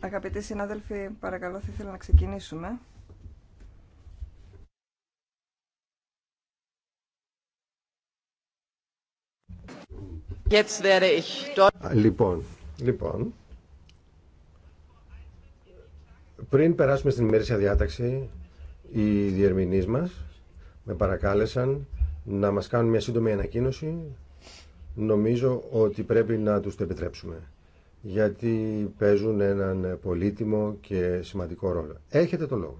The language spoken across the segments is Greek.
Αγαπητοί συνάδελφοι, παρακαλώ θα ήθελα να ξεκινήσουμε. Λοιπόν, λοιπόν, πριν περάσουμε στην ημερήσια διάταξη, οι διερμηνείς μας με παρακάλεσαν να μας κάνουν μια σύντομη ανακοίνωση νομίζω ότι πρέπει να τους το επιτρέψουμε γιατί παίζουν έναν πολύτιμο και σημαντικό ρόλο. Έχετε το λόγο.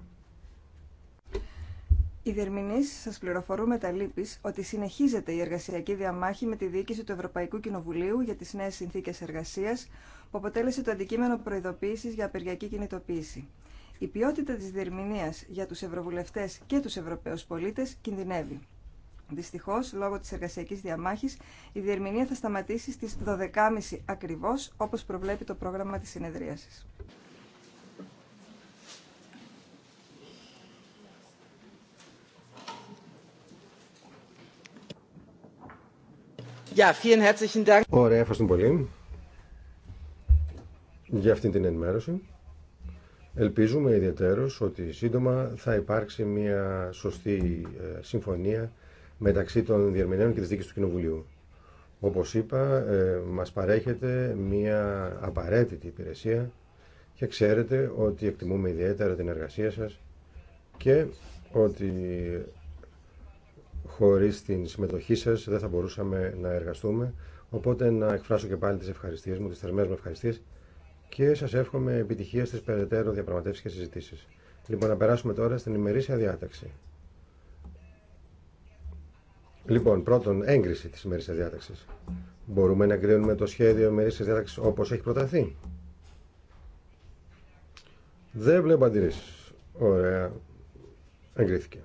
Οι δερμηνείς σας πληροφορούν με τα λύπης ότι συνεχίζεται η εργασιακή διαμάχη με τη διοίκηση του Ευρωπαϊκού Κοινοβουλίου για τις νέες συνθήκες εργασίας που αποτέλεσε το αντικείμενο προειδοποίησης για απεργιακή κινητοποίηση. Η ποιότητα της διερμηνίας για τους ευρωβουλευτές και τους ευρωπαίους πολίτες κινδυνεύει. Δυστυχώ, λόγω της εργασιακής διαμάχης, η διερμηνία θα σταματήσει στις 12.30 ακριβώς, όπως προβλέπει το πρόγραμμα της συνεδρίασης. Ja, vielen herzlichen Dank. Ωραία, ευχαριστούμε πολύ για αυτή την ενημέρωση. Ελπίζουμε ιδιαίτερως ότι σύντομα θα υπάρξει μια σωστή ε, συμφωνία μεταξύ των διερμηνέων και της δίκης του Κοινοβουλίου. Όπως είπα, ε, μας παρέχεται μια απαραίτητη υπηρεσία και ξέρετε ότι εκτιμούμε ιδιαίτερα την εργασία σας και ότι χωρίς την συμμετοχή σας δεν θα μπορούσαμε να εργαστούμε. Οπότε να εκφράσω και πάλι τις ευχαριστίες μου, τις θερμές μου ευχαριστίες και σας εύχομαι επιτυχία στις περαιτέρω διαπραγματεύσεις και συζητήσεις. Λοιπόν, να περάσουμε τώρα στην ημερήσια διάταξη. Λοιπόν, πρώτον, έγκριση τη ημερήσια διάταξη. Μπορούμε να κρίνουμε το σχέδιο ημερήσια διάταξη όπω έχει προταθεί. Δεν βλέπω αντιρρήσει. Ωραία. Εγκρίθηκε.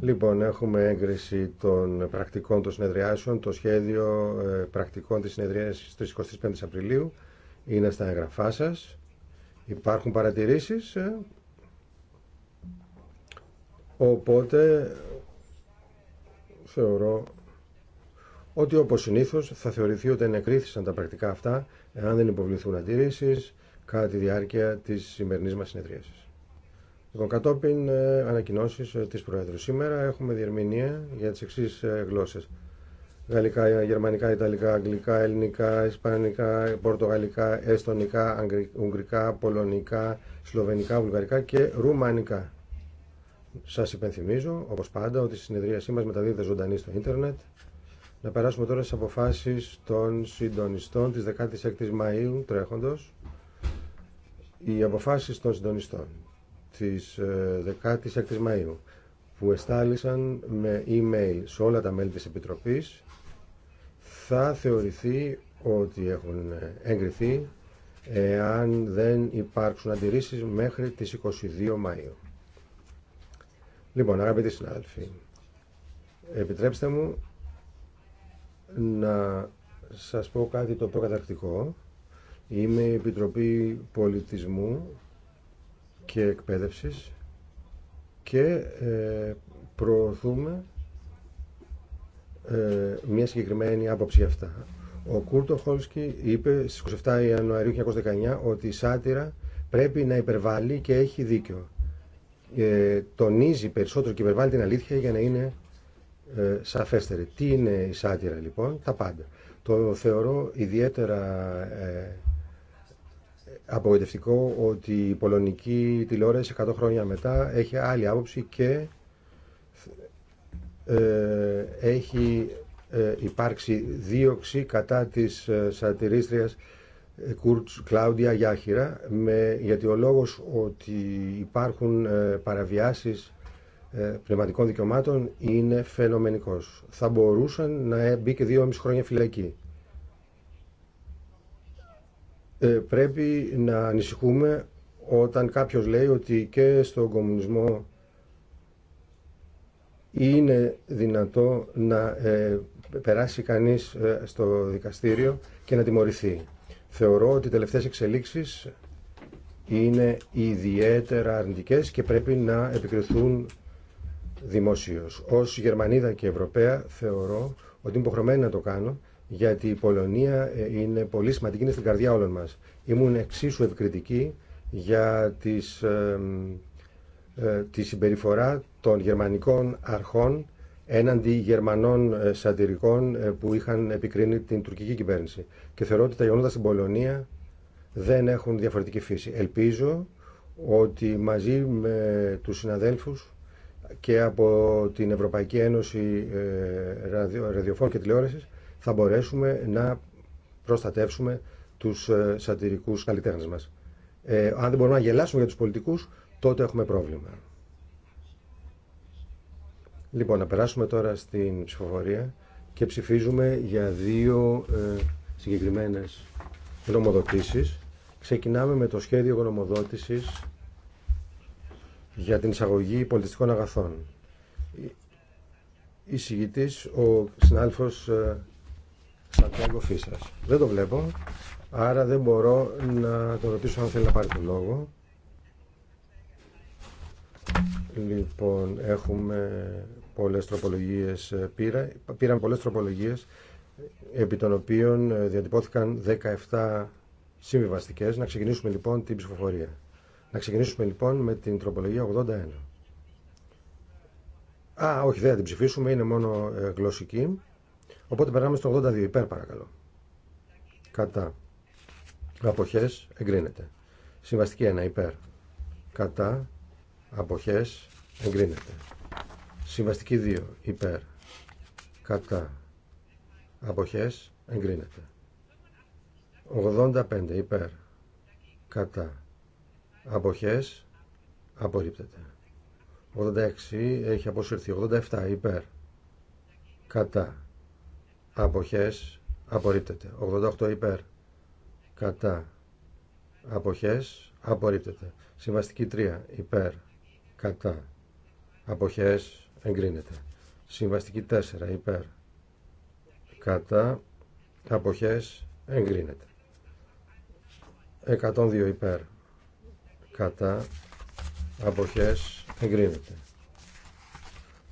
Λοιπόν, έχουμε έγκριση των πρακτικών των συνεδριάσεων. Το σχέδιο ε, πρακτικών της συνεδρίασης της 25 Απριλίου είναι στα εγγραφά σας. Υπάρχουν παρατηρήσεις. Ε? Οπότε θεωρώ ότι όπω συνήθω θα θεωρηθεί ότι ενεκρίθησαν τα πρακτικά αυτά εάν δεν υποβληθούν αντιρρήσει κατά τη διάρκεια της σημερινή μα συνεδρίαση. Λοιπόν, κατόπιν ε, ανακοινώσει ε, της Προέδρου. Σήμερα έχουμε διερμηνία για τις εξή ε, γλώσσε. Γαλλικά, Γερμανικά, Ιταλικά, Αγγλικά, Ελληνικά, Ισπανικά, Πορτογαλικά, Εστονικά, Ουγγρικά, Πολωνικά, Σλοβενικά, Βουλγαρικά και Ρουμανικά. Σα υπενθυμίζω, όπω πάντα, ότι η συνεδρίασή μας μεταδίδεται ζωντανή στο ίντερνετ. Να περάσουμε τώρα στι αποφάσει των συντονιστών τη 16 η Μαου τρέχοντος. Οι αποφάσει των συντονιστών τη 16 η Μαου που εστάλησαν με email σε όλα τα μέλη της Επιτροπής θα θεωρηθεί ότι έχουν εγκριθεί εάν δεν υπάρξουν αντιρρήσεις μέχρι τις 22 Μαΐου. Λοιπόν, αγαπητοί συνάδελφοι, επιτρέψτε μου να σας πω κάτι το προκαταρκτικό. Είμαι η Επιτροπή Πολιτισμού και Εκπαίδευσης και ε, προωθούμε ε, μια συγκεκριμένη άποψη αυτά. Ο Κούρτο Χόλσκι είπε στις 27 Ιανουαρίου 1919 ότι η σάτυρα πρέπει να υπερβάλλει και έχει δίκιο ε, τονίζει περισσότερο και υπερβάλλει την αλήθεια για να είναι ε, σαφέστερη. Τι είναι η σάτυρα λοιπόν, τα πάντα. Το θεωρώ ιδιαίτερα ε, απογοητευτικό ότι η πολωνική τηλεόραση 100 χρόνια μετά έχει άλλη άποψη και ε, έχει ε, υπάρξει δίωξη κατά της ε, σατυρίστριας ε, Κούρτς Κλάουντια Γιάχυρα με, γιατί ο λόγος ότι υπάρχουν ε, παραβιάσεις ε, πνευματικών δικαιωμάτων είναι φαινομενικός. Θα μπορούσαν να μπει και δύο μισή χρόνια φυλακή. πρέπει να ανησυχούμε όταν κάποιος λέει ότι και στον κομμουνισμό είναι δυνατό να περάσει κανείς στο δικαστήριο και να τιμωρηθεί. Θεωρώ ότι οι τελευταίες εξελίξεις είναι ιδιαίτερα αρνητικές και πρέπει να επικριθούν δημοσίως. Ως Γερμανίδα και Ευρωπαία θεωρώ ότι είμαι υποχρεωμένη να το κάνω γιατί η Πολωνία ε, είναι πολύ σημαντική, είναι στην καρδιά όλων μας. Ήμουν εξίσου επικριτική για τις, ε, ε, τη συμπεριφορά των γερμανικών αρχών έναντι Γερμανών ε, σαντηρικών ε, που είχαν επικρίνει την τουρκική κυβέρνηση. Και θεωρώ ότι τα γεγονότα στην Πολωνία δεν έχουν διαφορετική φύση. Ελπίζω ότι μαζί με τους συναδέλφους και από την Ευρωπαϊκή Ένωση ε, Ραδιοφόρου και Τηλεόρασης θα μπορέσουμε να προστατεύσουμε τους σατυρικούς καλλιτέχνες μας. Ε, αν δεν μπορούμε να γελάσουμε για τους πολιτικούς, τότε έχουμε πρόβλημα. Λοιπόν, να περάσουμε τώρα στην ψηφοφορία και ψηφίζουμε για δύο ε, συγκεκριμένες γνωμοδοτήσεις. Ξεκινάμε με το σχέδιο γνωμοδότησης για την εισαγωγή πολιτιστικών αγαθών. Εισηγητής ο συνάλφος ε, Σαντιάγκο Φίσας. Δεν το βλέπω, άρα δεν μπορώ να το ρωτήσω αν θέλει να πάρει τον λόγο. Λοιπόν, έχουμε πολλές τροπολογίες ε, πήρα. Πήραν πολλές τροπολογίες επί των οποίων ε, διατυπώθηκαν 17 συμβιβαστικές. Να ξεκινήσουμε λοιπόν την ψηφοφορία. Να ξεκινήσουμε λοιπόν με την τροπολογία 81. Α, όχι, δεν θα την ψηφίσουμε, είναι μόνο ε, γλωσσική. Οπότε περνάμε στο 82 υπέρ παρακαλώ. Κατά. Αποχές εγκρίνεται. Συμβαστική 1 υπέρ. Κατά. Αποχές εγκρίνεται. Συμβαστική 2. Υπέρ. Κατά. Αποχές. Εγκρίνεται. 85. Υπέρ. Κατά. Αποχές. Απορρίπτεται. 86. Έχει αποσυρθεί. 87. Υπέρ. Κατά. Αποχές. Απορρίπτεται. 88. Υπέρ. Κατά. Αποχές. Απορρίπτεται. Συμβαστική 3. Υπέρ. Κατά. Αποχές εγκρίνεται. Συμβαστική 4 υπέρ κατά αποχές εγκρίνεται. 102 υπέρ κατά αποχές εγκρίνεται.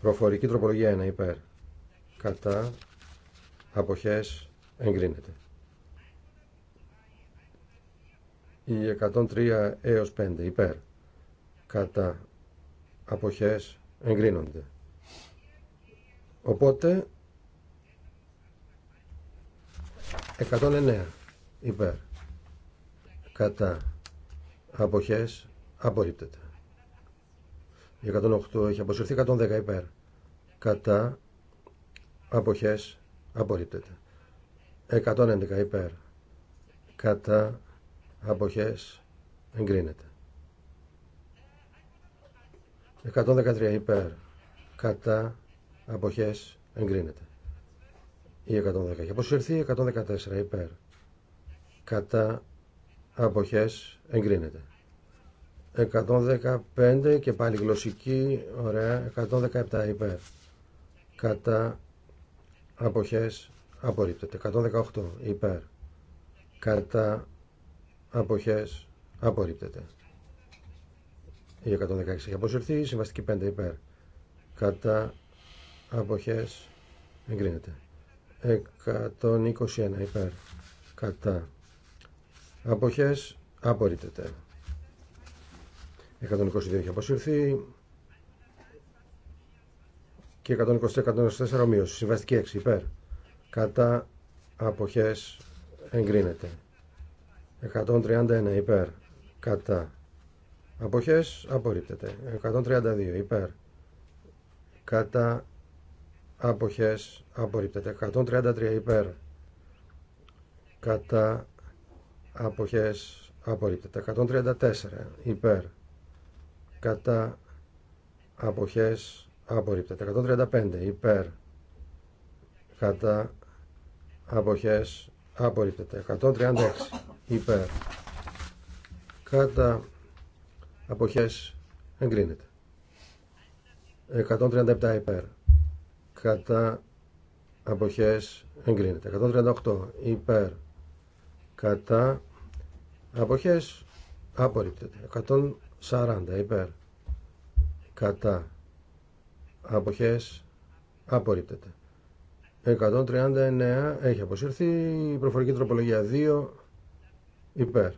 Προφορική τροπολογία 1 υπέρ κατά αποχές εγκρίνεται. Η 103 έως 5 υπέρ κατά αποχές εγκρίνονται. Οπότε 109 υπέρ κατά αποχές απορρίπτεται. Η 108 έχει αποσυρθεί 110 υπέρ κατά αποχές απορρίπτεται. 111 υπέρ κατά αποχές εγκρίνεται. 113 υπέρ κατά Αποχές εγκρίνεται. Η 110 έχει αποσυρθεί. 114 υπέρ. Κατά αποχές εγκρίνεται. 115 και πάλι γλωσσική. Ωραία. 117 υπέρ. Κατά αποχές απορρίπτεται. 118 υπέρ. Κατά αποχές απορρίπτεται. Η 116 έχει αποσυρθεί. Συμβαστική 5 υπέρ. Κατά αποχές εγκρίνεται 121 υπέρ κατά αποχές απορρίπτεται 122 έχει αποσυρθεί και 124 ομοίωση συμβαστική 6 υπέρ κατά αποχές εγκρίνεται 131 υπέρ κατά αποχές απορρίπτεται 132 υπέρ κατά αποχές απορρίπτεται 133 υπέρ κατά αποχές απορρίπτεται 134 υπέρ κατά αποχές απορρίπτεται 135 υπέρ κατά αποχές απορρίπτεται 136 υπέρ κατά αποχές εγκρίνεται 137 υπέρ κατά αποχές εγκρίνεται 138 υπέρ κατά αποχές απορρίπτεται 140 υπέρ κατά αποχές απορρίπτεται 139 έχει αποσυρθεί η προφορική τροπολογία 2 υπέρ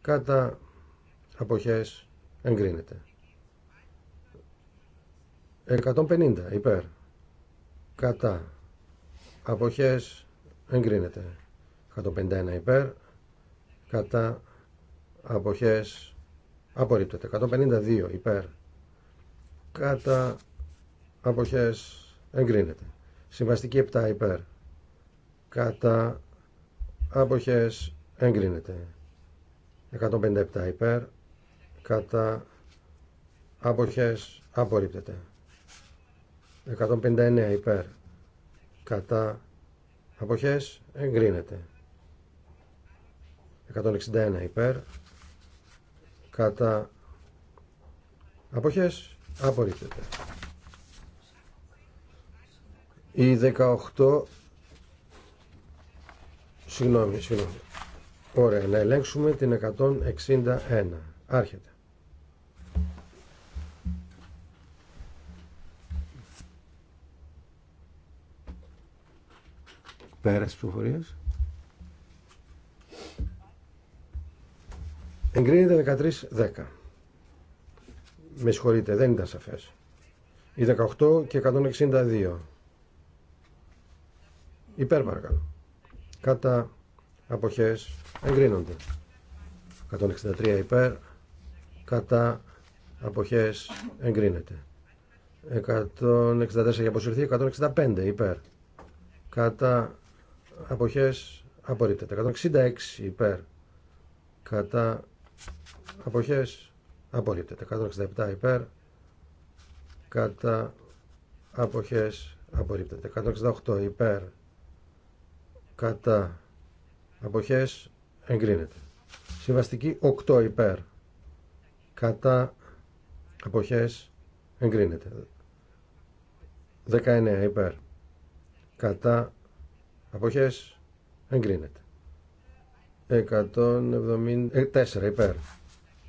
κατά αποχές εγκρίνεται 150 υπέρ κατά αποχές εγκρίνεται 151 υπέρ κατά αποχές απορρίπτεται 152 υπέρ κατά αποχές εγκρίνεται συμβαστική 7 υπέρ κατά αποχές εγκρίνεται 157 υπέρ κατά αποχές απορρίπτεται 159 υπέρ κατά αποχές εγκρίνεται 161 υπέρ κατά αποχές απορρίπτεται η 18 συγγνώμη συγγνώμη ωραία να ελέγξουμε την 161 άρχεται Πέρας τη ψηφοφορια εγκρινεται Εγκρίνεται 13-10. Με συγχωρείτε, δεν ήταν σαφέ. Η 18 και 162. Υπέρ παρακαλώ. Κατά αποχές εγκρίνονται. 163 υπέρ. Κατά αποχές εγκρίνεται. 164 για αποσυρθεί, 165 υπέρ. Κατά αποχές απορρίπτεται 166 υπέρ κατά αποχές απορρίπτεται 167 υπέρ κατά αποχές απορρίπτεται 168 υπέρ κατά αποχές εγκρίνεται συμβαστική 8 υπέρ κατά αποχές εγκρίνεται 19 υπέρ κατά Αποχές. Εγκρίνεται. 174 ε, υπέρ.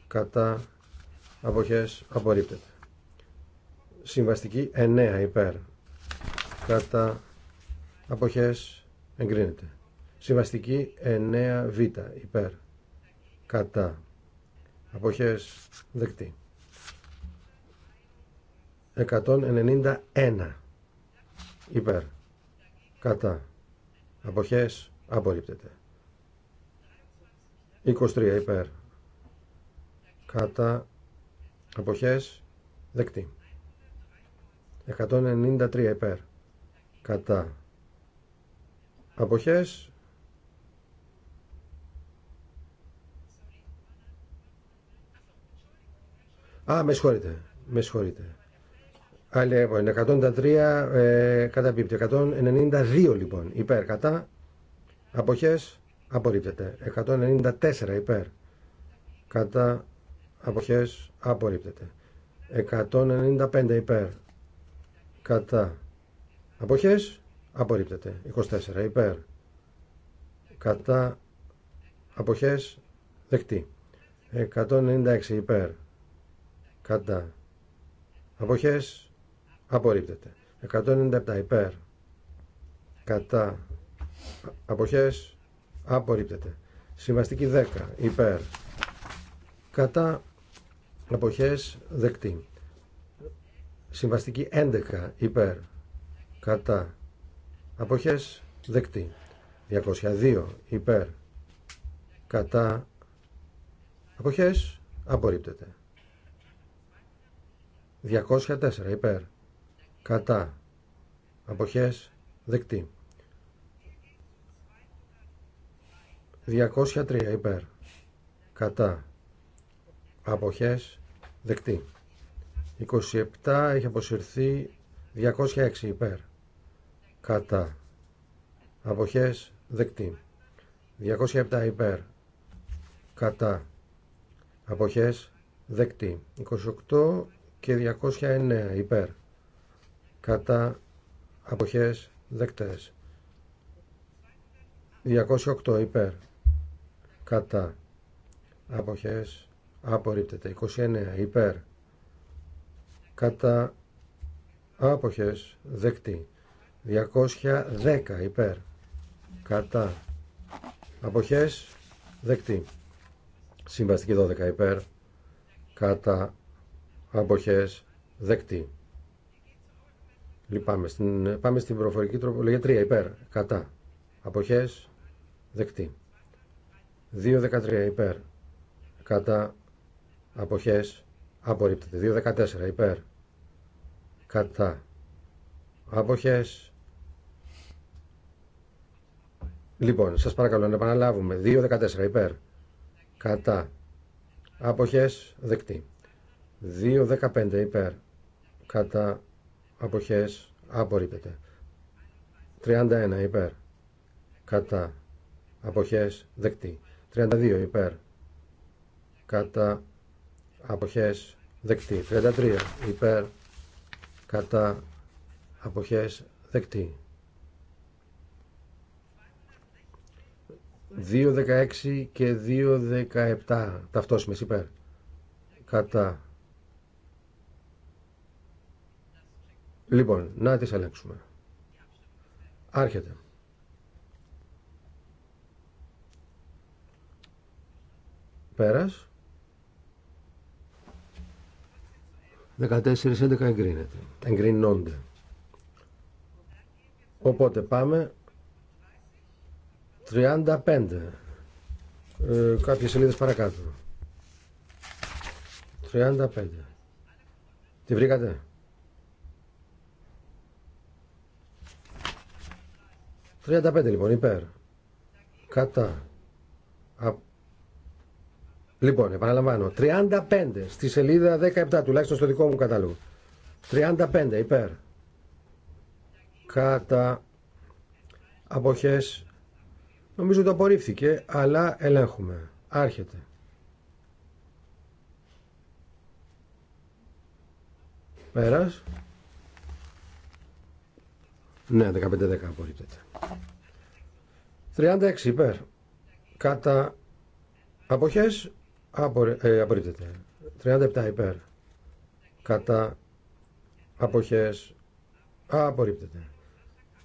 Κατά. Αποχές. Απορρίπτεται. Συμβαστική 9 υπέρ. Κατά. Αποχές. Εγκρίνεται. Συμβαστική 9β υπέρ. Κατά. Αποχές. Δεκτή. 191 υπέρ. Κατά. Αποχές απορρίπτεται. 23 υπέρ. Κατά αποχές δεκτή. 193 υπέρ. Κατά αποχές Α, με συγχωρείτε. Με συγχωρείτε. Είναι 103 ε, πίπτη, 192 λοιπόν υπέρ. Κατά. Αποχές. Απορρίπτεται. 194 υπέρ. Κατά. Αποχές. Απορρίπτεται. 195 υπέρ. Κατά. Αποχές. Απορρίπτεται. 24 υπέρ. Κατά. Αποχές. Δεκτή. 196 υπέρ. Κατά. Αποχές απορρίπτεται 197 υπέρ κατά αποχές απορρίπτεται συμβαστική 10 υπέρ κατά αποχές δεκτή συμβαστική 11 υπέρ κατά αποχές δεκτή 202 υπέρ κατά αποχές απορρίπτεται 204 υπέρ κατά αποχές δεκτή 203 υπέρ κατά αποχές δεκτή 27 έχει αποσυρθεί 206 υπέρ κατά αποχές δεκτή 207 υπέρ κατά αποχές δεκτή 28 και 209 υπέρ κατά αποχές δεκτές 208 υπέρ κατά αποχές απορρίπτεται 29 υπέρ κατά άποχες δεκτή 210 υπέρ κατά αποχές δεκτή συμβαστική 12 υπέρ κατά αποχές δεκτή Λυπάμαι. Στην, πάμε στην προφορική τροπολογία 3 υπέρ. Κατά. Αποχές. Δεκτή. 2.13 υπέρ. Κατά. Αποχές. Απορρίπτεται. 2.14 υπέρ. Κατά. Αποχές. Λοιπόν, σας παρακαλώ να επαναλάβουμε. 2.14 υπέρ. Κατά. Αποχές. Δεκτή. 2.15 υπέρ. Κατά αποχές Απορρίπεται. 31 υπέρ κατά αποχές δεκτή 32 υπέρ κατά αποχές δεκτή 33 υπέρ κατά αποχές δεκτή 2.16 και 2.17 ταυτόσιμες υπέρ κατά Λοιπόν, να τις ελέγξουμε. Άρχεται. Πέρας. 14-11 εγκρίνεται. Εγκρίνονται. Οπότε πάμε 35. Ε, κάποιες σελίδες παρακάτω. 35. Τη βρήκατε. 35 λοιπόν υπέρ. Κατά. Α... Λοιπόν, επαναλαμβάνω. 35 στη σελίδα 17 τουλάχιστον στο δικό μου κατάλογο. 35 υπέρ. Κατά. Αποχές. Νομίζω το απορρίφθηκε, αλλά ελέγχουμε. Άρχεται. Πέρας. Ναι, 15-10 απορρίπτεται. 36 ε, υπέρ. Κατά αποχές απορρίπτεται. 37 υπέρ. Κατά αποχές απορρίπτεται.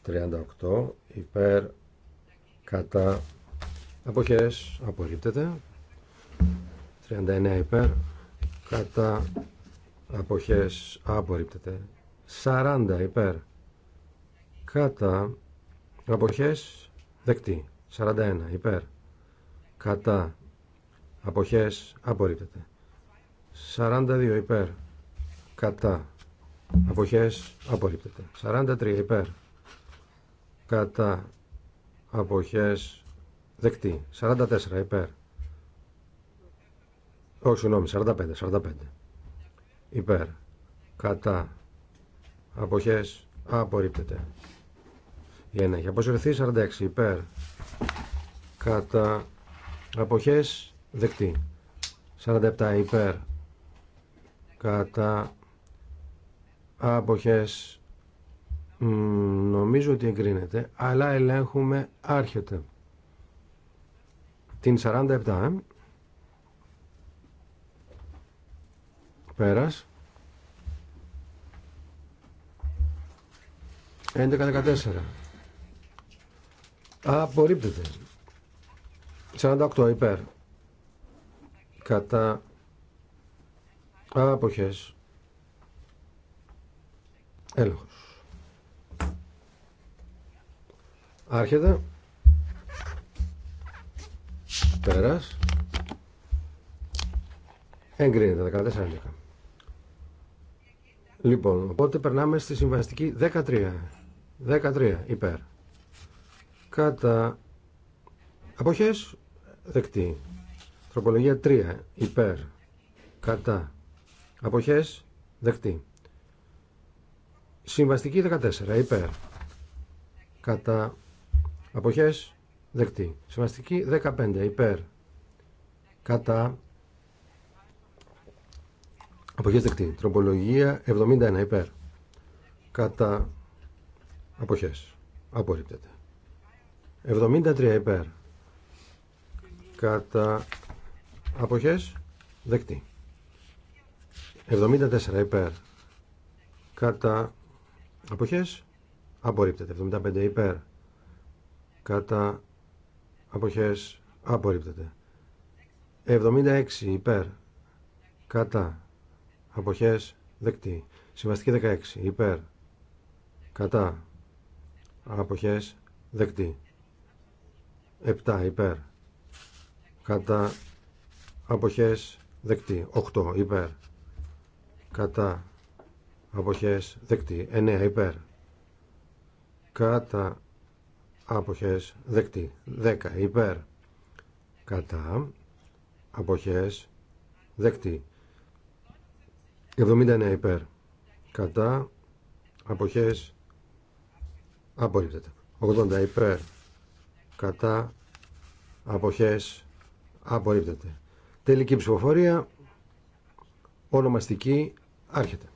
38 υπέρ. Κατά αποχές απορρίπτεται. 39 υπέρ. Κατά αποχές απορρίπτεται. 40 υπέρ. Κατά Αποχές δεκτή. 41 υπέρ. Κατά. Αποχές απορρίπτεται. 42 υπέρ. Κατά. Αποχές απορρίπτεται. 43 υπέρ. Κατά. Αποχές δεκτή. 44 υπέρ. Όχι, συγγνώμη, 45, 45. Υπέρ. Κατά. Αποχές απορρίπτεται για να έχει αποσυρθεί 46 υπέρ κατά αποχές δεκτή 47 υπέρ κατά αποχές νομίζω ότι εγκρίνεται αλλά ελέγχουμε άρχεται την 47 ε. πέρας 11-14 Απορρίπτεται. 48 υπέρ. Κατά αποχές. Έλεγχος. Άρχεται. Πέρας. Εγκρίνεται 14 έλεγχα. Λοιπόν, οπότε περνάμε στη συμβαστική 13. 13 υπέρ κατά αποχές δεκτή τροπολογία 3 υπέρ κατά αποχές δεκτή συμβαστική 14 υπέρ κατά αποχές δεκτή συμβαστική 15 υπέρ κατά αποχές δεκτή τροπολογία 71 υπέρ κατά αποχές απορρίπτεται 73 υπέρ κατά αποχές δεκτή 74 υπέρ κατά αποχές απορρίπτεται 75 υπέρ κατά αποχές απορρίπτεται 76 υπέρ κατά αποχές δεκτή συμβαστική 16 υπέρ κατά αποχές δεκτή 7 υπέρ κατά αποχές δεκτή 8 υπέρ κατά αποχές δεκτή 9 υπέρ κατά αποχές δεκτή 10 υπέρ κατά αποχές δεκτή 79 υπέρ κατά αποχές απορρίπτεται 80 υπέρ κατά αποχές απορρίπτεται. Τελική ψηφοφορία ονομαστική άρχεται.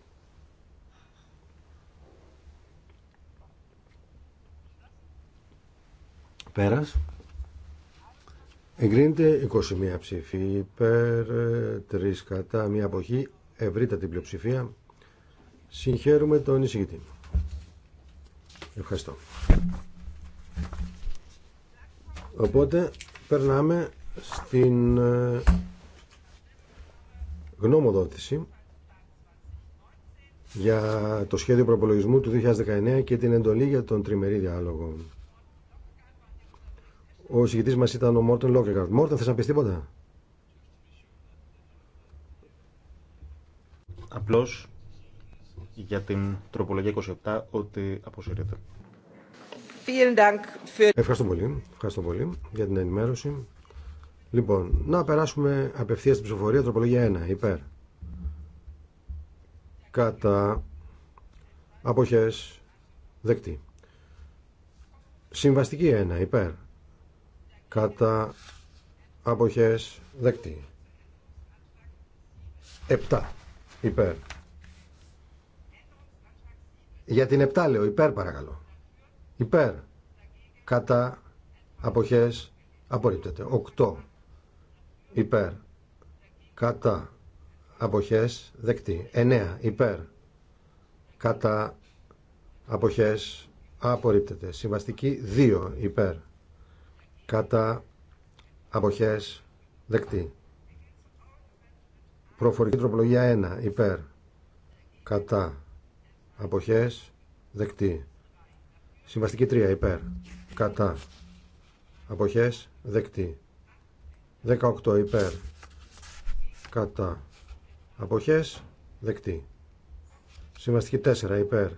Πέρας. Εγκρίνεται 21 ψήφοι υπέρ, 3 κατά, μία αποχή, την πλειοψηφία. Συγχαίρουμε τον εισηγητή. Ευχαριστώ. Οπότε περνάμε στην ε, γνώμοδότηση για το σχέδιο προπολογισμού του 2019 και την εντολή για τον τριμερή διάλογο. Ο συγκητή μα ήταν ο Μόρτεν Λόκεγκαρτ. Μόρτεν, θε να πει τίποτα. Απλώ για την τροπολογία 27 ότι αποσύρεται. Ευχαριστώ πολύ. Ευχαριστώ πολύ για την ενημέρωση. Λοιπόν, να περάσουμε απευθεία στην ψηφοφορία. Τροπολογία 1. Υπέρ. Κατά. απόχέ Δεκτή. Συμβαστική 1. Υπέρ. Κατά. Αποχές. Δεκτή. 7. Υπέρ. Για την 7 λέω. Υπέρ παρακαλώ υπέρ κατά αποχές απορρίπτεται 8 υπέρ κατά αποχές δεκτή 9 υπέρ κατά αποχές απορρίπτεται συμβαστική 2 υπέρ κατά αποχές δεκτή προφορική τροπολογία 1 υπέρ κατά αποχές δεκτή Συμβαστική 3 υπέρ. Κατά. Αποχέ, δεκτή. 18 υπέρ. Κατά. Αποχέ, δεκτή. Συμβαστική 4 υπέρ.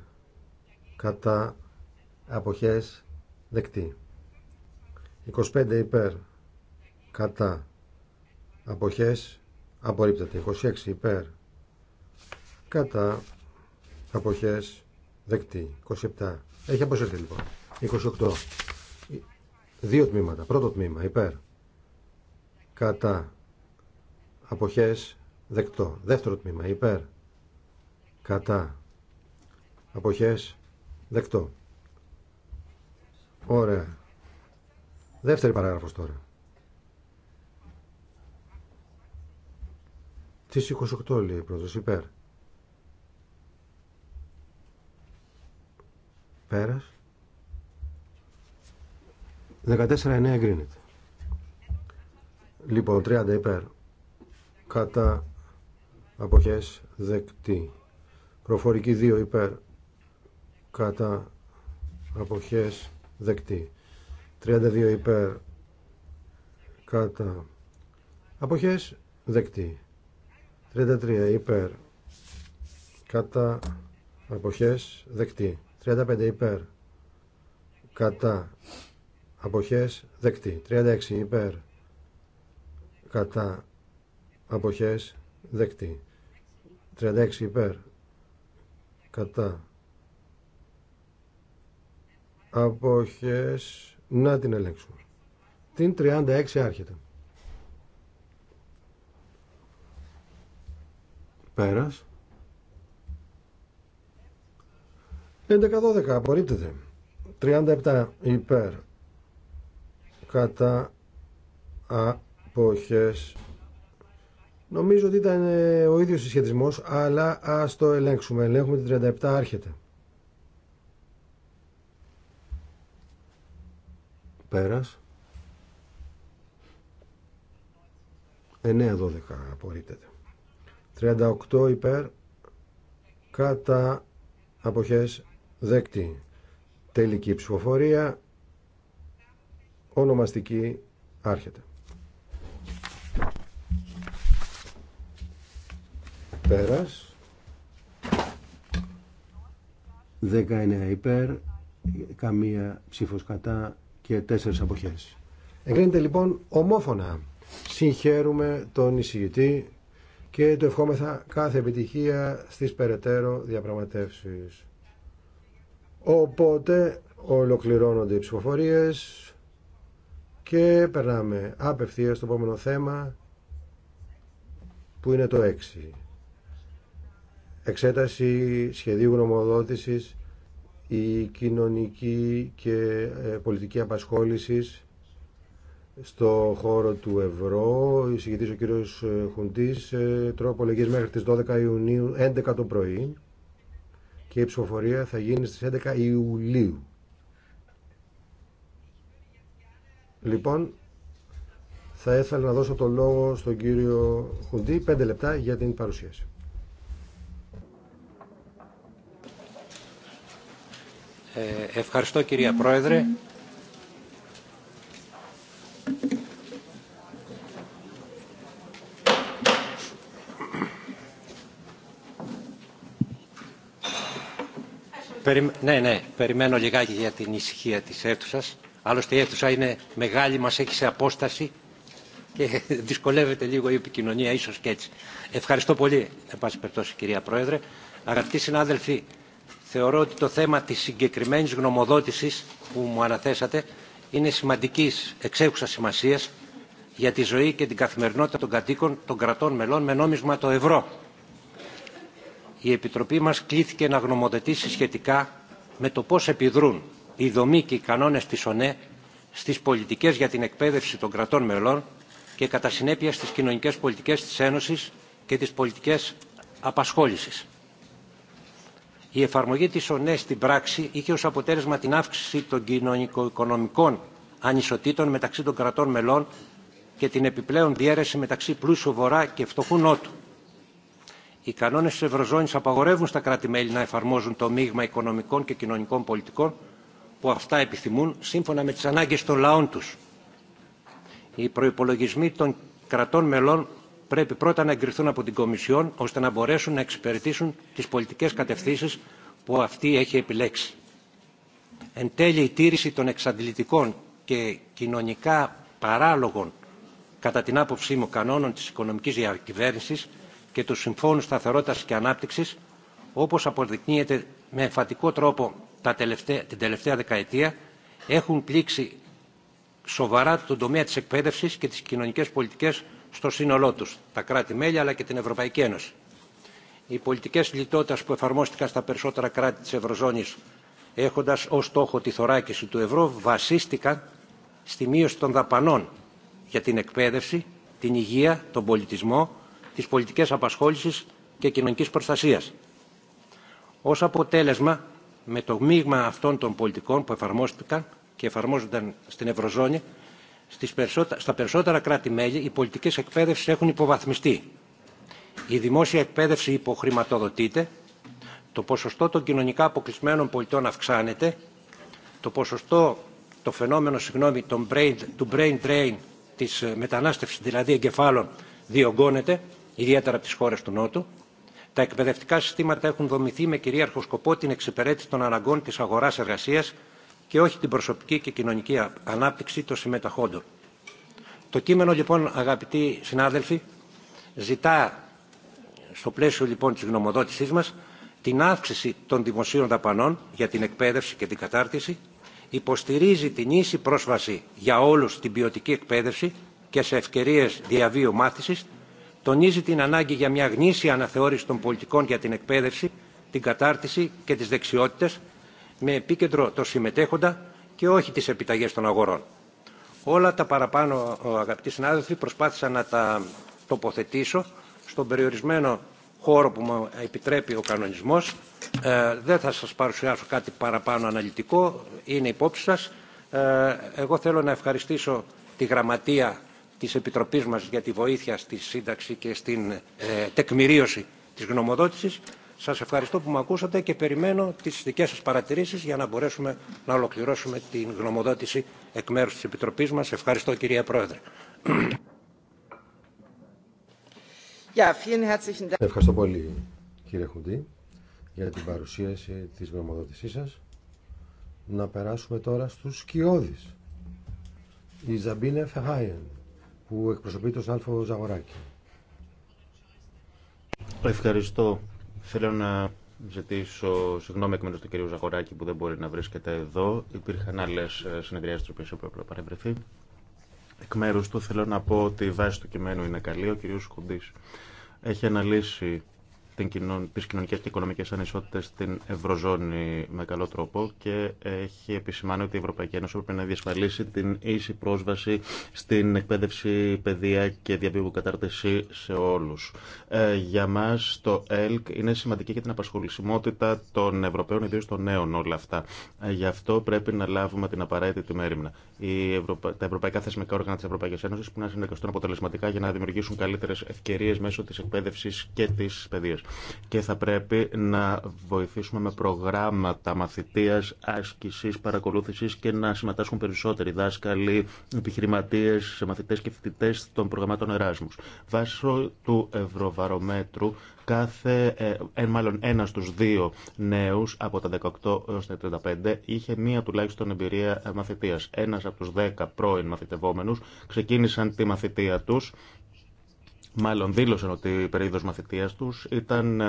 Κατά. απόχέ, δεκτή. 25 υπέρ. Κατά. αποχέ. απορρίπτεται. 26 υπέρ. Κατά. απόχέ, δεκτή. 27 έχει αποσυρθεί λοιπόν. 28. Δύο τμήματα. Πρώτο τμήμα υπέρ. Κατά. Αποχές δεκτό. Δεύτερο τμήμα υπέρ. Κατά. Αποχές δεκτό. Ωραία. Δεύτερη παράγραφος τώρα. Τις 28 λέει πρώτος υπέρ. Πέρας. 14-9 εγκρίνεται. Λοιπόν, 30 υπέρ. Κατά αποχές δεκτή. Προφορική 2 υπέρ. Κατά αποχέ, δεκτή. 32 υπέρ. Κατά αποχέ, δεκτή. 33 υπέρ. Κατά αποχέ, δεκτή. 35 υπέρ κατά αποχές δεκτή 36 υπέρ κατά αποχές δεκτή 36 υπέρ κατά αποχές να την ελέγξουμε την 36 άρχεται πέρας 11-12 απορρίπτεται. 37 υπέρ κατά αποχές. Νομίζω ότι ήταν ε, ο ίδιος συσχετισμός, αλλά ας το ελέγξουμε. Ελέγχουμε την 37 άρχεται. Πέρας. 9-12 απορρίπτεται. 38 υπέρ κατά αποχές Δεκτή. Τελική ψηφοφορία. Ονομαστική άρχεται. Πέρας. 19 υπέρ, καμία ψήφος κατά και τέσσερις αποχές. Εγκρίνεται λοιπόν ομόφωνα. Συγχαίρουμε τον εισηγητή και το ευχόμεθα κάθε επιτυχία στις περαιτέρω διαπραγματεύσεις. Οπότε ολοκληρώνονται οι ψηφοφορίες και περνάμε απευθείας στο επόμενο θέμα που είναι το 6. Εξέταση σχεδίου γνωμοδότησης η κοινωνική και ε, πολιτική απασχόληση στο χώρο του ευρώ. Εισηγητής ο κύριος ε, Χουντής, ε, τρόπο μέχρι τις 12 Ιουνίου, 11 το πρωί και η ψηφοφορία θα γίνει στις 11 Ιουλίου. Λοιπόν, θα ήθελα να δώσω το λόγο στον κύριο Χουντή, 5 λεπτά για την παρουσίαση. Ε, ευχαριστώ κυρία Πρόεδρε. Ναι, ναι, περιμένω λιγάκι για την ησυχία της αίθουσα. Άλλωστε η αίθουσα είναι μεγάλη, μας έχει σε απόσταση και δυσκολεύεται λίγο η επικοινωνία, ίσως και έτσι. Ευχαριστώ πολύ, εν πάση περιπτώσει, κυρία Πρόεδρε. Αγαπητοί συνάδελφοι, θεωρώ ότι το θέμα της συγκεκριμένης γνωμοδότησης που μου αναθέσατε είναι σημαντικής εξέχουσα σημασίας για τη ζωή και την καθημερινότητα των κατοίκων των κρατών μελών με νόμισμα το ευρώ η Επιτροπή μας κλήθηκε να γνωμοδοτήσει σχετικά με το πώς επιδρούν η δομή και οι κανόνες της ΟΝΕ στις πολιτικές για την εκπαίδευση των κρατών μελών και κατά συνέπεια στις κοινωνικές πολιτικές της Ένωσης και τις πολιτικές απασχόλησης. Η εφαρμογή της ΟΝΕ στην πράξη είχε ως αποτέλεσμα την αύξηση των κοινωνικο-οικονομικών ανισοτήτων μεταξύ των κρατών μελών και την επιπλέον διαίρεση μεταξύ πλούσιου βορρά και φτωχού νότου οι κανόνε τη Ευρωζώνης απαγορεύουν στα κράτη-μέλη να εφαρμόζουν το μείγμα οικονομικών και κοινωνικών πολιτικών που αυτά επιθυμούν σύμφωνα με τι ανάγκε των λαών του. Οι προπολογισμοί των κρατών μελών πρέπει πρώτα να εγκριθούν από την Κομισιόν ώστε να μπορέσουν να εξυπηρετήσουν τι πολιτικέ κατευθύνσεις που αυτή έχει επιλέξει. Εν τέλει, η τήρηση των εξαντλητικών και κοινωνικά παράλογων, κατά την άποψή μου, κανόνων τη οικονομική διακυβέρνηση, και του Συμφώνου Σταθερότητας και Ανάπτυξης, όπως αποδεικνύεται με εμφατικό τρόπο τα τελευταία, την τελευταία δεκαετία, έχουν πλήξει σοβαρά τον τομέα της εκπαίδευσης και τις κοινωνικές πολιτικές στο σύνολό τους, τα κράτη-μέλη αλλά και την Ευρωπαϊκή Ένωση. Οι πολιτικές λιτότητας που εφαρμόστηκαν στα περισσότερα κράτη της Ευρωζώνης έχοντας ως στόχο τη θωράκιση του ευρώ βασίστηκαν στη μείωση των δαπανών για την εκπαίδευση, την υγεία, τον πολιτισμό, της πολιτικές απασχόλησης και κοινωνικής προστασίας. Ως αποτέλεσμα, με το μείγμα αυτών των πολιτικών που εφαρμόστηκαν και εφαρμόζονταν στην Ευρωζώνη, στις στα περισσότερα κράτη-μέλη οι πολιτικές εκπαίδευση έχουν υποβαθμιστεί. Η δημόσια εκπαίδευση υποχρηματοδοτείται, το ποσοστό των κοινωνικά αποκλεισμένων πολιτών αυξάνεται, το ποσοστό, το φαινόμενο, του brain drain της ε, μετανάστευσης, δηλαδή εγκεφάλων, διωγγώνεται ιδιαίτερα από τι χώρε του Νότου. Τα εκπαιδευτικά συστήματα έχουν δομηθεί με κυρίαρχο σκοπό την εξυπηρέτηση των αναγκών τη αγορά-εργασία και όχι την προσωπική και κοινωνική ανάπτυξη των συμμεταχόντων. Το κείμενο λοιπόν, αγαπητοί συνάδελφοι, ζητά στο πλαίσιο λοιπόν της γνωμοδότησής μας την αύξηση των δημοσίων δαπανών για την εκπαίδευση και την κατάρτιση, υποστηρίζει την ίση πρόσβαση για όλους στην ποιοτική εκπαίδευση και σε ευκαιρίες διαβίου μάθηση, τονίζει την ανάγκη για μια γνήσια αναθεώρηση των πολιτικών για την εκπαίδευση, την κατάρτιση και τις δεξιότητες με επίκεντρο το συμμετέχοντα και όχι τις επιταγές των αγορών. Όλα τα παραπάνω, αγαπητοί συνάδελφοι, προσπάθησα να τα τοποθετήσω στον περιορισμένο χώρο που μου επιτρέπει ο κανονισμός. Ε, δεν θα σας παρουσιάσω κάτι παραπάνω αναλυτικό, είναι υπόψη σας. Ε, εγώ θέλω να ευχαριστήσω τη Γραμματεία της Επιτροπής μας για τη βοήθεια στη σύνταξη και στην ε, τεκμηρίωση της γνωμοδότησης. Σας ευχαριστώ που με ακούσατε και περιμένω τις δικές σας παρατηρήσεις για να μπορέσουμε να ολοκληρώσουμε την γνωμοδότηση εκ μέρους της Επιτροπής μας. Ευχαριστώ κυρία Πρόεδρε. Ευχαριστώ πολύ κύριε Χουντή για την παρουσίαση της γνωμοδότησής σας. Να περάσουμε τώρα στους σκιώδεις. Η Ζαμπίνε Φεχάιεν που εκπροσωπεί τον Σάλφο Ζαγοράκη. Ευχαριστώ. Θέλω να ζητήσω συγγνώμη εκ μέρου του κυρίου Ζαγοράκη που δεν μπορεί να βρίσκεται εδώ. Υπήρχαν άλλε συνεδριάσει τι οποίε έπρεπε να παρευρεθεί. Εκ μέρου του θέλω να πω ότι η βάση του κειμένου είναι καλή. Ο κ. Σκουντή έχει αναλύσει τι κοινωνικέ και οικονομικέ ανισότητε στην Ευρωζώνη με καλό τρόπο και έχει επισημάνει ότι η Ευρωπαϊκή Ένωση πρέπει να διασφαλίσει την ίση πρόσβαση στην εκπαίδευση, παιδεία και διαβίου κατάρτιση σε όλους. Ε, για μας το ΕΛΚ είναι σημαντική για την απασχολησιμότητα των Ευρωπαίων, ιδίω των νέων όλα αυτά. Ε, γι' αυτό πρέπει να λάβουμε την απαραίτητη μέρημνα τα ευρωπαϊκά θεσμικά όργανα τη Ευρωπαϊκή Ένωση που να συνεργαστούν αποτελεσματικά για να δημιουργήσουν καλύτερε ευκαιρίε μέσω τη εκπαίδευση και τη παιδεία. Και θα πρέπει να βοηθήσουμε με προγράμματα μαθητεία, άσκηση, παρακολούθηση και να συμμετάσχουν περισσότεροι δάσκαλοι, επιχειρηματίε, μαθητέ και φοιτητέ των προγραμμάτων Εράσμου. Βάσω του Ευρωβαρομέτρου κάθε, ε, μάλλον ένα στου δύο νέους από τα 18 έως τα 35 είχε μία τουλάχιστον εμπειρία ε, μαθητείας. Ένας από τους 10 πρώην μαθητευόμενους ξεκίνησαν τη μαθητεία τους μάλλον δήλωσαν ότι η περίοδο μαθητεία του ήταν ε,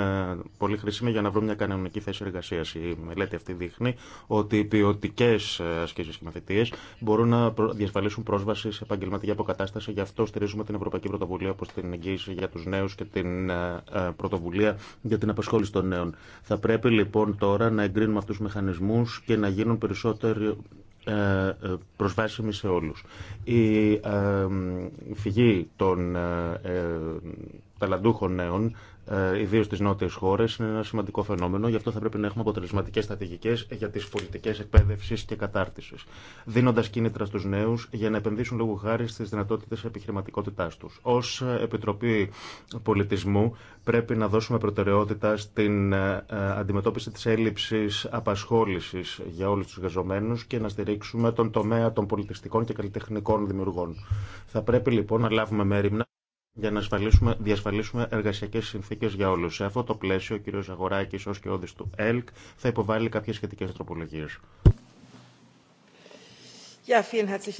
πολύ χρήσιμη για να βρουν μια κανονική θέση εργασία. Η μελέτη αυτή δείχνει ότι οι ποιοτικέ ε, ασκήσει και μαθητείε μπορούν να διασφαλίσουν πρόσβαση σε επαγγελματική αποκατάσταση. Γι' αυτό στηρίζουμε την Ευρωπαϊκή Πρωτοβουλία όπω την εγγύηση για του νέου και την ε, πρωτοβουλία για την απασχόληση των νέων. Θα πρέπει λοιπόν τώρα να εγκρίνουμε αυτού του μηχανισμού και να γίνουν περισσότερο ε, προσβάσιμη σε όλους. Η ε, φυγή των ε, ταλαντούχων νέων ε, ιδίω στι νότιε χώρε, είναι ένα σημαντικό φαινόμενο. Γι' αυτό θα πρέπει να έχουμε αποτελεσματικέ στρατηγικέ για τι πολιτικέ εκπαίδευση και κατάρτιση, δίνοντα κίνητρα στου νέου για να επενδύσουν λόγω χάρη στι δυνατότητε επιχειρηματικότητά του. Ω ε, Επιτροπή Πολιτισμού, πρέπει να δώσουμε προτεραιότητα στην ε, αντιμετώπιση τη έλλειψη απασχόληση για όλου του εργαζομένου και να στηρίξουμε τον τομέα των πολιτιστικών και καλλιτεχνικών δημιουργών. Θα πρέπει λοιπόν να λάβουμε μέρη για να διασφαλίσουμε εργασιακές συνθήκες για όλους. Σε αυτό το πλαίσιο, ο κ. Ζαγοράκης ως και όδης του ΕΛΚ θα υποβάλει κάποιες σχετικές τροπολογίες.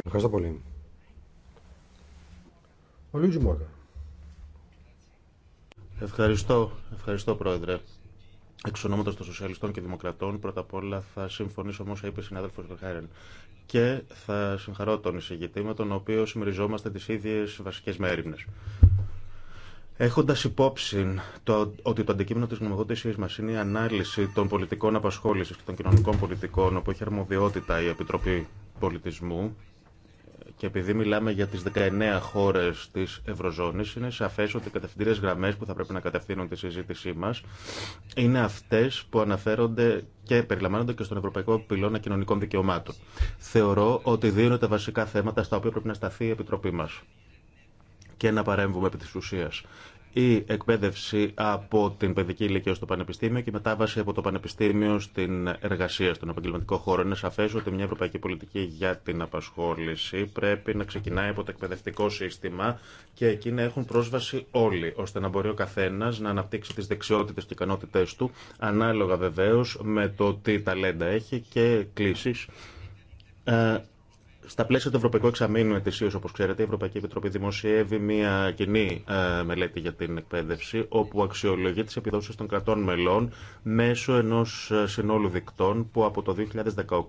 Ευχαριστώ πολύ. Ευχαριστώ, ευχαριστώ πρόεδρε. Εξ ονόματο των Σοσιαλιστών και Δημοκρατών, πρώτα απ' όλα θα συμφωνήσω με όσα είπε ο συνάδελφο Βεχάρεν και θα συγχαρώ τον εισηγητή με τον οποίο συμμεριζόμαστε τις ίδιες βασικές μέρημνες. Έχοντας υπόψη το, ότι το αντικείμενο της γνωμοδότησή μας είναι η ανάλυση των πολιτικών απασχόλησης και των κοινωνικών πολιτικών, όπου έχει αρμοδιότητα η Επιτροπή Πολιτισμού, και επειδή μιλάμε για τις 19 χώρε της Ευρωζώνης, είναι σαφές ότι οι κατευθυντήρε γραμμές που θα πρέπει να κατευθύνουν τη συζήτησή μα, είναι αυτές που αναφέρονται και περιλαμβάνονται και στον Ευρωπαϊκό Πυλώνα Κοινωνικών Δικαιωμάτων. Θεωρώ ότι δύο τα βασικά θέματα στα οποία πρέπει να σταθεί η Επιτροπή μα και να παρέμβουμε επί τη ουσία η εκπαίδευση από την παιδική ηλικία στο πανεπιστήμιο και η μετάβαση από το πανεπιστήμιο στην εργασία, στον επαγγελματικό χώρο. Είναι σαφέ ότι μια ευρωπαϊκή πολιτική για την απασχόληση πρέπει να ξεκινάει από το εκπαιδευτικό σύστημα και εκεί να έχουν πρόσβαση όλοι, ώστε να μπορεί ο καθένα να αναπτύξει τι δεξιότητε και ικανότητέ του, ανάλογα βεβαίω με το τι ταλέντα έχει και κλήσει ε, στα πλαίσια του Ευρωπαϊκού Εξαμήνου ετησίω, όπω ξέρετε, η Ευρωπαϊκή Επιτροπή δημοσιεύει μια κοινή ε, μελέτη για την εκπαίδευση, όπου αξιολογεί τι επιδόσει των κρατών μελών μέσω ενό ε, συνόλου δικτών, που από το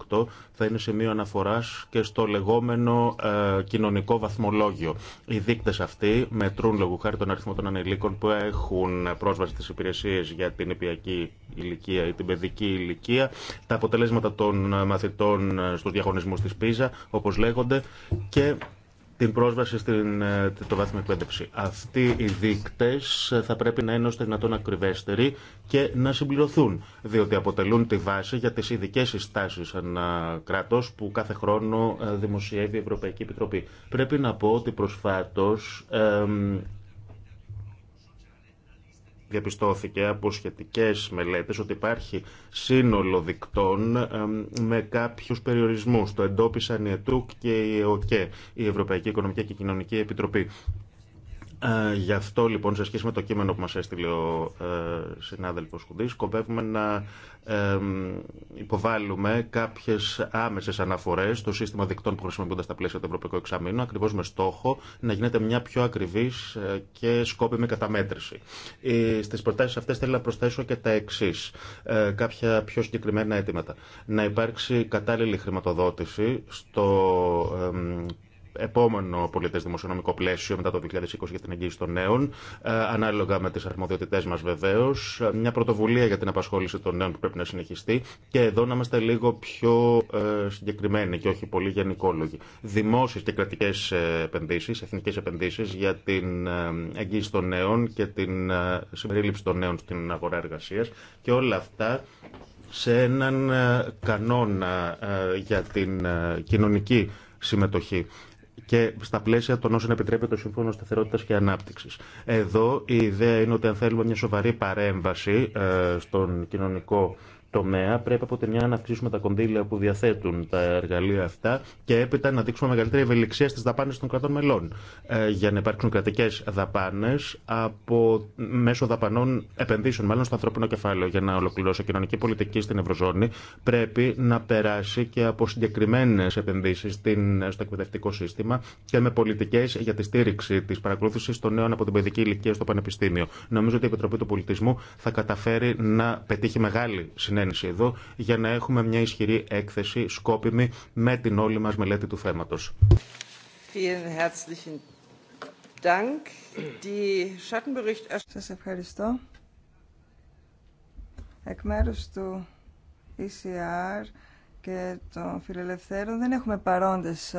2018 θα είναι σημείο αναφορά και στο λεγόμενο ε, κοινωνικό βαθμολόγιο. Οι δείκτε αυτοί μετρούν λόγω χάρη των αριθμό των ανηλίκων που έχουν πρόσβαση στι υπηρεσίε για την επιακή ηλικία ή την παιδική ηλικία, τα αποτελέσματα των μαθητών στου διαγωνισμού τη ΠΙΖΑ, όπως και την πρόσβαση στην ε, το βάθμιο εκπαίδευση. Αυτοί οι δείκτες ε, θα πρέπει να είναι ώστε δυνατόν ακριβέστεροι και να συμπληρωθούν, διότι αποτελούν τη βάση για τις ειδικές συστάσεις ανά κράτος που κάθε χρόνο ε, δημοσιεύει η Ευρωπαϊκή Επιτροπή. Πρέπει να πω ότι προσφάτως διαπιστώθηκε από σχετικές μελέτες ότι υπάρχει σύνολο δικτών με κάποιους περιορισμούς. Το εντόπισαν η ΕΤΟΚ και η ΕΟΚΕ, η Ευρωπαϊκή Οικονομική και Κοινωνική Επιτροπή. Ε, γι' αυτό λοιπόν σε σχέση με το κείμενο που μας έστειλε ο ε, συνάδελφος Χουντής σκοπεύουμε να ε, υποβάλουμε κάποιες άμεσες αναφορές στο σύστημα δικτών που χρησιμοποιούνται στα πλαίσια του Ευρωπαϊκού Εξαμήνου ακριβώς με στόχο να γίνεται μια πιο ακριβής ε, και σκόπιμη καταμέτρηση. Ε, στις προτάσεις αυτές θέλω να προσθέσω και τα εξή. Ε, κάποια πιο συγκεκριμένα αιτήματα. Να υπάρξει κατάλληλη χρηματοδότηση στο επόμενο πολιτέ δημοσιονομικό πλαίσιο μετά το 2020 για την εγγύηση των νέων, ε, ανάλογα με τι αρμοδιότητέ μα βεβαίω. Ε, μια πρωτοβουλία για την απασχόληση των νέων που πρέπει να συνεχιστεί και εδώ να είμαστε λίγο πιο ε, συγκεκριμένοι και όχι πολύ γενικόλογοι. Δημόσιε και κρατικέ επενδύσει, εθνικέ επενδύσει για την εγγύηση των νέων και την συμπερίληψη των νέων στην αγορά εργασία και όλα αυτά σε έναν κανόνα για την κοινωνική συμμετοχή και στα πλαίσια των όσων επιτρέπει το Σύμφωνο Σταθερότητα και Ανάπτυξη. Εδώ η ιδέα είναι ότι αν θέλουμε μια σοβαρή παρέμβαση ε, στον κοινωνικό τομέα πρέπει από τη μια να αυξήσουμε τα κονδύλια που διαθέτουν τα εργαλεία αυτά και έπειτα να δείξουμε μεγαλύτερη ευελιξία στι δαπάνε των κρατών μελών ε, για να υπάρξουν κρατικέ δαπάνε από, μέσω δαπανών επενδύσεων μάλλον στο ανθρώπινο κεφάλαιο για να ολοκληρώσει κοινωνική πολιτική στην Ευρωζώνη πρέπει να περάσει και από συγκεκριμένε επενδύσει στο εκπαιδευτικό σύστημα και με πολιτικέ για τη στήριξη τη παρακολούθηση των νέων από την παιδική ηλικία στο πανεπιστήμιο. Νομίζω ότι η Επιτροπή του Πολιτισμού θα καταφέρει να πετύχει μεγάλη συνέχεια συνένεση εδώ για να έχουμε μια ισχυρή έκθεση σκόπιμη με την όλη μας μελέτη του θέματος. Σας ευχαριστώ. Εκ μέρους του ECR και των φιλελευθέρων δεν έχουμε παρόντες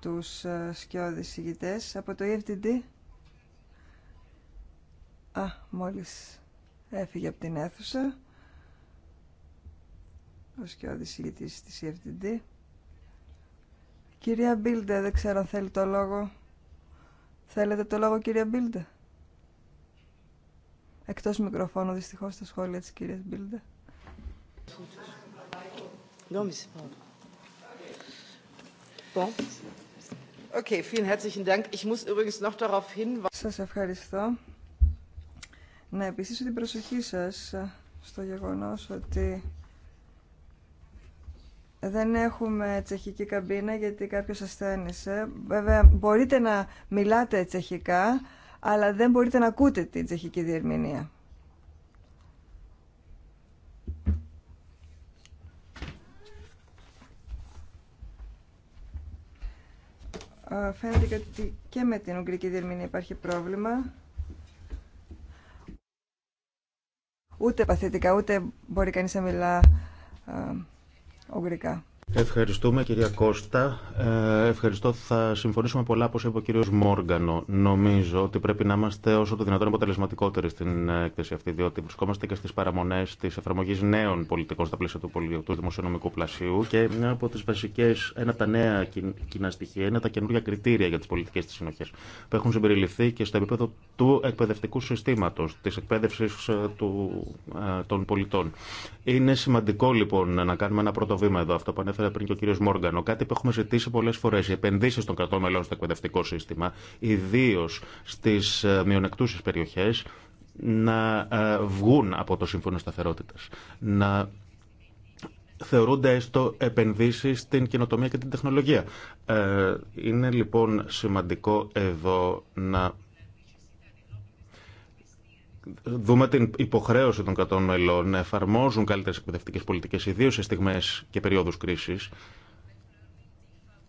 τους σκιώδης ηγητές από το EFTD. Α, μόλις έφυγε από την αίθουσα ως και ο αντισηγητής της EFTD. Κυρία Μπίλντε, δεν ξέρω αν θέλει το λόγο. Θέλετε το λόγο, κυρία Μπίλντε. Εκτός μικροφώνου, δυστυχώς, τα σχόλια της κυρίας Μπίλντε. Okay, Σας ευχαριστώ. Να επιστήσω την προσοχή σας στο γεγονός ότι δεν έχουμε τσεχική καμπίνα γιατί κάποιος ασθένησε. Βέβαια, μπορείτε να μιλάτε τσεχικά, αλλά δεν μπορείτε να ακούτε την τσεχική διερμηνία. Ε, φαίνεται ότι και με την Ουγγρική διερμηνία υπάρχει πρόβλημα. Ούτε παθητικά, ούτε μπορεί κανείς να μιλά ε, Γκρικά. Ευχαριστούμε κυρία Κώστα. Ε, ευχαριστώ. Θα συμφωνήσουμε πολλά όπως είπε ο κύριος Μόργανο. Νομίζω ότι πρέπει να είμαστε όσο το δυνατόν αποτελεσματικότεροι στην έκθεση αυτή, διότι βρισκόμαστε και στι παραμονέ τη εφαρμογή νέων πολιτικών στα πλαίσια του πολιτικού δημοσιονομικού πλασίου και μια από τις βασικές, ένα από τα νέα κοινά στοιχεία είναι τα καινούργια κριτήρια για τι πολιτικέ τη συνοχές που έχουν συμπεριληφθεί και στο επίπεδο του εκπαιδευτικού συστήματο, τη εκπαίδευση ε, ε, των πολιτών. Είναι σημαντικό λοιπόν να κάνουμε ένα πρώτο βήμα εδώ, αυτό που ανέφερε πριν και ο κύριο Μόργανο, κάτι που έχουμε ζητήσει πολλέ φορέ. Οι επενδύσει των κρατών μελών στο εκπαιδευτικό σύστημα, ιδίω στι ε, μειονεκτούσε περιοχέ, να ε, βγουν από το Σύμφωνο Σταθερότητα. Να θεωρούνται έστω επενδύσεις στην καινοτομία και την τεχνολογία. Ε, είναι λοιπόν σημαντικό εδώ να δούμε την υποχρέωση των κρατών μελών να εφαρμόζουν καλύτερε εκπαιδευτικέ πολιτικέ, ιδίω σε στιγμέ και περιόδου κρίση,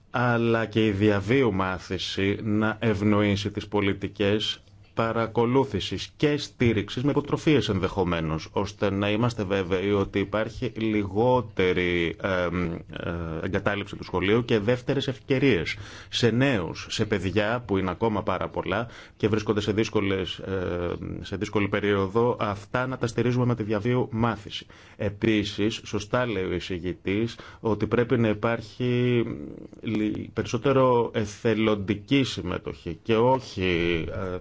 αλλά και η διαβίου μάθηση να ευνοήσει τι πολιτικές παρακολούθησης και στήριξης με υποτροφίες ενδεχομένως, ώστε να είμαστε βέβαιοι ότι υπάρχει λιγότερη ε, εγκατάλειψη του σχολείου και δεύτερες ευκαιρίες σε νέους, σε παιδιά που είναι ακόμα πάρα πολλά και βρίσκονται σε, δύσκολες, ε, σε δύσκολη περίοδο, αυτά να τα στηρίζουμε με τη διαβίου μάθηση. Επίσης, σωστά λέει ο εισηγητής, ότι πρέπει να υπάρχει περισσότερο εθελοντική συμμετοχή και όχι ε,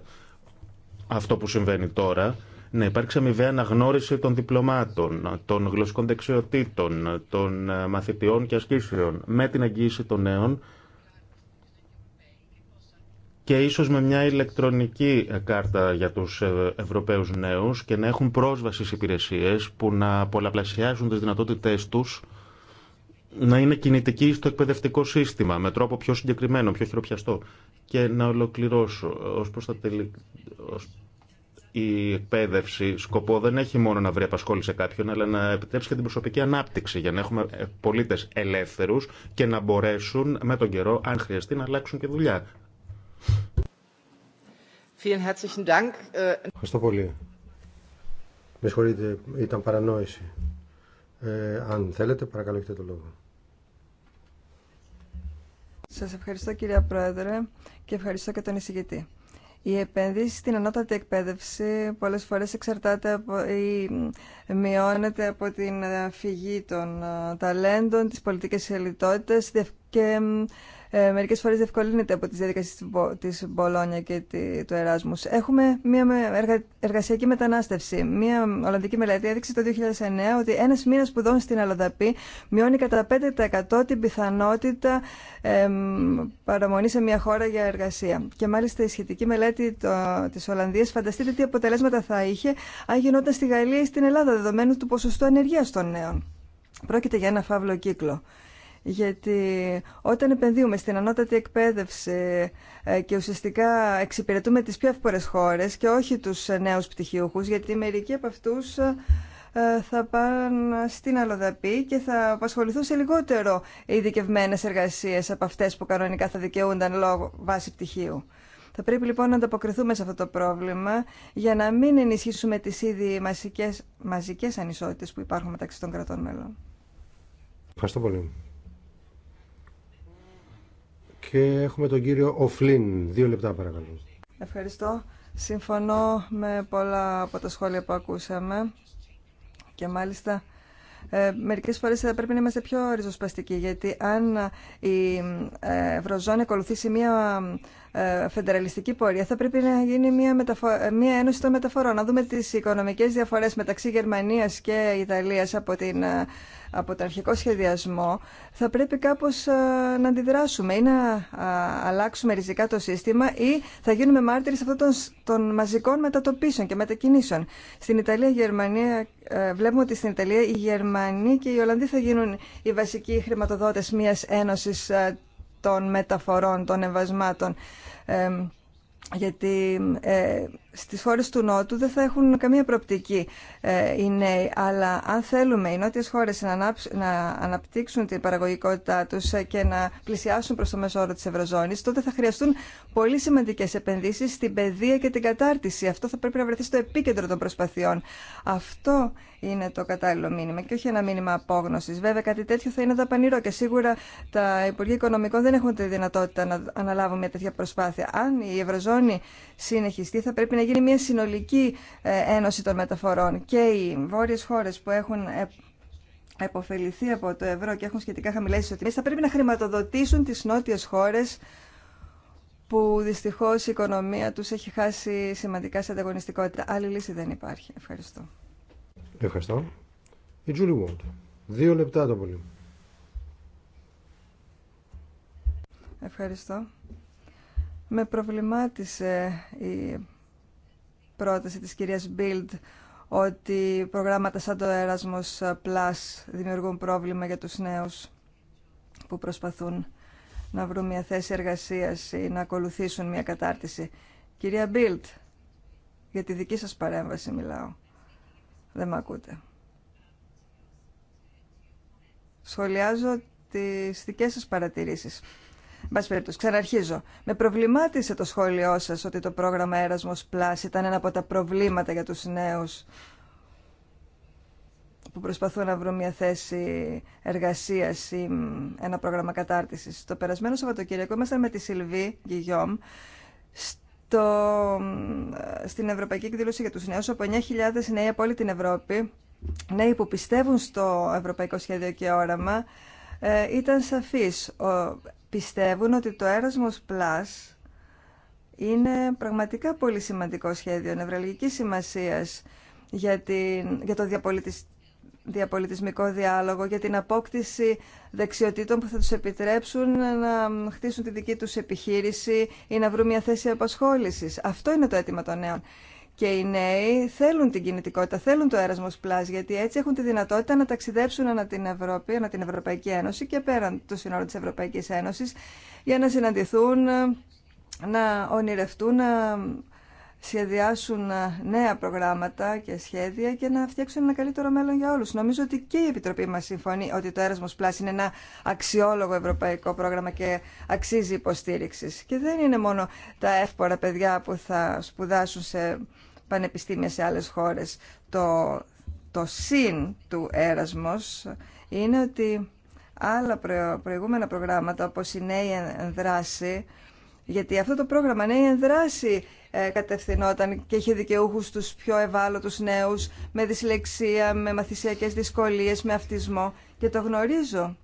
αυτό που συμβαίνει τώρα, να υπάρξει αμοιβαία αναγνώριση των διπλωμάτων, των γλωσσικών δεξιοτήτων, των ε, μαθητιών και ασκήσεων, με την αγγίση των νέων και ίσως με μια ηλεκτρονική ε, κάρτα για τους ε, Ευρωπαίους νέους και να έχουν πρόσβαση σε υπηρεσίες που να πολλαπλασιάσουν τις δυνατότητές τους να είναι κινητική στο εκπαιδευτικό σύστημα με τρόπο πιο συγκεκριμένο, πιο χειροπιαστό. Και να ολοκληρώσω ω προς τα Η εκπαίδευση σκοπό δεν έχει μόνο να βρει απασχόληση σε κάποιον, αλλά να επιτρέψει και την προσωπική ανάπτυξη για να έχουμε ε, πολίτε ελεύθερου και να μπορέσουν με τον καιρό, αν χρειαστεί, να αλλάξουν και δουλειά. Äh, Ευχαριστώ πολύ. Με συγχωρείτε, ήταν παρανόηση. Ε, αν θέλετε, παρακαλώ έχετε το λόγο. Σας ευχαριστώ κυρία Πρόεδρε και ευχαριστώ και τον εισηγητή. Η επένδυση στην ανώτατη εκπαίδευση πολλές φορές εξαρτάται από, ή μειώνεται από την φυγή των ε, ταλέντων, τις πολιτικές ελιτότητες και ε, μερικές φορές διευκολύνεται από τις διαδικασίες της Μπολόνια και του Εράσμους. Έχουμε μια εργασιακή μετανάστευση. Μια Ολλανδική μελέτη έδειξε το 2009 ότι ένας μήνας σπουδών στην Αλοδαπή μειώνει κατά 5% την πιθανότητα παραμονή σε μια χώρα για εργασία. Και μάλιστα η σχετική μελέτη της Ολλανδίας φανταστείτε τι αποτελέσματα θα είχε αν γινόταν στη Γαλλία ή στην Ελλάδα δεδομένου του ποσοστού ανεργίας των νέων. Πρόκειται για ένα φαύλο κύκλο. Γιατί όταν επενδύουμε στην ανώτατη εκπαίδευση ε, και ουσιαστικά εξυπηρετούμε τις πιο εύπορες χώρες και όχι τους ε, νέους πτυχιούχους, γιατί μερικοί από αυτούς ε, θα πάνε στην Αλοδαπή και θα απασχοληθούν σε λιγότερο ειδικευμένες εργασίες από αυτές που κανονικά θα δικαιούνταν λόγω βάση πτυχίου. Θα πρέπει λοιπόν να ανταποκριθούμε σε αυτό το πρόβλημα για να μην ενισχύσουμε τις ήδη μαζικές, μαζικές ανισότητες που υπάρχουν μεταξύ των κρατών μέλων. Ευχαριστώ πολύ. Και έχουμε τον κύριο Οφλίν. Δύο λεπτά παρακαλώ. Ευχαριστώ. Συμφωνώ με πολλά από τα σχόλια που ακούσαμε και μάλιστα ε, μερικές φορές θα πρέπει να είμαστε πιο ριζοσπαστικοί γιατί αν η ε, Ευρωζώνη ακολουθήσει μία ε, φεντεραλιστική πορεία θα πρέπει να γίνει μια, μεταφο... μια ένωση των μεταφορών. Να δούμε τις οικονομικές διαφορές μεταξύ Γερμανίας και Ιταλίας από, την... Ε, από τον αρχικό σχεδιασμό. Θα πρέπει κάπως ε, να αντιδράσουμε ή να αλλάξουμε ριζικά το σύστημα ή θα γίνουμε μάρτυρες αυτών των, των μαζικών μετατοπίσεων και μετακινήσεων. Στην Ιταλία, Γερμανία, βλέπουμε ότι στην Ιταλία οι Γερμανοί και οι Ολλανδοί θα γίνουν οι βασικοί χρηματοδότες μιας ένωσης των μεταφορών, των ευασμάτων, γιατί ε, στις χώρες του Νότου δεν θα έχουν καμία προοπτική ε, οι νέοι, αλλά αν θέλουμε οι νότιες χώρες να, να αναπτύξουν την παραγωγικότητά τους ε, και να πλησιάσουν προς το μέσο όρο της Ευρωζώνης, τότε θα χρειαστούν πολύ σημαντικές επενδύσεις στην παιδεία και την κατάρτιση. Αυτό θα πρέπει να βρεθεί στο επίκεντρο των προσπαθειών. Αυτό είναι το κατάλληλο μήνυμα και όχι ένα μήνυμα απόγνωση. Βέβαια κάτι τέτοιο θα είναι δαπανηρό και σίγουρα τα Υπουργεία Οικονομικών δεν έχουν τη δυνατότητα να αναλάβουν μια τέτοια προσπάθεια. Αν η Ευρωζώνη συνεχιστεί θα πρέπει να γίνει μια συνολική ε, ένωση των μεταφορών και οι βόρειες χώρες που έχουν ε, εποφεληθεί από το ευρώ και έχουν σχετικά χαμηλές ισοτιμίες θα πρέπει να χρηματοδοτήσουν τις νότιες χώρες που δυστυχώς η οικονομία τους έχει χάσει σημαντικά σε ανταγωνιστικότητα. Άλλη λύση δεν υπάρχει. Ευχαριστώ. Ευχαριστώ. Η Julie Βόλτ. Δύο λεπτά το πολύ. Ευχαριστώ. Με προβλημάτισε η πρόταση της κυρίας Μπιλτ ότι προγράμματα σαν το Erasmus Plus δημιουργούν πρόβλημα για τους νέους που προσπαθούν να βρουν μια θέση εργασίας ή να ακολουθήσουν μια κατάρτιση. Κυρία Μπίλτ, για τη δική σας παρέμβαση μιλάω. Δεν με ακούτε. Σχολιάζω τις δικές σας παρατηρήσεις περιπτώσει, ξαναρχίζω. Με προβλημάτισε το σχόλιο σας ότι το πρόγραμμα Erasmus Plus ήταν ένα από τα προβλήματα για τους νέους που προσπαθούν να βρουν μια θέση εργασίας ή ένα πρόγραμμα κατάρτιση. Το περασμένο Σαββατοκύριακο ήμασταν με τη Σιλβή Γιγιόμ στο, στην Ευρωπαϊκή Εκδήλωση για του νέου, από 9.000 νέοι από όλη την Ευρώπη, νέοι που πιστεύουν στο Ευρωπαϊκό Σχέδιο και Όραμα, ε, ήταν σαφής πιστεύουν ότι το Erasmus Plus είναι πραγματικά πολύ σημαντικό σχέδιο νευραλγικής σημασίας για, την, για το διαπολιτισμικό διάλογο, για την απόκτηση δεξιοτήτων που θα τους επιτρέψουν να χτίσουν τη δική τους επιχείρηση ή να βρουν μια θέση απασχόλησης. Αυτό είναι το αίτημα των νέων και οι νέοι θέλουν την κινητικότητα, θέλουν το Erasmus γιατί έτσι έχουν τη δυνατότητα να ταξιδέψουν ανά την Ευρώπη, ανά την Ευρωπαϊκή Ένωση και πέραν του συνόρου της Ευρωπαϊκής Ένωσης για να συναντηθούν, να ονειρευτούν, να σχεδιάσουν νέα προγράμματα και σχέδια και να φτιάξουν ένα καλύτερο μέλλον για όλους. Νομίζω ότι και η Επιτροπή μας συμφωνεί ότι το Erasmus Plus είναι ένα αξιόλογο ευρωπαϊκό πρόγραμμα και αξίζει υποστήριξης. Και δεν είναι μόνο τα εύπορα παιδιά που θα σπουδάσουν σε πανεπιστήμια σε άλλες χώρες. Το, το συν του έρασμος είναι ότι άλλα προηγούμενα προγράμματα όπως η νέη ενδράση, γιατί αυτό το πρόγραμμα νέη ενδράση ε, κατευθυνόταν και είχε δικαιούχους τους πιο ευάλωτους νέους με δυσλεξία, με μαθησιακές δυσκολίες, με αυτισμό και το γνωρίζω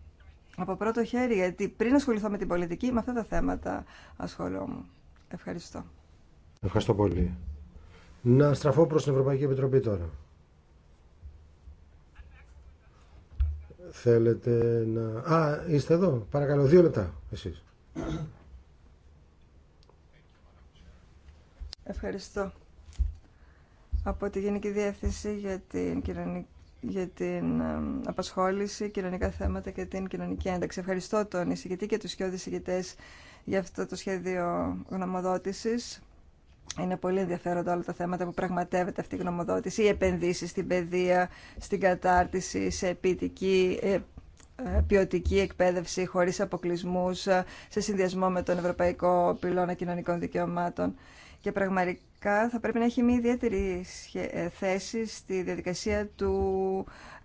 από πρώτο χέρι, γιατί πριν ασχοληθώ με την πολιτική, με αυτά τα θέματα ασχολούμαι. Ευχαριστώ. Ευχαριστώ πολύ. Να στραφώ προς την Ευρωπαϊκή Επιτροπή τώρα. Θέλετε να... Α, είστε εδώ. Παρακαλώ, δύο λεπτά εσείς. Ευχαριστώ. Από τη Γενική Διεύθυνση για την, για την απασχόληση, κοινωνικά θέματα και την κοινωνική ένταξη. Ευχαριστώ τον εισηγητή και τους κοιόδης εισηγητές για αυτό το σχέδιο γνωμοδότησης είναι πολύ ενδιαφέροντα όλα τα θέματα που πραγματεύεται αυτή η γνωμοδότηση. Οι επενδύσει στην παιδεία, στην κατάρτιση, σε ποιητική, ε, ε, ποιοτική εκπαίδευση χωρίς αποκλεισμούς, ε, σε συνδυασμό με τον Ευρωπαϊκό Πυλώνα Κοινωνικών Δικαιωμάτων. Και πραγματικά θα πρέπει να έχει μια ιδιαίτερη θέση στη διαδικασία του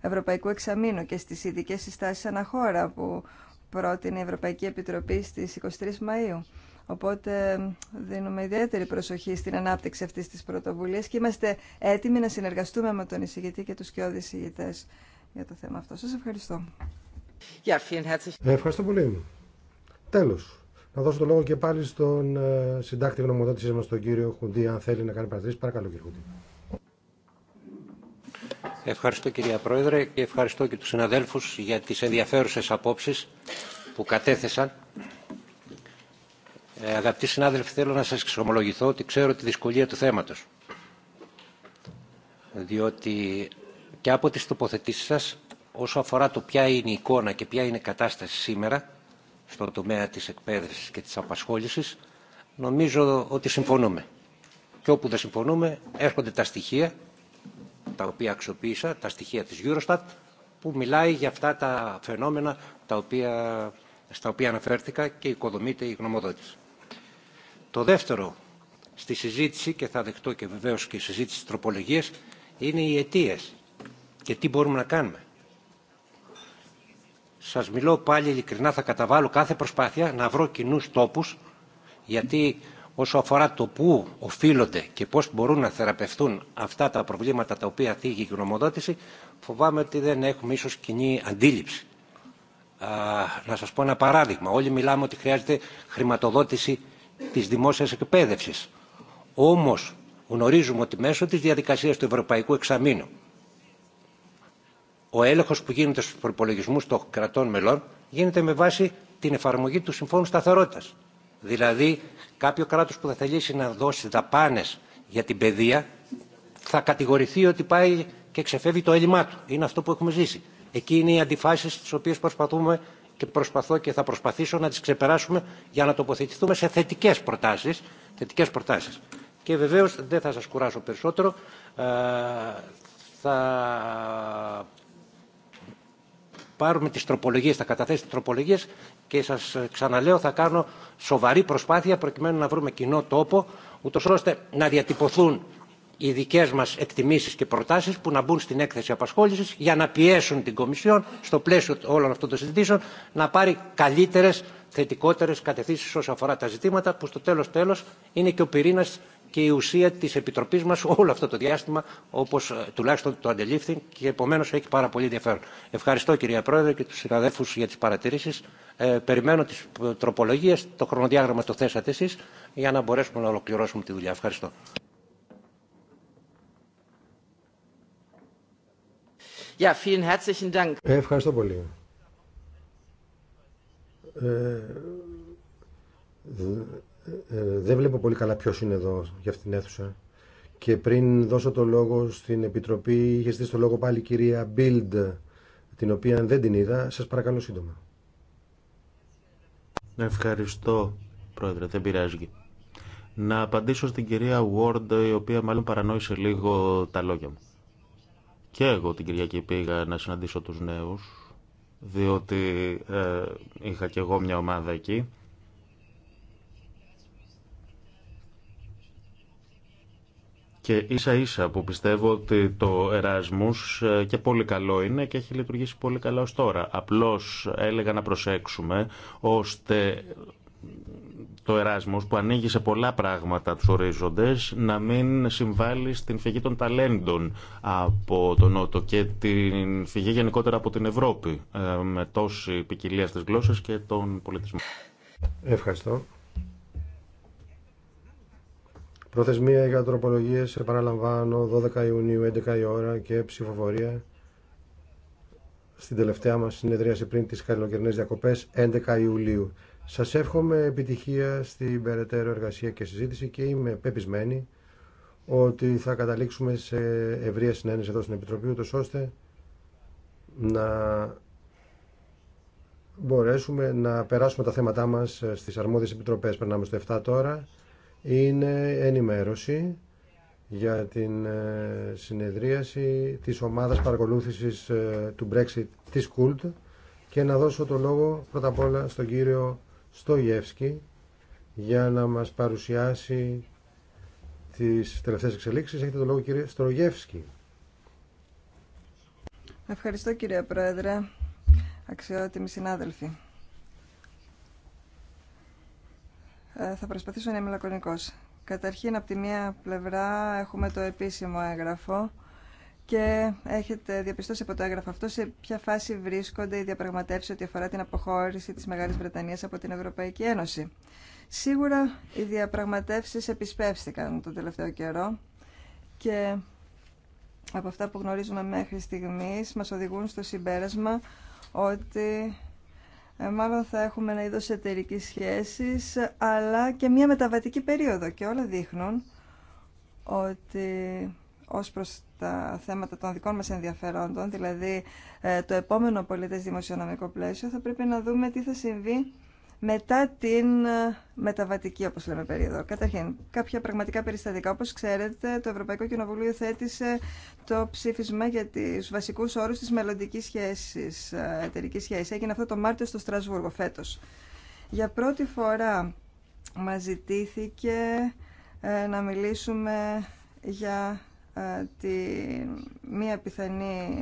Ευρωπαϊκού Εξαμήνου και στις ειδικέ συστάσεις αναχώρα που πρότεινε η Ευρωπαϊκή Επιτροπή στις 23 Μαΐου. Οπότε δίνουμε ιδιαίτερη προσοχή στην ανάπτυξη αυτή τη πρωτοβουλία και είμαστε έτοιμοι να συνεργαστούμε με τον εισηγητή και τους κοιόδη εισηγητές για το θέμα αυτό. Σας ευχαριστώ. Ευχαριστώ πολύ. Τέλο. Να δώσω το λόγο και πάλι στον ε, συντάκτη γνωμοδότησή μα τον κύριο Χουντή, αν θέλει να κάνει παρατηρήσει. Παρακαλώ, κύριε Χουντή. Ευχαριστώ κυρία Πρόεδρε και ευχαριστώ και τους συναδέλφους για τις ενδιαφέρουσες απόψεις που κατέθεσαν ε, αγαπητοί συνάδελφοι, θέλω να σας εξομολογηθώ ότι ξέρω τη δυσκολία του θέματος. Διότι και από τις τοποθετήσεις σας, όσο αφορά το ποια είναι η εικόνα και ποια είναι η κατάσταση σήμερα στο τομέα της εκπαίδευσης και της απασχόλησης, νομίζω ότι συμφωνούμε. Και όπου δεν συμφωνούμε έρχονται τα στοιχεία, τα οποία αξιοποίησα, τα στοιχεία της Eurostat, που μιλάει για αυτά τα φαινόμενα τα οποία, στα οποία αναφέρθηκα και οικοδομείται η γνωμοδότηση. Το δεύτερο στη συζήτηση και θα δεχτώ και βεβαίως και η συζήτηση της τροπολογίας είναι οι αιτίε και τι μπορούμε να κάνουμε. Σας μιλώ πάλι ειλικρινά θα καταβάλω κάθε προσπάθεια να βρω κοινού τόπους γιατί όσο αφορά το πού οφείλονται και πώς μπορούν να θεραπευτούν αυτά τα προβλήματα τα οποία θίγει η γνωμοδότηση φοβάμαι ότι δεν έχουμε ίσως κοινή αντίληψη. Α, να σας πω ένα παράδειγμα. Όλοι μιλάμε ότι χρειάζεται χρηματοδότηση της δημόσιας εκπαίδευσης. Όμως γνωρίζουμε ότι μέσω της διαδικασίας του Ευρωπαϊκού Εξαμήνου ο έλεγχος που γίνεται στους προπολογισμούς των κρατών μελών γίνεται με βάση την εφαρμογή του Συμφώνου Σταθερότητας. Δηλαδή κάποιο κράτος που θα θελήσει να δώσει δαπάνες για την παιδεία θα κατηγορηθεί ότι πάει και ξεφεύγει το έλλειμμά του. Είναι αυτό που έχουμε ζήσει. Εκεί είναι οι αντιφάσεις τις οποίες προσπαθούμε και προσπαθώ και θα προσπαθήσω να τις ξεπεράσουμε για να τοποθετηθούμε σε θετικές προτάσεις. Θετικές προτάσεις. Και βεβαίως δεν θα σας κουράσω περισσότερο. Ε, θα πάρουμε τις τροπολογίες, θα καταθέσει τις τροπολογίες και σας ξαναλέω θα κάνω σοβαρή προσπάθεια προκειμένου να βρούμε κοινό τόπο ούτως ώστε να διατυπωθούν οι δικέ μα εκτιμήσει και προτάσει που να μπουν στην έκθεση απασχόληση για να πιέσουν την Κομισιόν στο πλαίσιο όλων αυτών των συζητήσεων να πάρει καλύτερε, θετικότερε κατευθύνσει όσον αφορά τα ζητήματα που στο τέλο τέλο είναι και ο πυρήνα και η ουσία τη Επιτροπή μα όλο αυτό το διάστημα, όπω ε, τουλάχιστον το αντελήφθη και επομένω έχει πάρα πολύ ενδιαφέρον. Ευχαριστώ κυρία Πρόεδρε και του συναδέλφου για τι παρατηρήσει. Ε, περιμένω τι ε, τροπολογίε, το χρονοδιάγραμμα το θέσατε εσεί για να μπορέσουμε να ολοκληρώσουμε τη δουλειά. Ευχαριστώ. Ja, vielen herzlichen Dank. Ε, ευχαριστώ πολύ. Ε, ε, δεν βλέπω πολύ καλά ποιος είναι εδώ για αυτήν την αίθουσα. Και πριν δώσω το λόγο στην Επιτροπή, είχε στήσει το λόγο πάλι η κυρία Μπίλντ, την οποία δεν την είδα. Σας παρακαλώ σύντομα. Ευχαριστώ, Πρόεδρε. Δεν πειράζει. Να απαντήσω στην κυρία Ward, η οποία μάλλον παρανόησε λίγο τα λόγια μου. Και εγώ την Κυριακή πήγα να συναντήσω τους νέους, διότι ε, είχα και εγώ μια ομάδα εκεί. Και ίσα ίσα που πιστεύω ότι το Εράσμους ε, και πολύ καλό είναι και έχει λειτουργήσει πολύ καλά ως τώρα. Απλώς έλεγα να προσέξουμε ώστε το Εράσμος που ανοίγει σε πολλά πράγματα τους ορίζοντες να μην συμβάλλει στην φυγή των ταλέντων από τον Νότο και την φυγή γενικότερα από την Ευρώπη ε, με τόση ποικιλία στις γλώσσες και τον πολιτισμό. Ευχαριστώ. Προθεσμία για τροπολογίες, επαναλαμβάνω, 12 Ιουνίου, 11 η ώρα και ψηφοφορία στην τελευταία μας συνεδρίαση πριν τις καλοκαιρινές διακοπές, 11 Ιουλίου. Σας εύχομαι επιτυχία στην περαιτέρω εργασία και συζήτηση και είμαι πεπισμένη ότι θα καταλήξουμε σε ευρεία συνένεση εδώ στην Επιτροπή, ούτως ώστε να μπορέσουμε να περάσουμε τα θέματά μας στις αρμόδιες επιτροπές. Περνάμε στο 7 τώρα. Είναι ενημέρωση για την ε, συνεδρίαση της ομάδας παρακολούθησης ε, του Brexit της Κούλτ και να δώσω το λόγο πρώτα απ' όλα στον κύριο στο Ιεύσκι για να μας παρουσιάσει τις τελευταίες εξελίξεις. Έχετε το λόγο κύριε Στρογεύσκη. Ευχαριστώ κύριε Πρόεδρε, αξιότιμοι συνάδελφοι. Ε, θα προσπαθήσω να είμαι λακωνικός. Καταρχήν, από τη μία πλευρά έχουμε το επίσημο έγγραφο και έχετε διαπιστώσει από το έγγραφο αυτό σε ποια φάση βρίσκονται οι διαπραγματεύσει ό,τι αφορά την αποχώρηση τη Μεγάλη Βρετανία από την Ευρωπαϊκή Ένωση. Σίγουρα οι διαπραγματεύσει επισπεύστηκαν τον τελευταίο καιρό και από αυτά που γνωρίζουμε μέχρι στιγμής μας οδηγούν στο συμπέρασμα ότι ε, μάλλον θα έχουμε ένα είδος εταιρικής σχέσης αλλά και μια μεταβατική περίοδο και όλα δείχνουν ότι ως προς τα θέματα των δικών μας ενδιαφερόντων, δηλαδή ε, το επόμενο πολιτές δημοσιονομικό πλαίσιο, θα πρέπει να δούμε τι θα συμβεί μετά την ε, μεταβατική, όπως λέμε, περίοδο. Καταρχήν, κάποια πραγματικά περιστατικά. Όπως ξέρετε, το Ευρωπαϊκό Κοινοβούλιο θέτησε το ψήφισμα για τους βασικούς όρους της μελλοντικής σχέσης, ε, εταιρικής σχέσης. Έγινε αυτό το Μάρτιο στο Στρασβούργο φέτος. Για πρώτη φορά μας ζητήθηκε να μιλήσουμε για ε, τη μία πιθανή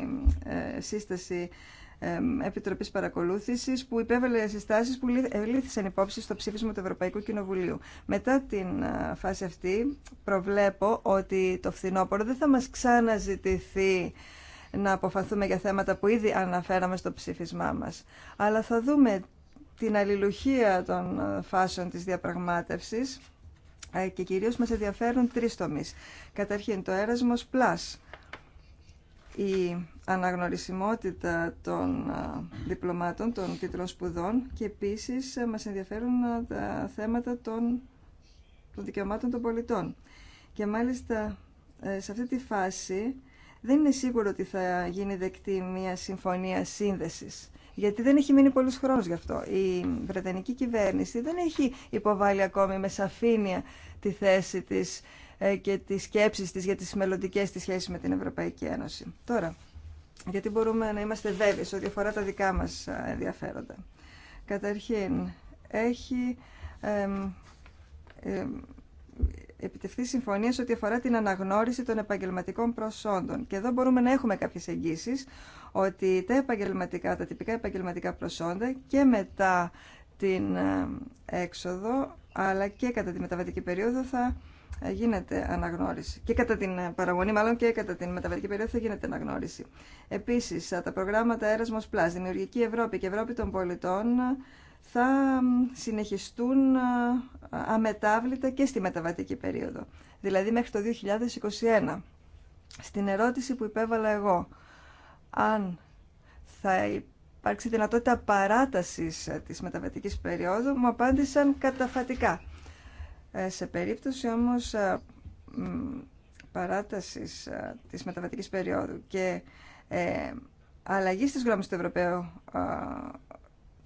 ε, σύσταση ε, Επιτροπής Παρακολούθησης που υπέβαλε συστάσεις που λύθησαν υπόψη στο ψήφισμα του Ευρωπαϊκού Κοινοβουλίου. Μετά την φάση αυτή προβλέπω ότι το φθινόπωρο δεν θα μας ξαναζητηθεί να αποφαθούμε για θέματα που ήδη αναφέραμε στο ψήφισμά μας. Αλλά θα δούμε την αλληλουχία των φάσεων της διαπραγμάτευσης ε, και κυρίως μας ενδιαφέρουν τρεις τομείς. Καταρχήν το έρασμος πλάς, η αναγνωρισιμότητα των ε, διπλωμάτων, των τίτλων σπουδών και επίσης ε, μας ενδιαφέρουν τα θέματα των, των δικαιωμάτων των πολιτών. Και μάλιστα σε αυτή τη φάση δεν είναι σίγουρο ότι θα γίνει δεκτή μια συμφωνία σύνδεσης γιατί δεν έχει μείνει πολλούς χρόνους γι' αυτό. Η Βρετανική κυβέρνηση δεν έχει υποβάλει ακόμη με σαφήνεια τη θέση της ε, και τις σκέψεις της για τις μελλοντικέ της σχέσεις με την Ευρωπαϊκή Ένωση. Τώρα, γιατί μπορούμε να είμαστε βέβαιοι ό,τι αφορά τα δικά μας ε, ενδιαφέροντα. Καταρχήν, έχει ε, ε, επιτευχθεί συμφωνία ό,τι αφορά την αναγνώριση των επαγγελματικών προσόντων. Και εδώ μπορούμε να έχουμε κάποιες εγγύσεις ότι τα επαγγελματικά, τα τυπικά επαγγελματικά προσόντα και μετά την ε, έξοδο αλλά και κατά τη μεταβατική περίοδο θα ε, γίνεται αναγνώριση. Και κατά την ε, παραμονή, μάλλον και κατά την μεταβατική περίοδο θα γίνεται αναγνώριση. Επίσης, τα προγράμματα Erasmus Plus, Δημιουργική Ευρώπη και Ευρώπη των Πολιτών θα συνεχιστούν αμετάβλητα και στη μεταβατική περίοδο, δηλαδή μέχρι το 2021. Στην ερώτηση που υπέβαλα εγώ, αν θα υπάρξει δυνατότητα παράτασης ε, της μεταβατικής περίοδου, μου απάντησαν καταφατικά. Ε, σε περίπτωση όμως ε, παράτασης της μεταβατικής περίοδου και αλλαγής της γνώμης του Ευρωπαίου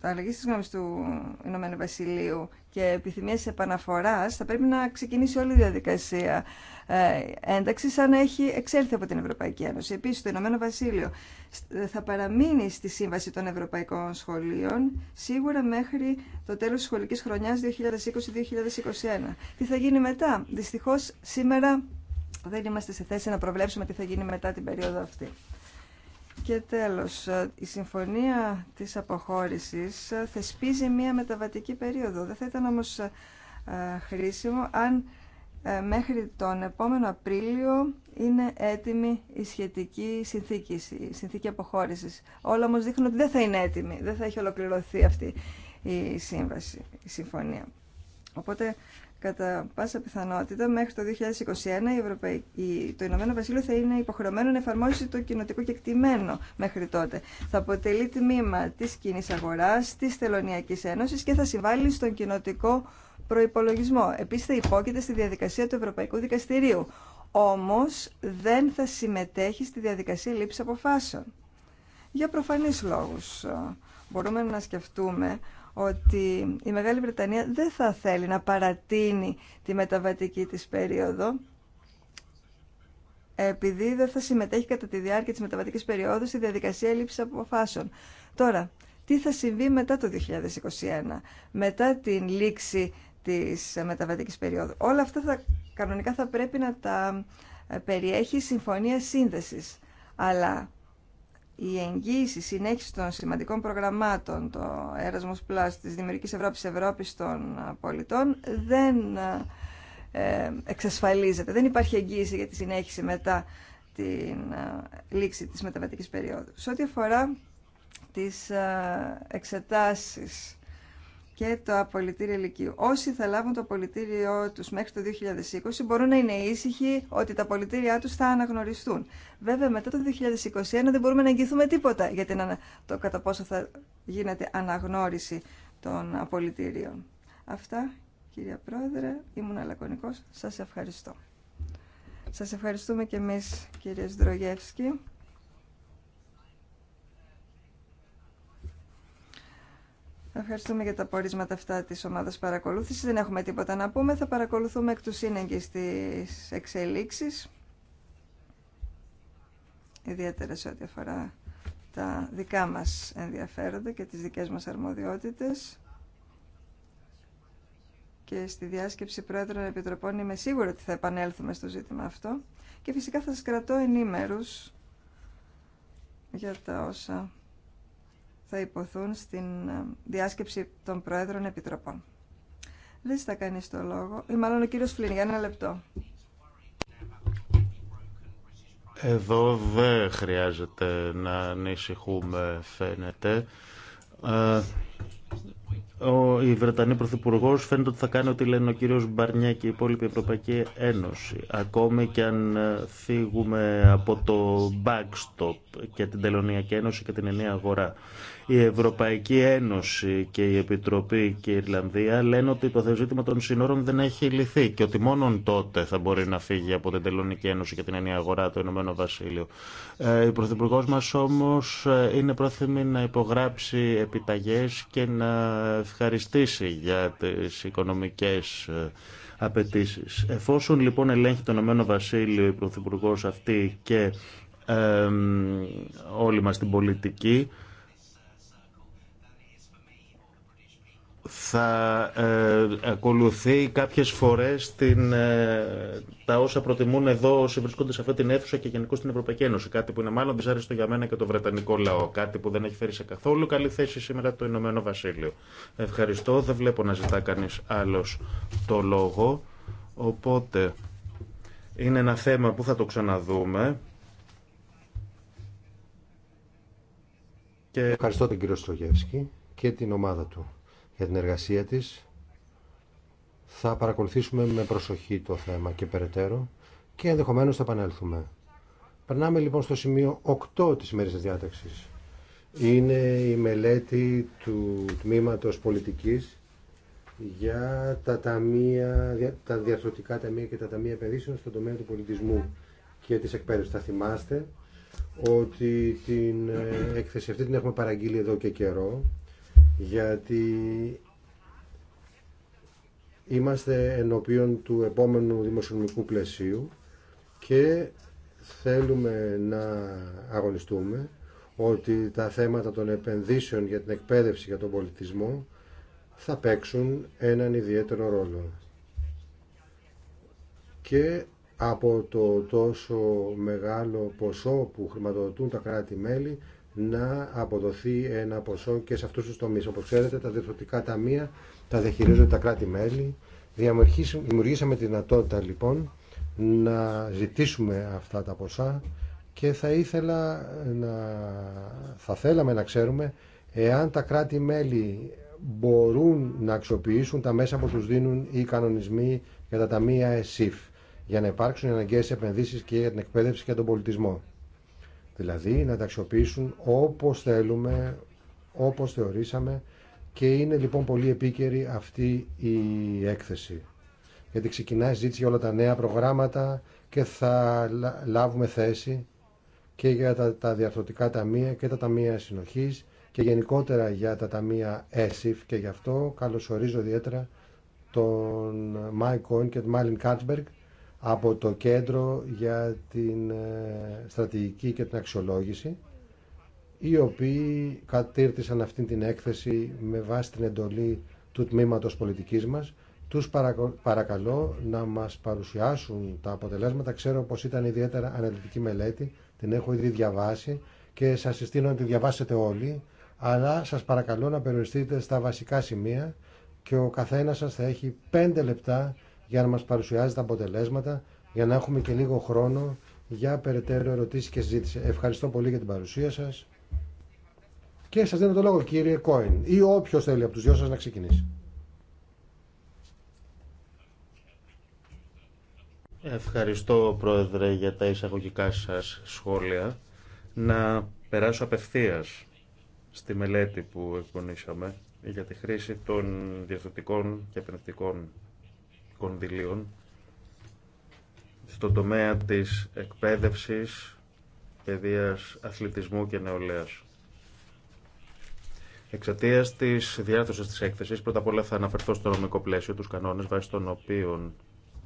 αλλαγή τη γνώμη του Ηνωμένου Βασιλείου και επιθυμίες επαναφορά, θα πρέπει να ξεκινήσει όλη η διαδικασία ε, ένταξη, σαν να έχει εξέλθει από την Ευρωπαϊκή Ένωση. Επίση, το Ηνωμένο Βασίλειο θα παραμείνει στη Σύμβαση των Ευρωπαϊκών Σχολείων σίγουρα μέχρι το τέλο τη σχολική χρονιά 2020-2021. Τι θα γίνει μετά. Δυστυχώ, σήμερα δεν είμαστε σε θέση να προβλέψουμε τι θα γίνει μετά την περίοδο αυτή. Και τέλος, ε, η συμφωνία της αποχώρησης ε, θεσπίζει μία μεταβατική περίοδο. Δεν θα ήταν όμως ε, χρήσιμο αν μέχρι τον επόμενο Απρίλιο είναι έτοιμη η σχετική συνθήκη, η συνθήκη αποχώρησης. Όλα όμως δείχνουν ότι δεν θα είναι έτοιμη, δεν θα έχει ολοκληρωθεί αυτή η σύμβαση, η συμφωνία. Οπότε Κατά πάσα πιθανότητα, μέχρι το 2021 η το Ηνωμένο Βασίλειο θα είναι υποχρεωμένο να εφαρμόσει το κοινοτικό κεκτημένο μέχρι τότε. Θα αποτελεί τμήμα τη κοινή αγορά, τη Θελωνιακή Ένωση και θα συμβάλλει στον κοινοτικό προπολογισμό. Επίση, θα υπόκειται στη διαδικασία του Ευρωπαϊκού Δικαστηρίου. Όμω, δεν θα συμμετέχει στη διαδικασία λήψη αποφάσεων. Για προφανεί λόγου. Μπορούμε να σκεφτούμε ότι η Μεγάλη Βρετανία δεν θα θέλει να παρατείνει τη μεταβατική της περίοδο επειδή δεν θα συμμετέχει κατά τη διάρκεια της μεταβατικής περίοδου στη διαδικασία λήψης αποφάσεων. Τώρα, τι θα συμβεί μετά το 2021, μετά την λήξη της μεταβατικής περίοδου. Όλα αυτά θα, κανονικά θα πρέπει να τα περιέχει η Συμφωνία Σύνδεσης. Αλλά η εγγύηση συνέχιση των σημαντικών προγραμμάτων, το Erasmus Plus της Δημιουργικής Ευρώπης Ευρώπης των πολιτών, δεν ε, εξασφαλίζεται. Δεν υπάρχει εγγύηση για τη συνέχιση μετά την ε, λήξη της μεταβατικής περίοδου. Σε ό,τι αφορά τις ε, εξετάσεις και το απολυτήριο ηλικίου. Όσοι θα λάβουν το απολυτήριό του μέχρι το 2020 μπορούν να είναι ήσυχοι ότι τα απολυτήριά του θα αναγνωριστούν. Βέβαια, μετά το 2021 δεν μπορούμε να εγγυηθούμε τίποτα για το κατά πόσο θα γίνεται αναγνώριση των απολυτήριων. Αυτά, κυρία Πρόεδρε, ήμουν αλακωνικός. Σας ευχαριστώ. Σας ευχαριστούμε και εμείς, κύριε Σδρογεύσκη. Ευχαριστούμε για τα πορίσματα αυτά τη ομάδα παρακολούθηση. Δεν έχουμε τίποτα να πούμε. Θα παρακολουθούμε εκ του σύνεγγυ τις εξελίξεις. Ιδιαίτερα σε ό,τι αφορά τα δικά μας ενδιαφέροντα και τις δικές μας αρμοδιότητες. Και στη διάσκεψη Πρόεδρων Επιτροπών είμαι σίγουρη ότι θα επανέλθουμε στο ζήτημα αυτό. Και φυσικά θα σας κρατώ ενήμερους για τα όσα θα υποθούν στην ε, διάσκεψη των Προέδρων Επιτροπών. Δεν θα κάνει το λόγο. Ή μάλλον ο κύριος Φλίν, για ένα λεπτό. Εδώ δεν χρειάζεται να ανησυχούμε, φαίνεται. Ε, ο, η Βρετανή Πρωθυπουργό φαίνεται ότι θα κάνει ό,τι λένε ο κύριος Μπαρνιά και η υπόλοιπη Ευρωπαϊκή Ένωση. Ακόμη και αν ε, φύγουμε από το backstop και την Τελωνιακή Ένωση και την Ενία αγορά. Η Ευρωπαϊκή Ένωση και η Επιτροπή και η Ιρλανδία λένε ότι το ζήτημα των συνόρων δεν έχει λυθεί και ότι μόνο τότε θα μπορεί να φύγει από την Τελωνική Ένωση και την Ενία Αγορά το Ηνωμένο Βασίλειο. Ε, ο Πρωθυπουργό μα όμω ε, είναι πρόθυμη να υπογράψει επιταγέ και να ευχαριστήσει για τι οικονομικέ ε, απαιτήσει. Εφόσον λοιπόν ελέγχει το Ηνωμένο Βασίλειο η Πρωθυπουργό αυτή και ε, όλη μας την πολιτική θα ε, ακολουθεί κάποιες φορές την, ε, τα όσα προτιμούν εδώ όσοι βρισκόνται σε αυτή την αίθουσα και γενικώ στην Ευρωπαϊκή Ένωση. Κάτι που είναι μάλλον δυσάρεστο για μένα και το Βρετανικό λαό. Κάτι που δεν έχει φέρει σε καθόλου καλή θέση σήμερα το Ηνωμένο Βασίλειο. Ευχαριστώ. Δεν βλέπω να ζητά κανείς άλλος το λόγο. Οπότε είναι ένα θέμα που θα το ξαναδούμε. Και... Ευχαριστώ τον κύριο Στρογεύσκη και την ομάδα του για την εργασία της. Θα παρακολουθήσουμε με προσοχή το θέμα και περαιτέρω και ενδεχομένως θα επανέλθουμε. Περνάμε λοιπόν στο σημείο 8 της ημέρης της διάταξης. Είναι η μελέτη του Τμήματος Πολιτικής για τα, ταμεία, τα διαρθρωτικά ταμεία και τα ταμεία επενδύσεων στον τομέα του πολιτισμού και της εκπαίδευσης. Θα θυμάστε ότι την ε, έκθεση αυτή την έχουμε παραγγείλει εδώ και καιρό γιατί είμαστε ενώπιον του επόμενου δημοσιονομικού πλαισίου και θέλουμε να αγωνιστούμε ότι τα θέματα των επενδύσεων για την εκπαίδευση για τον πολιτισμό θα παίξουν έναν ιδιαίτερο ρόλο. Και από το τόσο μεγάλο ποσό που χρηματοδοτούν τα κράτη-μέλη να αποδοθεί ένα ποσό και σε αυτούς τους τομείς. Όπως ξέρετε, τα διευθυντικά ταμεία τα διαχειρίζονται τα κράτη-μέλη. Δημιουργήσαμε τη δυνατότητα, λοιπόν, να ζητήσουμε αυτά τα ποσά και θα ήθελα να... θα θέλαμε να ξέρουμε εάν τα κράτη-μέλη μπορούν να αξιοποιήσουν τα μέσα που τους δίνουν οι κανονισμοί για τα ταμεία ΕΣΥΦ για να υπάρξουν οι αναγκαίες επενδύσεις και για την εκπαίδευση και τον πολιτισμό. Δηλαδή να τα αξιοποιήσουν όπως θέλουμε, όπως θεωρήσαμε και είναι λοιπόν πολύ επίκαιρη αυτή η έκθεση. Γιατί ξεκινάει ζήτηση για όλα τα νέα προγράμματα και θα λάβουμε θέση και για τα, τα διαφορετικά ταμεία και τα ταμεία συνοχής και γενικότερα για τα ταμεία ΕΣΥΦ και γι' αυτό καλωσορίζω ιδιαίτερα τον Μάικ Κόιν και τον Μάλιν Κάτσμπεργκ από το Κέντρο για την ε, Στρατηγική και την Αξιολόγηση οι οποίοι κατήρτισαν αυτή την έκθεση με βάση την εντολή του τμήματος πολιτικής μας. Τους παρακαλώ να μας παρουσιάσουν τα αποτελέσματα. Ξέρω πως ήταν ιδιαίτερα αναλυτική μελέτη, την έχω ήδη διαβάσει και σας συστήνω να τη διαβάσετε όλοι, αλλά σας παρακαλώ να περιοριστείτε στα βασικά σημεία και ο καθένας σας θα έχει πέντε λεπτά για να μας παρουσιάζει τα αποτελέσματα, για να έχουμε και λίγο χρόνο για περαιτέρω ερωτήσεις και συζήτηση. Ευχαριστώ πολύ για την παρουσία σας και σας δίνω το λόγο κύριε Κόιν ή όποιος θέλει από τους δυο σας να ξεκινήσει. Ευχαριστώ Πρόεδρε για τα εισαγωγικά σας σχόλια. Να περάσω απευθείας στη μελέτη που εκπονήσαμε για τη χρήση των διευθυντικών και επενδυτικών κονδυλίων στον τομέα της εκπαίδευσης, παιδείας, αθλητισμού και νεολαίας. Εξαιτία τη διάρθρωση τη έκθεση, πρώτα απ' όλα θα αναφερθώ στο νομικό πλαίσιο, του κανόνε βάσει των οποίων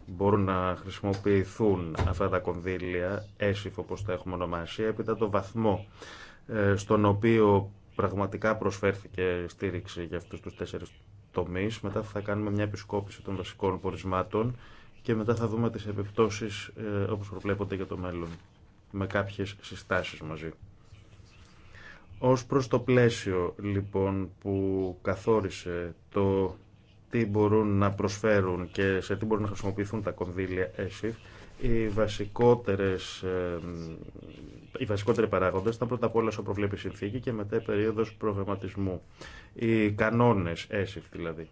μπορούν να χρησιμοποιηθούν αυτά τα κονδύλια, έσυφο όπω τα έχουμε ονομάσει, έπειτα το βαθμό ε, στον οποίο πραγματικά προσφέρθηκε στήριξη για αυτού του τέσσερι μετά θα κάνουμε μια επισκόπηση των βασικών πορισμάτων και μετά θα δούμε τις επιπτώσει ε, όπως προβλέπονται για το μέλλον, με κάποιε συστάσεις μαζί. Ω προ το πλαίσιο λοιπόν που καθόρισε το τι μπορούν να προσφέρουν και σε τι μπορούν να χρησιμοποιηθούν τα κονδύλια ΕΣΥΦ, οι, βασικότερες, οι βασικότεροι παράγοντε ήταν πρώτα απ' όλα όσο προβλέπει συνθήκη και μετά η περίοδο προγραμματισμού. Οι κανόνε, έσυφ δηλαδή.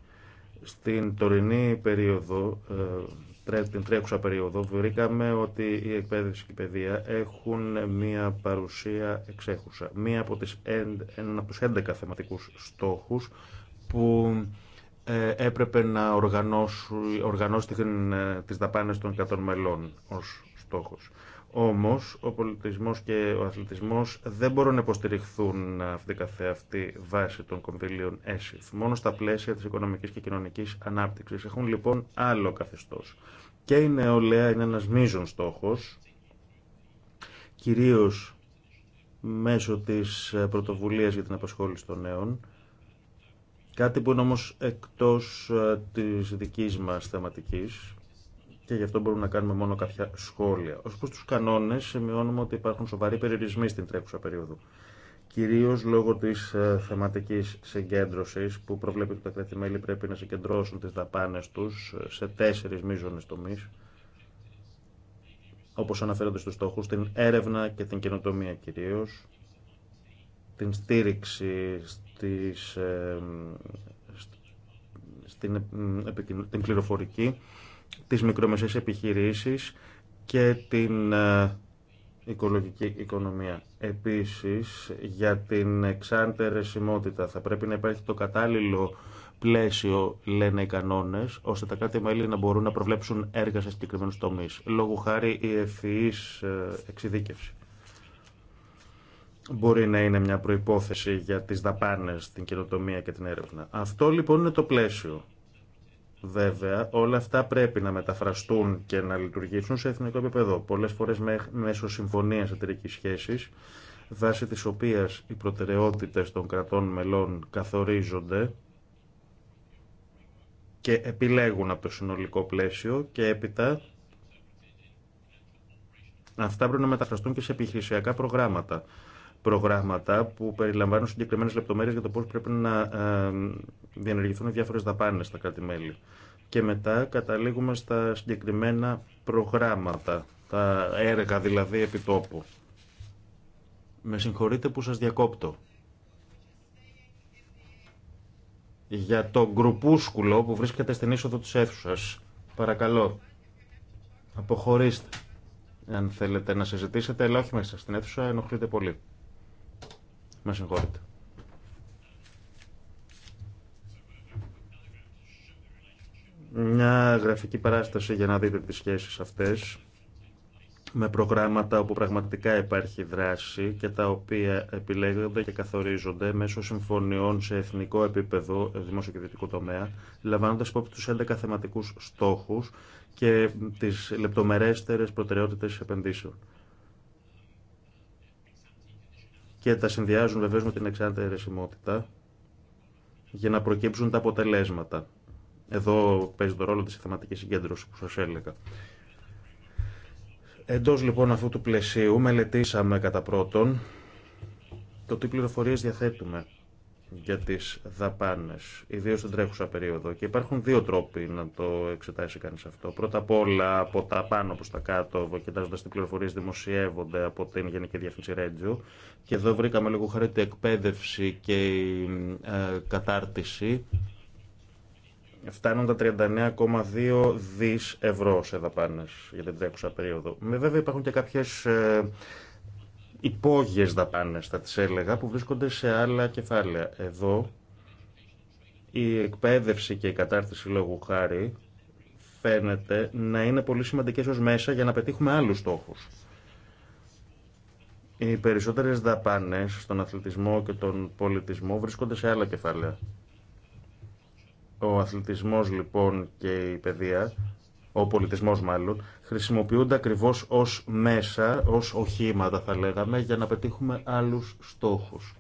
Στην τωρινή περίοδο, ε, την τρέχουσα περίοδο, βρήκαμε ότι η εκπαίδευση και η παιδεία έχουν μία παρουσία εξέχουσα. Μία από τις, από τους 11 θεματικούς στόχους που ε, έπρεπε να οργανώσει, οργανώσει ε, τις δαπάνες των 100 μελών ως στόχος. Όμως, ο πολιτισμός και ο αθλητισμός δεν μπορούν να υποστηριχθούν αυτή καθεαυτή βάση των κονδυλίων ΕΣΥΦ, μόνο στα πλαίσια της οικονομικής και κοινωνικής ανάπτυξης. Έχουν λοιπόν άλλο καθεστώς. Και η νεολαία είναι ένας μείζον στόχος, κυρίως μέσω της πρωτοβουλίας για την απασχόληση των νέων, Κάτι που είναι όμως εκτός ε, της δικής μας θεματικής και γι' αυτό μπορούμε να κάνουμε μόνο κάποια σχόλια. Ως προς τους κανόνες σημειώνουμε ότι υπάρχουν σοβαροί περιορισμοί στην τρέχουσα περίοδο. Κυρίως λόγω της ε, θεματικής συγκέντρωσης που προβλέπει ότι τα κρατημέλη πρέπει να συγκεντρώσουν τις δαπάνες τους ε, σε τέσσερις μείζονες τομεί, όπως αναφέρονται στους στόχους, την έρευνα και την καινοτομία κυρίως, την στήριξη ε, στις, την πληροφορική, τις μικρομεσαίες επιχειρήσεις και την ε, οικολογική οικονομία. Επίσης, για την εξάντε θα πρέπει να υπάρχει το κατάλληλο πλαίσιο, λένε οι κανόνε, ώστε τα κράτη-μέλη να μπορούν να προβλέψουν έργα σε συγκεκριμένου τομείς. Λόγω χάρη η ευθύης ε, εξειδίκευση μπορεί να είναι μια προϋπόθεση για τις δαπάνες, την κοινοτομία και την έρευνα. Αυτό λοιπόν είναι το πλαίσιο. Βέβαια, όλα αυτά πρέπει να μεταφραστούν και να λειτουργήσουν σε εθνικό επίπεδο. Πολλές φορές μέσω συμφωνίας εταιρικής σχέσης, βάσει της οποίας οι προτεραιότητες των κρατών μελών καθορίζονται και επιλέγουν από το συνολικό πλαίσιο και έπειτα αυτά πρέπει να μεταφραστούν και σε επιχειρησιακά προγράμματα προγράμματα που περιλαμβάνουν συγκεκριμένε λεπτομέρειε για το πώ πρέπει να ε, διενεργηθούν διάφορε δαπάνε στα κράτη-μέλη. Και μετά καταλήγουμε στα συγκεκριμένα προγράμματα, τα έργα δηλαδή επιτόπου. Με συγχωρείτε που σας διακόπτω. Για το γκρουπούσκουλο που βρίσκεται στην είσοδο της αίθουσας. Παρακαλώ, αποχωρήστε. Αν θέλετε να συζητήσετε, αλλά όχι μέσα στην αίθουσα, ενοχλείτε πολύ. Με συγχωρείτε. Μια γραφική παράσταση για να δείτε τις σχέσεις αυτές με προγράμματα όπου πραγματικά υπάρχει δράση και τα οποία επιλέγονται και καθορίζονται μέσω συμφωνιών σε εθνικό επίπεδο, δημόσιο και δυτικό τομέα, λαμβάνοντας υπόψη τους 11 θεματικούς στόχους και τις λεπτομερέστερες προτεραιότητες επενδύσεων και τα συνδυάζουν βεβαίως με την εξάρτητα αιρεσιμότητα για να προκύψουν τα αποτελέσματα. Εδώ παίζει το ρόλο της θεματικής συγκέντρωσης που σας έλεγα. Εντός λοιπόν αυτού του πλαισίου μελετήσαμε κατά πρώτον το τι πληροφορίες διαθέτουμε για τις δαπάνες, ιδίως στην τρέχουσα περίοδο. Και υπάρχουν δύο τρόποι να το εξετάσει κανείς αυτό. Πρώτα απ' όλα από τα πάνω προς τα κάτω, κοιτάζοντα τι πληροφορίες δημοσιεύονται από την Γενική Διεύθυνση Ρέτζιου. Και εδώ βρήκαμε λίγο την εκπαίδευση και η ε, κατάρτιση φτάνουν τα 39,2 δις ευρώ σε δαπάνες για την τρέχουσα περίοδο. Με βέβαια υπάρχουν και κάποιες ε, υπόγειες δαπάνες, θα τις έλεγα, που βρίσκονται σε άλλα κεφάλαια. Εδώ η εκπαίδευση και η κατάρτιση λόγου χάρη φαίνεται να είναι πολύ σημαντικές ως μέσα για να πετύχουμε άλλους στόχους. Οι περισσότερες δαπάνες στον αθλητισμό και τον πολιτισμό βρίσκονται σε άλλα κεφάλαια. Ο αθλητισμός λοιπόν και η παιδεία ο πολιτισμός μάλλον, χρησιμοποιούνται ακριβώς ως μέσα, ως οχήματα θα λέγαμε, για να πετύχουμε άλλους στόχους.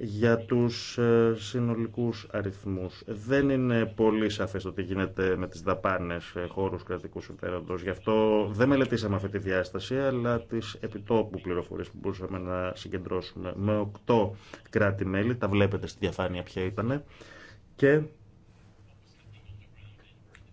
Για τους ε, συνολικούς αριθμούς, δεν είναι πολύ σαφές το τι γίνεται με τις δαπάνες χώρους κρατικού συμφέροντος. Γι' αυτό δεν μελετήσαμε αυτή τη διάσταση, αλλά τις επιτόπου πληροφορίες που μπορούσαμε να συγκεντρώσουμε. Με οκτώ κράτη-μέλη, τα βλέπετε στη διαφάνεια ποια ήταν, και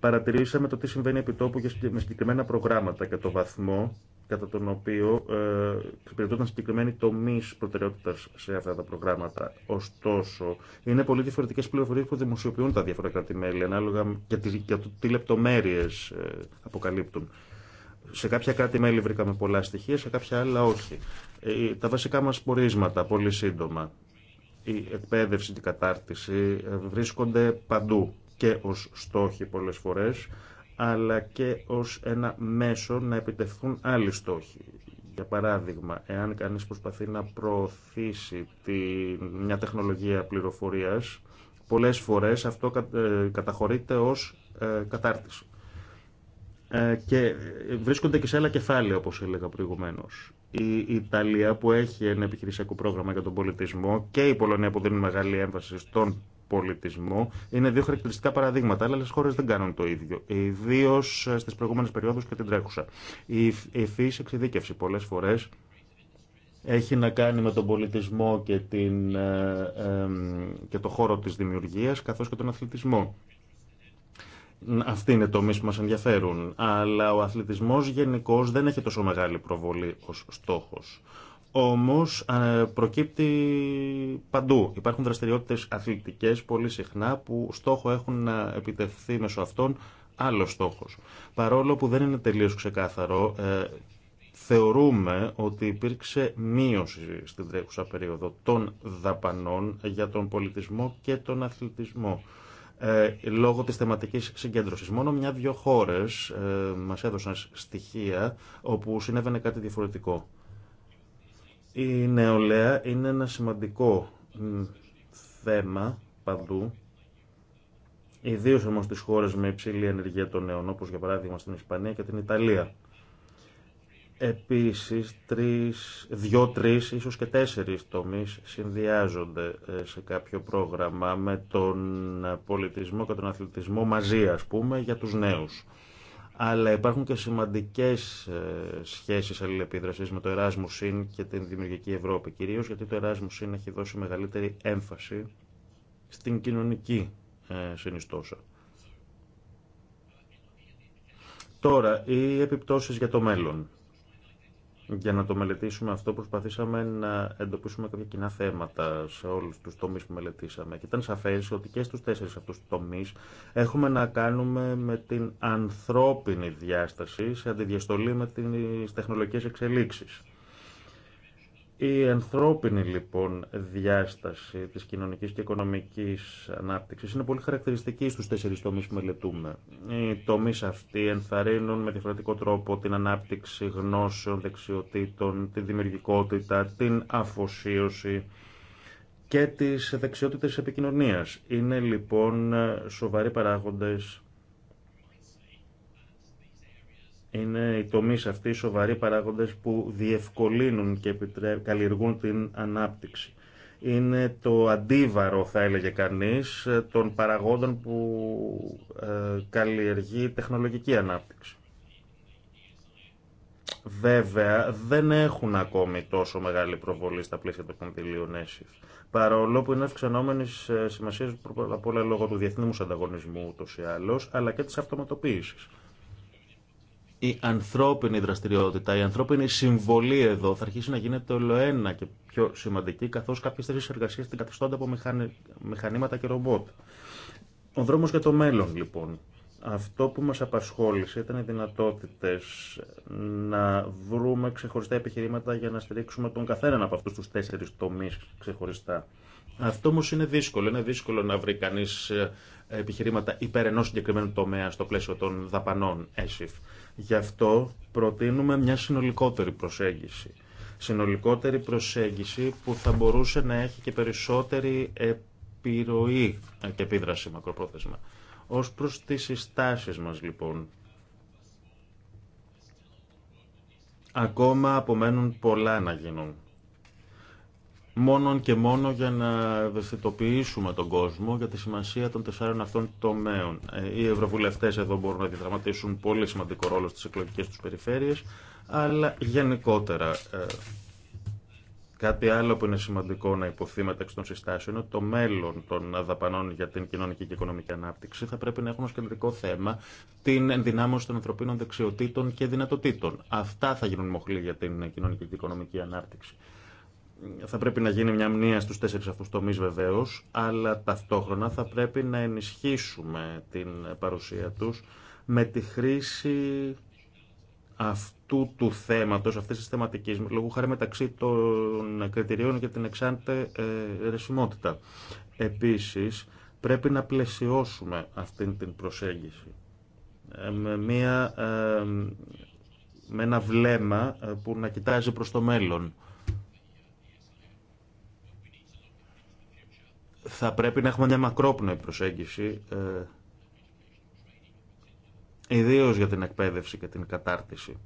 Παρατηρήσαμε το τι συμβαίνει επί τόπου με συγκεκριμένα προγράμματα και το βαθμό κατά τον οποίο ε, εξυπηρετούνταν συγκεκριμένοι τομεί προτεραιότητα σε αυτά τα προγράμματα. Ωστόσο, είναι πολύ διαφορετικέ πληροφορίε που δημοσιοποιούν τα διάφορα κράτη-μέλη ανάλογα και τι, και τι λεπτομέρειε ε, αποκαλύπτουν. Σε κάποια κράτη-μέλη βρήκαμε πολλά στοιχεία, σε κάποια άλλα όχι. Ε, τα βασικά μα πορίσματα, πολύ σύντομα. Η εκπαίδευση, την κατάρτιση βρίσκονται παντού και ως στόχοι πολλές φορές, αλλά και ως ένα μέσο να επιτευχθούν άλλοι στόχοι. Για παράδειγμα, εάν κανείς προσπαθεί να προωθήσει τη, μια τεχνολογία πληροφορίας, πολλές φορές αυτό ε, καταχωρείται ως ε, κατάρτιση. Ε, και βρίσκονται και σε άλλα κεφάλαια, όπως έλεγα προηγουμένως. Η Ιταλία που έχει ένα επιχειρησιακό πρόγραμμα για τον πολιτισμό και η Πολωνία που δίνει μεγάλη έμφαση στον πολιτισμό είναι δύο χαρακτηριστικά παραδείγματα. Αλλά άλλε χώρε δεν κάνουν το ίδιο. Ιδίω ε, στι προηγούμενε περιόδου και την τρέχουσα. Η ευφυή εξειδίκευση πολλέ φορέ έχει να κάνει με τον πολιτισμό και, την, ε, και το χώρο της δημιουργίας καθώς και τον αθλητισμό. Αυτοί είναι τομεί που μα ενδιαφέρουν. Αλλά ο αθλητισμό γενικώ δεν έχει τόσο μεγάλη προβολή ω στόχο. Όμω, ε, προκύπτει παντού. Υπάρχουν δραστηριότητε αθλητικέ, πολύ συχνά που στόχο έχουν να επιτευχθεί μέσω αυτών άλλο στόχο. Παρόλο που δεν είναι τελείω ξεκάθαρο, ε, θεωρούμε ότι υπήρξε μείωση στην τρέχουσα περίοδο των δαπανών για τον πολιτισμό και τον αθλητισμό. Ε, λόγω της θεματικής συγκέντρωσης. Μόνο μια-δυο χώρες μας έδωσαν στοιχεία όπου συνέβαινε κάτι διαφορετικό. Η νεολαία είναι ένα σημαντικό θέμα παντού, ιδίως όμως στις χώρες με υψηλή ενεργεία των νέων, όπως για παράδειγμα στην Ισπανία και την Ιταλία. Επίσης, δυο, τρεις, ίσως και τέσσερις τομείς συνδυάζονται ε, σε κάποιο πρόγραμμα με τον πολιτισμό και τον αθλητισμό μαζί, ας πούμε, για τους νέους αλλά υπάρχουν και σημαντικές ε, σχέσεις αλληλεπίδρασης με το Erasmus in και την Δημιουργική Ευρώπη, κυρίως γιατί το Erasmus in έχει δώσει μεγαλύτερη έμφαση στην κοινωνική ε, συνιστόσα. Τώρα, οι επιπτώσεις για το μέλλον. Για να το μελετήσουμε αυτό προσπαθήσαμε να εντοπίσουμε κάποια κοινά θέματα σε όλους τους τομείς που μελετήσαμε και ήταν σαφέ ότι και στους τέσσερις αυτούς τομείς έχουμε να κάνουμε με την ανθρώπινη διάσταση σε αντιδιαστολή με τις τεχνολογικές εξελίξεις. Η ανθρώπινη λοιπόν διάσταση της κοινωνικής και οικονομικής ανάπτυξης είναι πολύ χαρακτηριστική στους τέσσερις τομείς που μελετούμε. Οι τομείς αυτοί ενθαρρύνουν με διαφορετικό τρόπο την ανάπτυξη γνώσεων, δεξιοτήτων, τη δημιουργικότητα, την αφοσίωση και τις δεξιότητες επικοινωνίας. Είναι λοιπόν σοβαροί παράγοντες είναι οι τομείς αυτοί οι σοβαροί παράγοντες που διευκολύνουν και καλλιεργούν την ανάπτυξη. Είναι το αντίβαρο, θα έλεγε κανείς, των παραγόντων που ε, καλλιεργεί τεχνολογική ανάπτυξη. Βέβαια, δεν έχουν ακόμη τόσο μεγάλη προβολή στα πλαίσια των κονδυλίων ΕΣΥΦ. Παρόλο που είναι αυξανόμενη ε, σημασία από απ' όλα λόγω του διεθνού ανταγωνισμού ούτω ή άλλω, αλλά και τη αυτοματοποίηση η ανθρώπινη δραστηριότητα, η ανθρώπινη συμβολή εδώ θα αρχίσει να γίνεται ολοένα και πιο σημαντική, καθώ κάποιε θέσει εργασία την καθιστώνται από μηχανήματα και ρομπότ. Ο δρόμο για το μέλλον, λοιπόν. Αυτό που μας απασχόλησε ήταν οι δυνατότητες να βρούμε ξεχωριστά επιχειρήματα για να στηρίξουμε τον καθέναν από αυτούς τους τέσσερις τομείς ξεχωριστά. Αυτό όμω είναι δύσκολο. Είναι δύσκολο να βρει κανεί ε, επιχειρήματα υπέρ ενό συγκεκριμένου τομέα στο πλαίσιο των δαπανών ΕΣΥΦ. Γι' αυτό προτείνουμε μια συνολικότερη προσέγγιση. Συνολικότερη προσέγγιση που θα μπορούσε να έχει και περισσότερη επιρροή και επίδραση μακροπρόθεσμα. Ως προς τις συστάσεις μας λοιπόν, ακόμα απομένουν πολλά να γίνουν μόνο και μόνο για να ευαισθητοποιήσουμε τον κόσμο για τη σημασία των τεσσάρων αυτών τομέων. Ε, οι ευρωβουλευτέ εδώ μπορούν να διαδραματίσουν πολύ σημαντικό ρόλο στι εκλογικέ του περιφέρειε, αλλά γενικότερα. Ε, κάτι άλλο που είναι σημαντικό να υποθεί μεταξύ των συστάσεων είναι ότι το μέλλον των δαπανών για την κοινωνική και οικονομική ανάπτυξη θα πρέπει να έχουν ω κεντρικό θέμα την ενδυνάμωση των ανθρωπίνων δεξιοτήτων και δυνατοτήτων. Αυτά θα γίνουν μοχλή για την κοινωνική και οικονομική ανάπτυξη θα πρέπει να γίνει μια μνήμα στους τέσσερις αυτούς τομείς βεβαίως, αλλά ταυτόχρονα θα πρέπει να ενισχύσουμε την παρουσία τους με τη χρήση αυτού του θέματος, αυτής της θεματικής, λόγω χάρη μεταξύ των κριτηρίων για την εξάντε ε, ρεσιμότητα. Επίσης, πρέπει να πλαισιώσουμε αυτήν την προσέγγιση ε, με, μια, ε, με ένα βλέμμα που να κοιτάζει προς το μέλλον θα πρέπει να έχουμε μια μακρόπνοη προσέγγιση, ε, ιδίως για την εκπαίδευση και την κατάρτιση.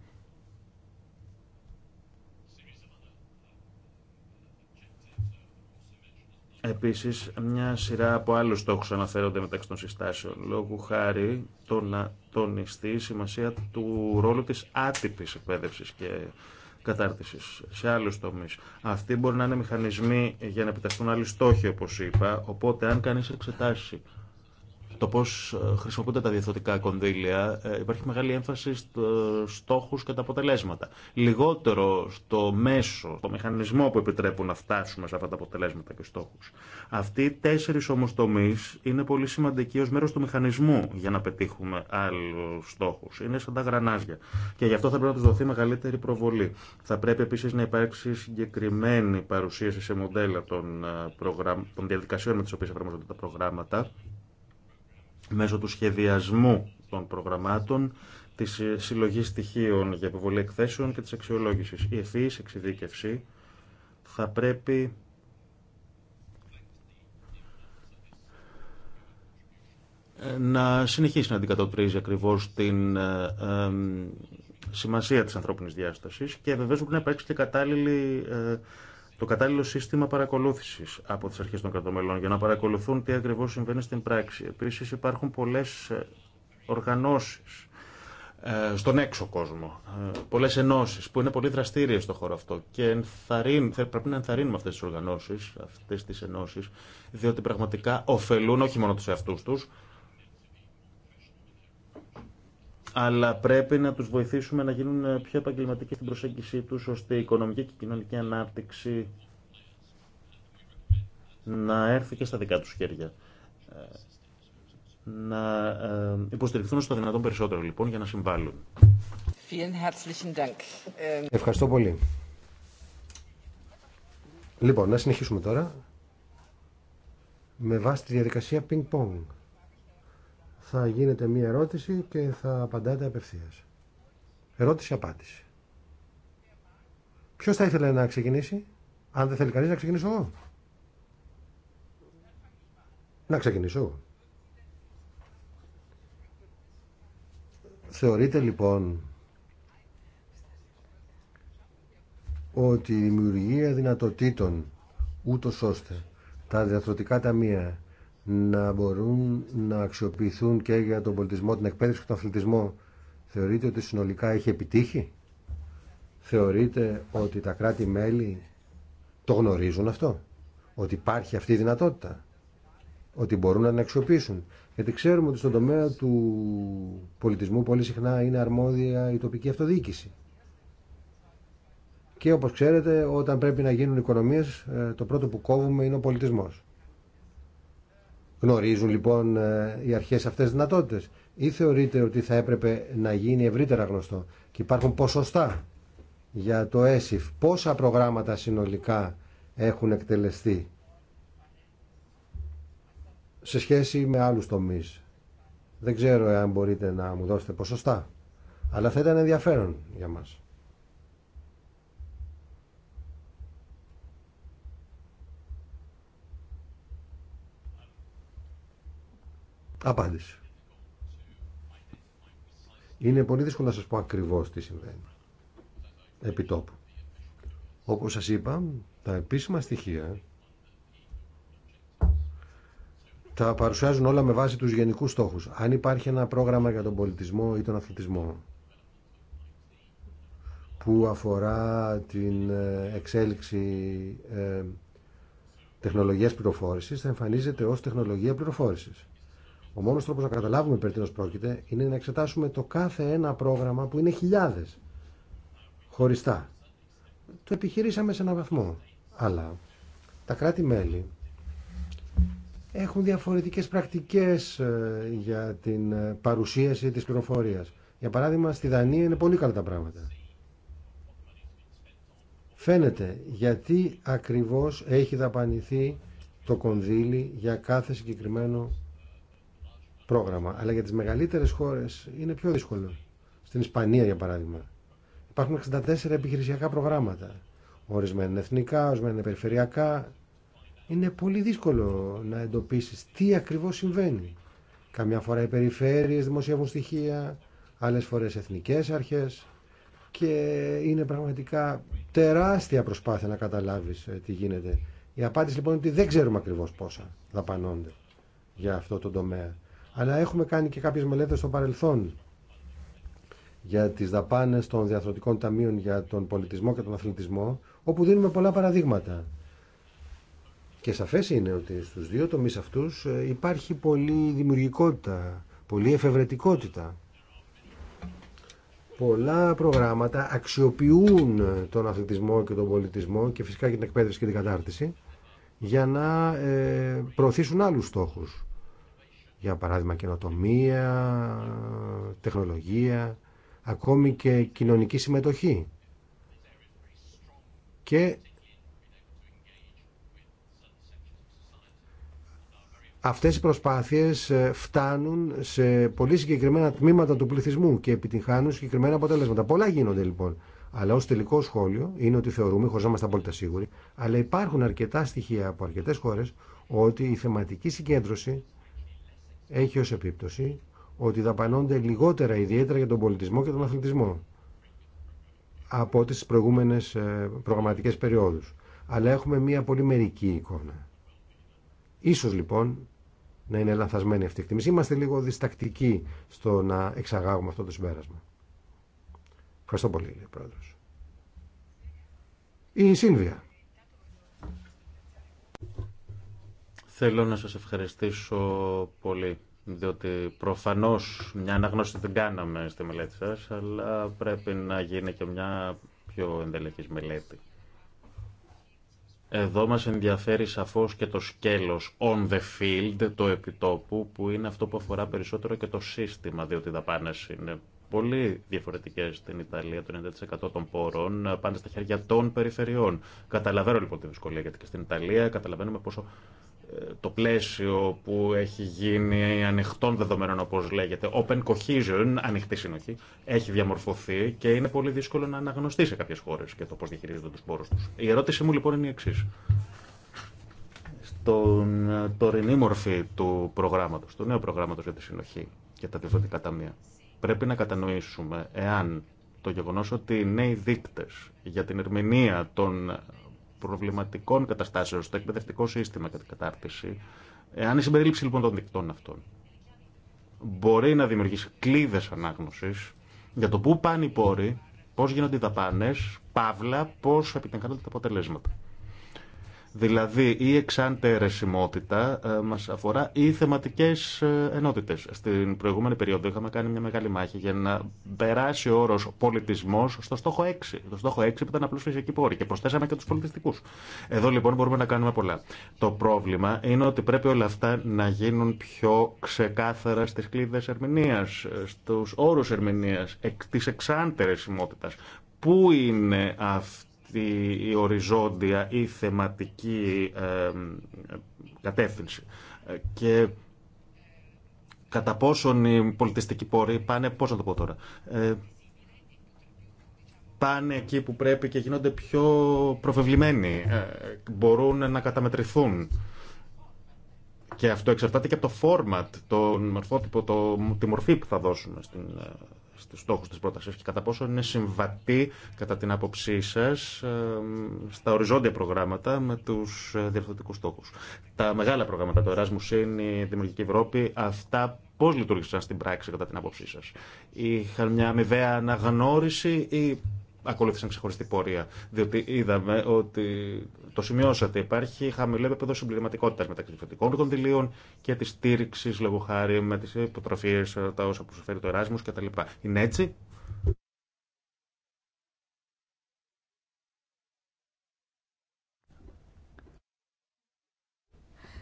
Επίσης, μια σειρά από άλλους στόχους αναφέρονται μεταξύ των συστάσεων. Λόγου χάρη το να τονιστεί η σημασία του ρόλου της άτυπης εκπαίδευση και σε άλλου τομεί. Αυτοί μπορεί να είναι μηχανισμοί για να επιταχθούν άλλοι στόχοι όπως είπα, οπότε αν κανείς εξετάσει το πώ ε, χρησιμοποιούνται τα διεθνωτικά κονδύλια, ε, υπάρχει μεγάλη έμφαση στου στόχου και τα αποτελέσματα. Λιγότερο στο μέσο, στο μηχανισμό που επιτρέπουν να φτάσουμε σε αυτά τα αποτελέσματα και στόχου. Αυτοί οι τέσσερι όμω τομεί είναι πολύ σημαντικοί ω μέρο του μηχανισμού για να πετύχουμε άλλου στόχου. Είναι σαν τα γρανάζια. Και γι' αυτό θα πρέπει να του δοθεί μεγαλύτερη προβολή. Θα πρέπει επίση να υπάρξει συγκεκριμένη παρουσίαση σε μοντέλα των, ε, προγραμ... των διαδικασιών με τι οποίε εφαρμόζονται τα προγράμματα μέσω του σχεδιασμού των προγραμμάτων, τη συλλογή στοιχείων για επιβολή εκθέσεων και τη αξιολόγηση. Η ευφυή εξειδίκευση θα πρέπει να συνεχίσει να αντικατοπτρίζει ακριβώς την ε, σημασία της ανθρώπινης διάστασης και βεβαίως να υπάρξει και κατάλληλη ε, το κατάλληλο σύστημα παρακολούθηση από τι αρχέ των κρατομελών για να παρακολουθούν τι ακριβώ συμβαίνει στην πράξη. Επίση, υπάρχουν πολλέ ε, οργανώσει ε, στον έξω κόσμο, ε, πολλέ ενώσει που είναι πολύ δραστήριε στον χώρο αυτό και πρέπει να ενθαρρύνουμε αυτέ τι οργανώσει, αυτέ τι ενώσει, διότι πραγματικά ωφελούν όχι μόνο του εαυτού του, αλλά πρέπει να τους βοηθήσουμε να γίνουν ε, πιο επαγγελματικοί στην προσέγγιση τους, ώστε η οικονομική και η κοινωνική ανάπτυξη να έρθει και στα δικά τους χέρια. Ε, να ε, υποστηριχθούν στο δυνατόν περισσότερο, λοιπόν, για να συμβάλλουν. Ευχαριστώ πολύ. Λοιπόν, να συνεχίσουμε τώρα με βάση τη διαδικασία ping-pong θα γίνεται μία ερώτηση και θα απαντάτε απευθείας. Ερώτηση-απάντηση. Ποιος θα ήθελε να ξεκινήσει, αν δεν θέλει κανείς να ξεκινήσω εγώ. Να ξεκινήσω εγώ. Θεωρείτε λοιπόν ότι η δημιουργία δυνατοτήτων ούτως ώστε τα διαθροτικά ταμεία να μπορούν να αξιοποιηθούν και για τον πολιτισμό, την εκπαίδευση και τον αθλητισμό. Θεωρείτε ότι συνολικά έχει επιτύχει. Θεωρείτε ότι τα κράτη-μέλη το γνωρίζουν αυτό. Ότι υπάρχει αυτή η δυνατότητα. Ότι μπορούν να την αξιοποιήσουν. Γιατί ξέρουμε ότι στον τομέα του πολιτισμού πολύ συχνά είναι αρμόδια η τοπική αυτοδιοίκηση. Και όπως ξέρετε όταν πρέπει να γίνουν οικονομίες ε, το πρώτο που κόβουμε είναι ο πολιτισμός. Γνωρίζουν λοιπόν ε, οι αρχές αυτές τι δυνατότητες ή θεωρείτε ότι θα έπρεπε να γίνει ευρύτερα γνωστό και υπάρχουν ποσοστά για το ΕΣΥΦ πόσα προγράμματα συνολικά έχουν εκτελεστεί σε σχέση με άλλους τομείς. Δεν ξέρω αν μπορείτε να μου δώσετε ποσοστά, αλλά θα ήταν ενδιαφέρον για μας. Απάντηση. Είναι πολύ δύσκολο να σας πω ακριβώς τι συμβαίνει. Επιτόπου. Όπως σας είπα, τα επίσημα στοιχεία τα παρουσιάζουν όλα με βάση τους γενικούς στόχους. Αν υπάρχει ένα πρόγραμμα για τον πολιτισμό ή τον αθλητισμό που αφορά την ε, εξέλιξη ε, τεχνολογίας πληροφόρησης θα εμφανίζεται ως τεχνολογία πληροφόρησης. Ο μόνος τρόπος να καταλάβουμε περί πρόκειται είναι να εξετάσουμε το κάθε ένα πρόγραμμα που είναι χιλιάδες χωριστά. Το επιχειρήσαμε σε έναν βαθμό, αλλά τα κράτη-μέλη έχουν διαφορετικές πρακτικές ε, για την ε, παρουσίαση της πληροφορίας. Για παράδειγμα, στη Δανία είναι πολύ καλά τα πράγματα. Φαίνεται γιατί ακριβώς έχει δαπανηθεί το κονδύλι για κάθε συγκεκριμένο πρόγραμμα. Αλλά για τι μεγαλύτερε χώρε είναι πιο δύσκολο. Στην Ισπανία, για παράδειγμα, υπάρχουν 64 επιχειρησιακά προγράμματα. Ορισμένα είναι εθνικά, ορισμένα είναι περιφερειακά. Είναι πολύ δύσκολο να εντοπίσει τι ακριβώ συμβαίνει. Καμιά φορά οι περιφέρειες δημοσιεύουν στοιχεία, άλλες φορές εθνικές αρχές και είναι πραγματικά τεράστια προσπάθεια να καταλάβεις ε, τι γίνεται. Η απάντηση λοιπόν είναι ότι δεν ξέρουμε ακριβώς πόσα δαπανώνται για αυτό το τομέα. Αλλά έχουμε κάνει και κάποιες μελέτες στο παρελθόν για τις δαπάνες των διαθροτικών ταμείων για τον πολιτισμό και τον αθλητισμό, όπου δίνουμε πολλά παραδείγματα. Και σαφές είναι ότι στους δύο τομείς αυτούς ε, υπάρχει πολλή δημιουργικότητα, πολλή εφευρετικότητα. Πολλά προγράμματα αξιοποιούν τον αθλητισμό και τον πολιτισμό και φυσικά και την εκπαίδευση και την κατάρτιση για να ε, προωθήσουν άλλους στόχους για παράδειγμα καινοτομία, τεχνολογία, ακόμη και κοινωνική συμμετοχή. Και αυτές οι προσπάθειες ε, φτάνουν σε πολύ συγκεκριμένα τμήματα του πληθυσμού και επιτυγχάνουν συγκεκριμένα αποτελέσματα. Πολλά γίνονται λοιπόν. Αλλά ω τελικό σχόλιο είναι ότι θεωρούμε, χωρί να είμαστε απόλυτα σίγουροι, αλλά υπάρχουν αρκετά στοιχεία από αρκετέ χώρε ότι η θεματική συγκέντρωση έχει ως επίπτωση ότι δαπανώνται λιγότερα ιδιαίτερα για τον πολιτισμό και τον αθλητισμό από τις προηγούμενες ε, προγραμματικές περιόδους. Αλλά έχουμε μία πολύ μερική εικόνα. Ίσως λοιπόν να είναι λανθασμένη αυτή η εκτίμηση. Είμαστε λίγο διστακτικοί στο να εξαγάγουμε αυτό το συμπέρασμα. Ευχαριστώ πολύ, λέει Η Σύλβια. Θέλω να σας ευχαριστήσω πολύ, διότι προφανώς μια αναγνώση δεν κάναμε στη μελέτη σας, αλλά πρέπει να γίνει και μια πιο εντελεχής μελέτη. Εδώ μας ενδιαφέρει σαφώς και το σκέλος on the field, το επιτόπου, που είναι αυτό που αφορά περισσότερο και το σύστημα, διότι τα δαπάνες είναι πολύ διαφορετικές στην Ιταλία. Το 90% των πόρων πάνε στα χέρια των περιφερειών. Καταλαβαίνω λοιπόν τη δυσκολία, γιατί και στην Ιταλία καταλαβαίνουμε πόσο το πλαίσιο που έχει γίνει ανοιχτών δεδομένων όπως λέγεται, open cohesion, ανοιχτή συνοχή, έχει διαμορφωθεί και είναι πολύ δύσκολο να αναγνωστεί σε κάποιες χώρες και το πώς διαχειρίζονται τους πόρους τους. Η ερώτησή μου λοιπόν είναι η εξής. Στον ε, τωρινή μορφή του προγράμματος, του νέου προγράμματος για τη συνοχή και τα διευθυντικά ταμεία, πρέπει να κατανοήσουμε εάν το γεγονός ότι οι νέοι δείκτες για την ερμηνεία των προβληματικών καταστάσεων στο εκπαιδευτικό σύστημα κατά την κατάρτιση, αν η συμπερίληψη λοιπόν των δικτών αυτών μπορεί να δημιουργήσει κλίδες ανάγνωσης για το πού πάνε οι πόροι, πώς γίνονται οι δαπάνες, παύλα, πώς επιτεγκάνονται τα αποτελέσματα. Δηλαδή η εξάντε μα ε, μας αφορά ή θεματικές ε, ενότητες. Στην προηγούμενη περίοδο είχαμε κάνει μια μεγάλη μάχη για να περάσει ο όρος πολιτισμός στο στόχο 6. Το στόχο 6 που ήταν απλώς φυσική πόρη και προσθέσαμε και τους πολιτιστικούς. Εδώ λοιπόν μπορούμε να κάνουμε πολλά. Το πρόβλημα είναι ότι πρέπει όλα αυτά να γίνουν πιο ξεκάθαρα στις κλίδες ερμηνείας, ε, στους όρους ερμηνείας, εκ, της Πού είναι αυτό η οριζόντια ή θεματική κατεύθυνση. Ε, και κατά πόσον οι πολιτιστικοί πόροι πάνε, πώς να το πω τώρα, ε, πάνε εκεί που πρέπει και γίνονται πιο προφευλημένοι, ε, μπορούν να καταμετρηθούν. Και αυτό εξαρτάται και από το format, το μορφότυπο, το, τη μορφή που θα δώσουμε στην στους στόχους της πρότασης και κατά πόσο είναι συμβατή κατά την άποψή σας στα οριζόντια προγράμματα με τους ε, διευθυντικούς στόχους. Τα μεγάλα προγράμματα, το Erasmus η Δημιουργική Ευρώπη, αυτά πώς λειτουργήσαν στην πράξη κατά την άποψή σας. Είχαν μια αμοιβαία αναγνώριση ή ακολούθησαν ξεχωριστή πορεία. Διότι είδαμε ότι το σημειώσατε, υπάρχει χαμηλό επίπεδο συμπληρωματικότητα μεταξύ των κονδυλίων και τη στήριξη λόγω χάρη με τι υποτροφίε, τα όσα προσφέρει το Εράσμο κτλ. Είναι έτσι.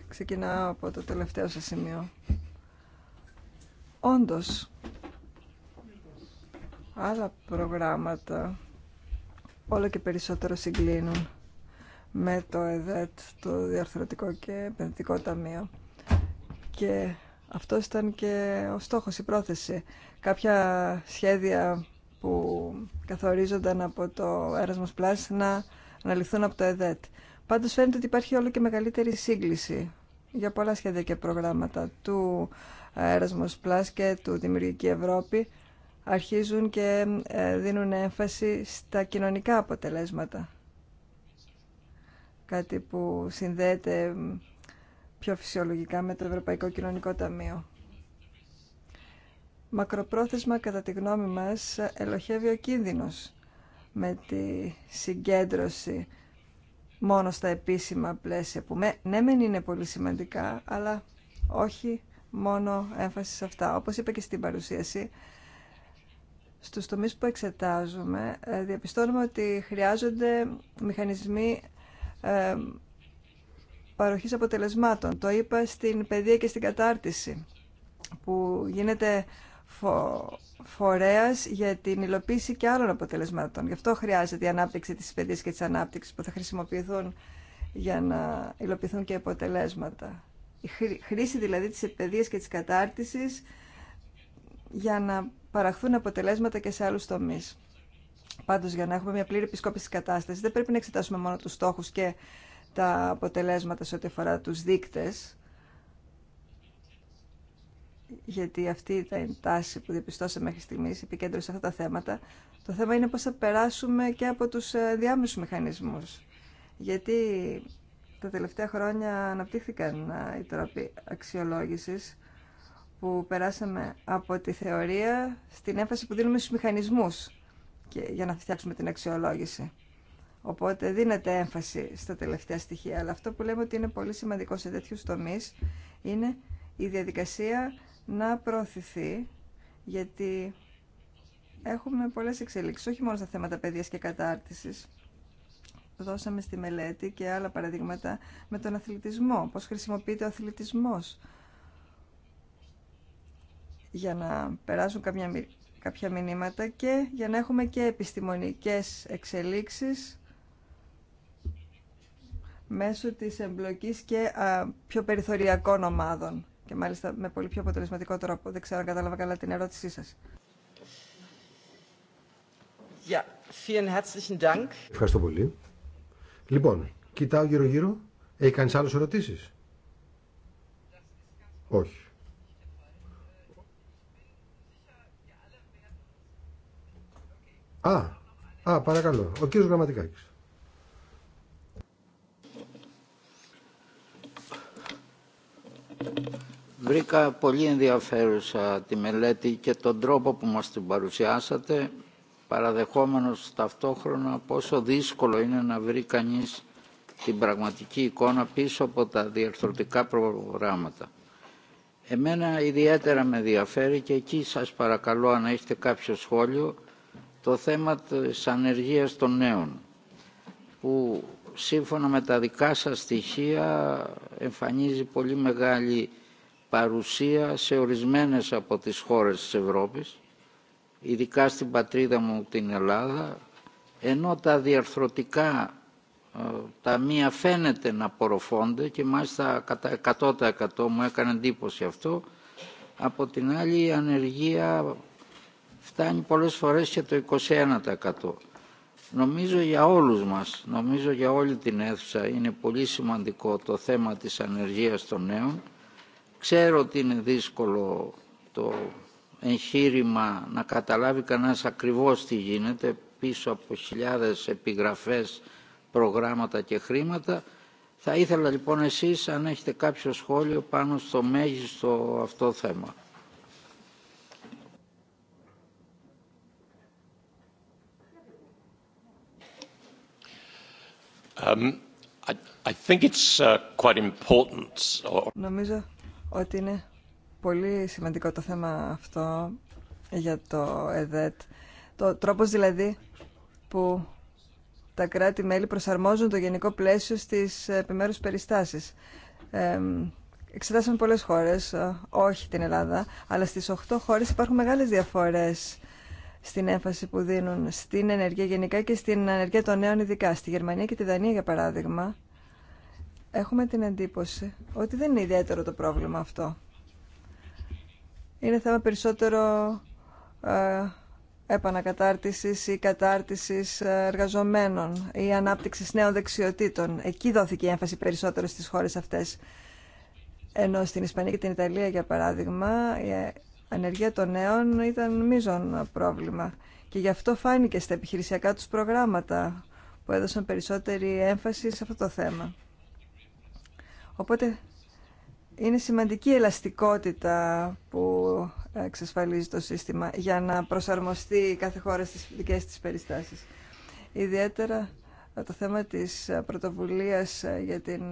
Ξεκινάω από το τελευταίο σας σημείο. Όντως, άλλα προγράμματα όλο και περισσότερο συγκλίνουν με το ΕΔΕΤ, το Διαρθρωτικό και Επενδυτικό Ταμείο. Και αυτό ήταν και ο στόχος, η πρόθεση. Κάποια σχέδια που καθορίζονταν από το Erasmus Plus να αναλυθούν από το ΕΔΕΤ. Πάντως φαίνεται ότι υπάρχει όλο και μεγαλύτερη σύγκληση για πολλά σχέδια και προγράμματα του Erasmus Plus και του Δημιουργική Ευρώπη αρχίζουν και ε, δίνουν έμφαση στα κοινωνικά αποτελέσματα. Κάτι που συνδέεται πιο φυσιολογικά με το Ευρωπαϊκό Κοινωνικό Ταμείο. Μακροπρόθεσμα, κατά τη γνώμη μας, ελοχεύει ο κίνδυνος με τη συγκέντρωση μόνο στα επίσημα πλαίσια που ναι μεν είναι πολύ σημαντικά αλλά όχι μόνο έμφαση σε αυτά. Όπως είπα και στην παρουσίαση στους τομείς που εξετάζουμε ε, διαπιστώνουμε ότι χρειάζονται μηχανισμοί ε, παροχής αποτελεσμάτων. Το είπα στην παιδεία και στην κατάρτιση που γίνεται φορέας για την υλοποίηση και άλλων αποτελεσμάτων. Γι' αυτό χρειάζεται η ανάπτυξη της παιδείας και της ανάπτυξης που θα χρησιμοποιηθούν για να υλοποιηθούν και αποτελέσματα. Η χρήση δηλαδή της παιδείας και της κατάρτισης για να παραχθούν αποτελέσματα και σε άλλους τομεί. Πάντως, για να έχουμε μια πλήρη επισκόπηση τη κατάστασης, δεν πρέπει να εξετάσουμε μόνο τους στόχους και τα αποτελέσματα σε ό,τι αφορά τους δείκτε. γιατί αυτή ήταν η τάση που διαπιστώσαμε μέχρι στιγμής, επικέντρωση σε αυτά τα θέματα. Το θέμα είναι πώς θα περάσουμε και από του ε, διάμεσου μηχανισμού. Γιατί τα τελευταία χρόνια αναπτύχθηκαν ε, οι τρόποι αξιολόγηση που περάσαμε από τη θεωρία στην έμφαση που δίνουμε στους μηχανισμούς και, για να φτιάξουμε την αξιολόγηση. Οπότε δίνεται έμφαση στα τελευταία στοιχεία. Αλλά αυτό που λέμε ότι είναι πολύ σημαντικό σε τέτοιου τομεί είναι η διαδικασία να προωθηθεί, γιατί έχουμε πολλές εξελίξεις, όχι μόνο στα θέματα παιδείας και κατάρτισης. Δώσαμε στη μελέτη και άλλα παραδείγματα με τον αθλητισμό, πώς χρησιμοποιείται ο αθλητισμός για να περάσουν κάποια, κάποια μηνύματα και για να έχουμε και επιστημονικές εξελίξεις μέσω της εμπλοκής και πιο περιθωριακών ομάδων και μάλιστα με πολύ πιο αποτελεσματικό τρόπο. Δεν ξέρω αν κατάλαβα καλά την ερώτησή σας. Ευχαριστώ πολύ. Λοιπόν, κοιτάω γύρω-γύρω. Έχει κανείς άλλες ερωτήσεις? Όχι. Α, α, παρακαλώ. Ο κύριος Γραμματικάκης. Βρήκα πολύ ενδιαφέρουσα τη μελέτη και τον τρόπο που μας την παρουσιάσατε, παραδεχόμενος ταυτόχρονα πόσο δύσκολο είναι να βρει κανείς την πραγματική εικόνα πίσω από τα διαρθρωτικά προγράμματα. Εμένα ιδιαίτερα με ενδιαφέρει και εκεί σας παρακαλώ αν έχετε κάποιο σχόλιο το θέμα της ανεργίας των νέων που σύμφωνα με τα δικά σας στοιχεία εμφανίζει πολύ μεγάλη παρουσία σε ορισμένες από τις χώρες της Ευρώπης ειδικά στην πατρίδα μου την Ελλάδα ενώ τα διαρθρωτικά ε, τα μία φαίνεται να απορροφώνται και μάλιστα κατά 100% μου έκανε εντύπωση αυτό από την άλλη η ανεργία φτάνει πολλές φορές και το 21%. Νομίζω για όλους μας, νομίζω για όλη την αίθουσα είναι πολύ σημαντικό το θέμα της ανεργίας των νέων. Ξέρω ότι είναι δύσκολο το εγχείρημα να καταλάβει κανένας ακριβώς τι γίνεται πίσω από χιλιάδες επιγραφές, προγράμματα και χρήματα. Θα ήθελα λοιπόν εσείς αν έχετε κάποιο σχόλιο πάνω στο μέγιστο αυτό θέμα. Um, uh, Νομίζω ότι είναι πολύ σημαντικό το θέμα αυτό για το ΕΔΕΤ. Το τρόπος δηλαδή που τα κράτη-μέλη προσαρμόζουν το γενικό πλαίσιο στις επιμέρους περιστάσεις. Ε, εξετάσαμε πολλές χώρες, ε, όχι την Ελλάδα, αλλά στις 8 χώρες υπάρχουν μεγάλες διαφορές στην έμφαση που δίνουν στην ενέργεια γενικά και στην ενέργεια των νέων ειδικά. Στη Γερμανία και τη Δανία, για παράδειγμα, έχουμε την εντύπωση ότι δεν είναι ιδιαίτερο το πρόβλημα αυτό. Είναι θέμα περισσότερο ε, επανακατάρτισης ή κατάρτισης ε, εργαζομένων ή ανάπτυξης νέων δεξιοτήτων. Εκεί δόθηκε η έμφαση περισσότερο στις χώρες αυτές. Ενώ στην Ισπανία και την Ιταλία, για παράδειγμα, ε, ανεργία των νέων ήταν μείζον πρόβλημα και γι' αυτό φάνηκε στα επιχειρησιακά τους προγράμματα που έδωσαν περισσότερη έμφαση σε αυτό το θέμα. Οπότε είναι σημαντική ελαστικότητα που εξασφαλίζει το σύστημα για να προσαρμοστεί κάθε χώρα στις δικές της περιστάσεις. Ιδιαίτερα το θέμα της πρωτοβουλίας για την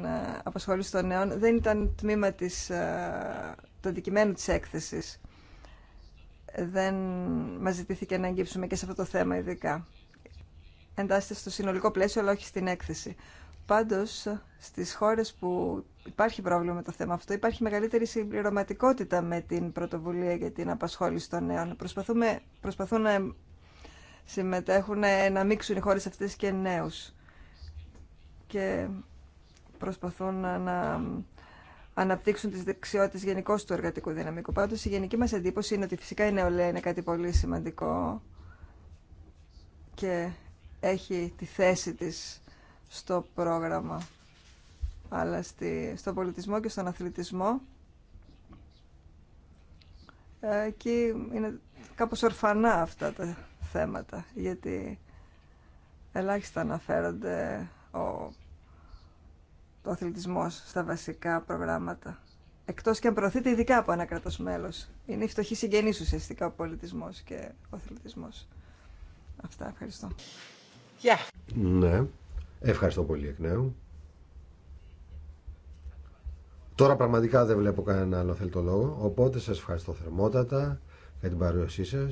απασχόληση των νέων δεν ήταν τμήμα της, ε, το αντικειμένο της έκθεσης δεν μας ζητήθηκε να αγγίψουμε και σε αυτό το θέμα ειδικά. Εντάσσεται στο συνολικό πλαίσιο, αλλά όχι στην έκθεση. Πάντως, στις χώρες που υπάρχει πρόβλημα με το θέμα αυτό, υπάρχει μεγαλύτερη συμπληρωματικότητα με την πρωτοβουλία για την απασχόληση των νέων. Προσπαθούμε, προσπαθούν να συμμετέχουν, να μίξουν οι χώρες αυτές και νέους. Και προσπαθούν να αναπτύξουν τις δεξιότητε γενικώ του εργατικού δυναμικού. Πάντως η γενική μα εντύπωση είναι ότι φυσικά η νεολαία είναι κάτι πολύ σημαντικό και έχει τη θέση της στο πρόγραμμα αλλά στη, στον πολιτισμό και στον αθλητισμό ε, εκεί είναι κάπως ορφανά αυτά τα θέματα γιατί ελάχιστα αναφέρονται ο ο αθλητισμός στα βασικά προγράμματα. Εκτός και αν προωθείται ειδικά από ένα κράτος μέλος. Είναι φτωχή συγγενής ουσιαστικά ο πολιτισμός και ο αθλητισμός. Αυτά, ευχαριστώ. Yeah. Ναι, ευχαριστώ πολύ εκ νέου. Τώρα πραγματικά δεν βλέπω κανένα άλλο θέλει το λόγο, οπότε σας ευχαριστώ θερμότατα για την παρουσίασή σας,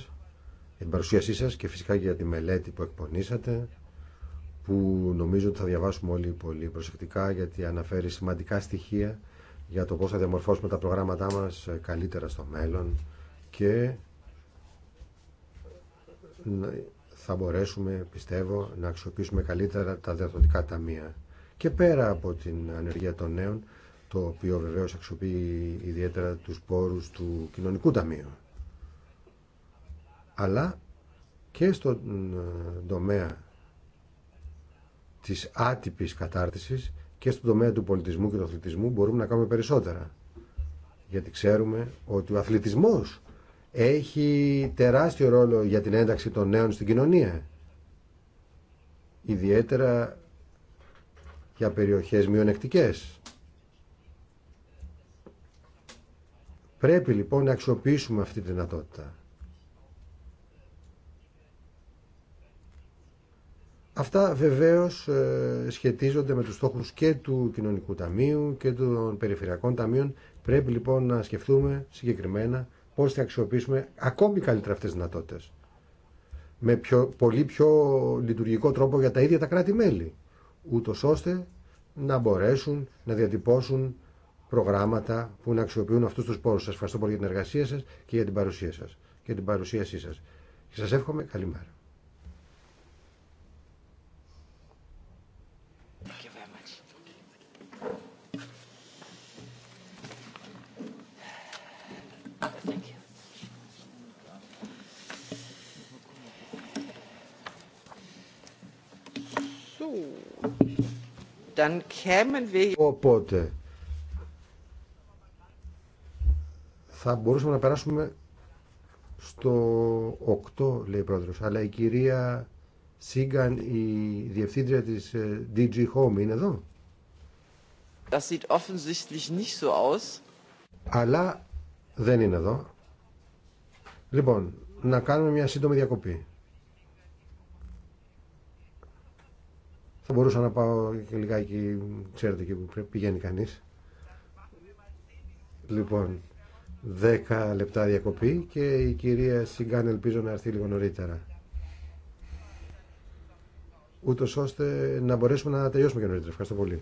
για την παρουσίασή σας και φυσικά για τη μελέτη που εκπονήσατε που νομίζω ότι θα διαβάσουμε όλοι πολύ προσεκτικά γιατί αναφέρει σημαντικά στοιχεία για το πώς θα διαμορφώσουμε τα προγράμματά μας ε, καλύτερα στο μέλλον και θα μπορέσουμε, πιστεύω, να αξιοποιήσουμε καλύτερα τα διαδοτικά ταμεία. Και πέρα από την ανεργία των νέων, το οποίο βεβαίως αξιοποιεί ιδιαίτερα τους πόρους του κοινωνικού ταμείου. Αλλά και στον ε, τομέα της άτυπης κατάρτισης και στον τομέα του πολιτισμού και του αθλητισμού μπορούμε να κάνουμε περισσότερα. Γιατί ξέρουμε ότι ο αθλητισμός έχει τεράστιο ρόλο για την ένταξη των νέων στην κοινωνία. Ιδιαίτερα για περιοχές μειονεκτικές. Πρέπει λοιπόν να αξιοποιήσουμε αυτή τη δυνατότητα. Αυτά βεβαίως ε, σχετίζονται με τους στόχους και του Κοινωνικού Ταμείου και των Περιφερειακών Ταμείων. Πρέπει λοιπόν να σκεφτούμε συγκεκριμένα πώς θα αξιοποιήσουμε ακόμη καλύτερα αυτές τις δυνατότητες. Με πιο, πολύ πιο λειτουργικό τρόπο για τα ίδια τα κράτη-μέλη. Ούτως ώστε να μπορέσουν να διατυπώσουν προγράμματα που να αξιοποιούν αυτούς τους πόρους. Σας ευχαριστώ πολύ για την εργασία σας και για την παρουσία σας. Και την παρουσίασή σας. Και σας εύχομαι καλή μέρα. Οπότε θα μπορούσαμε να περάσουμε στο 8 λέει η πρόεδρος αλλά η κυρία Σίγκαν η διευθύντρια της ε, DG Home είναι εδώ. Das sieht offensichtlich nicht so aus. Αλλά δεν είναι εδώ. Λοιπόν, να κάνουμε μια σύντομη διακοπή. Θα μπορούσα να πάω και λιγάκι, ξέρετε εκεί που πηγαίνει κανείς. Λοιπόν, 10 λεπτά διακοπή και η κυρία Σιγκάν ελπίζω να έρθει λίγο νωρίτερα. Ούτως ώστε να μπορέσουμε να τελειώσουμε και νωρίτερα. Ευχαριστώ πολύ.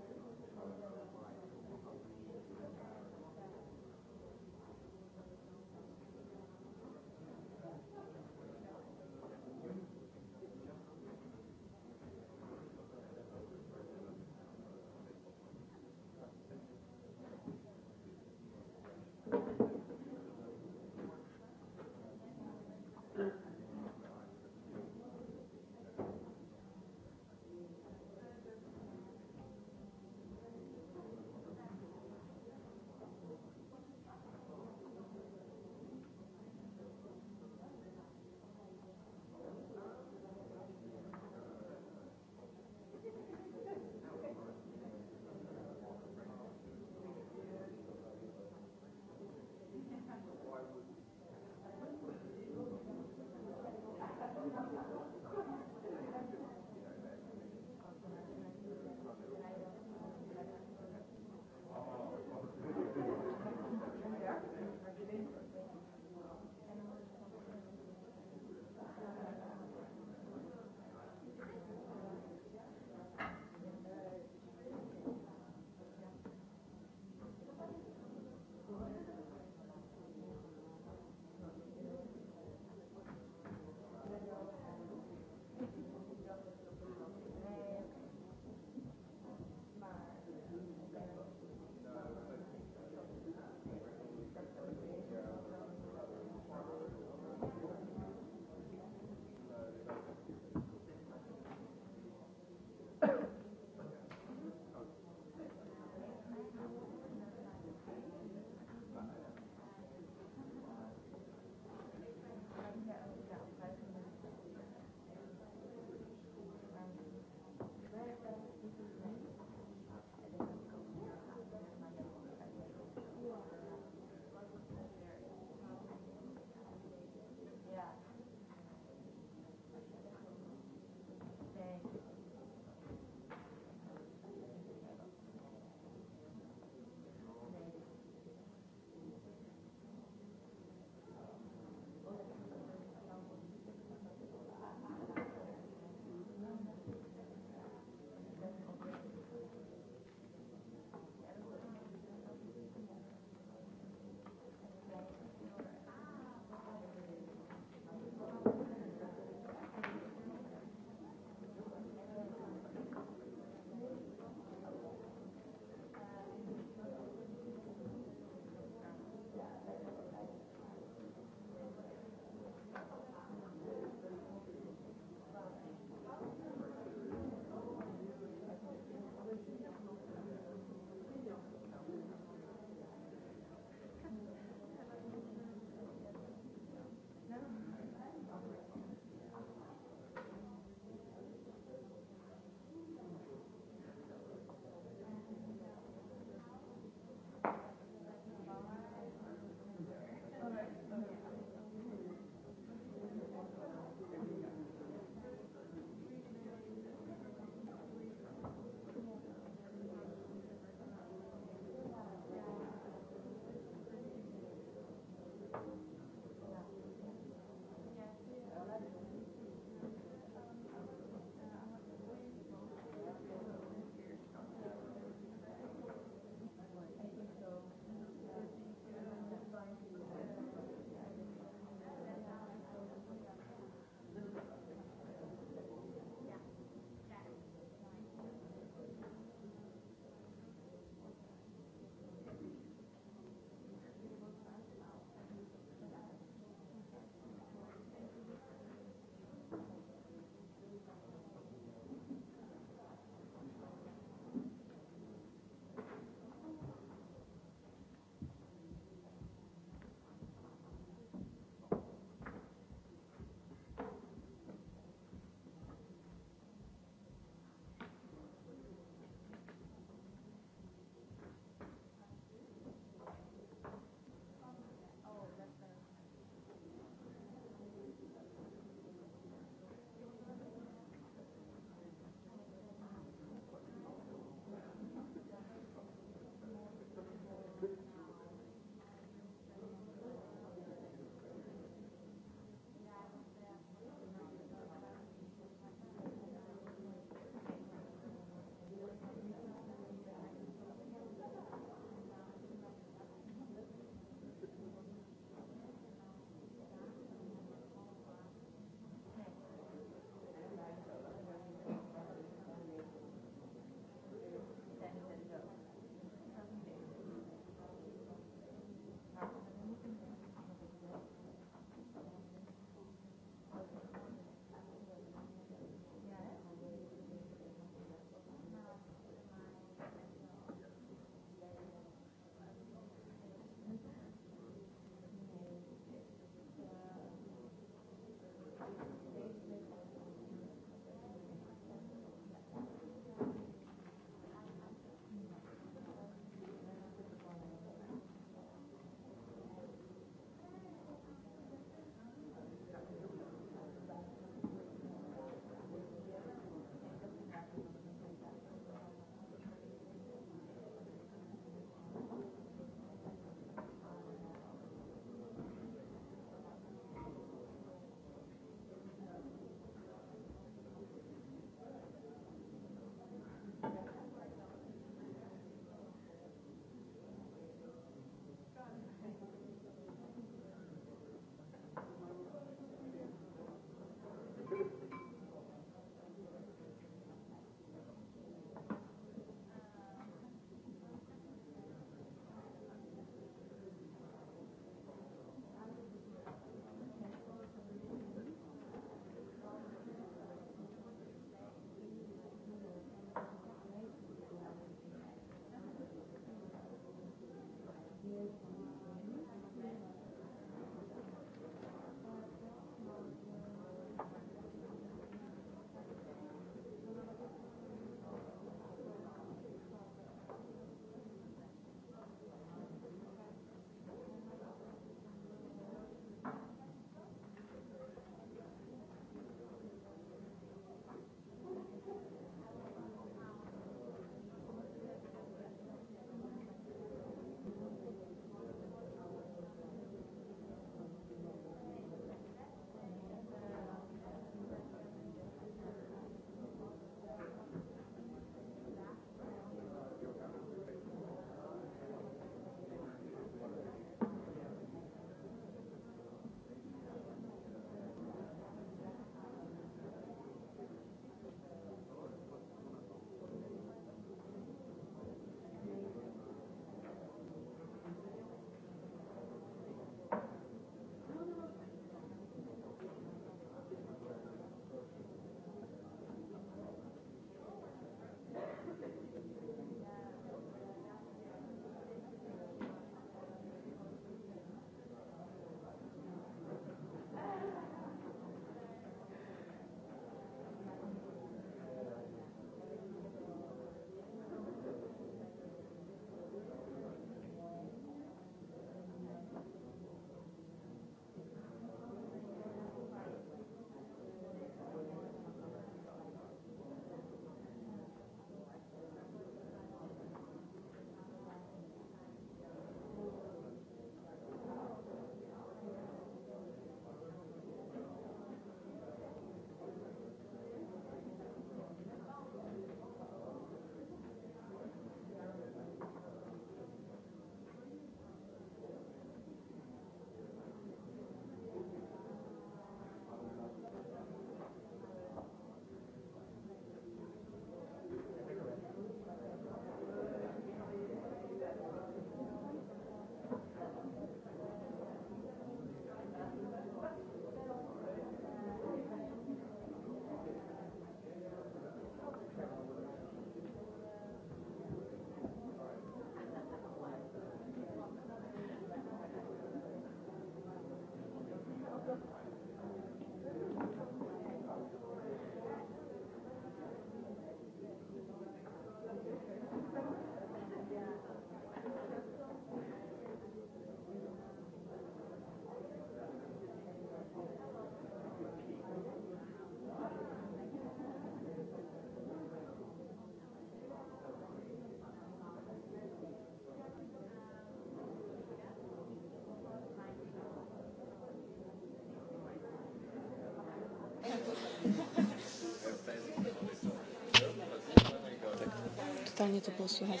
Totalnie to było słychać.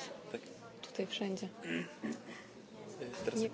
Tutaj wszędzie. Teraz nie...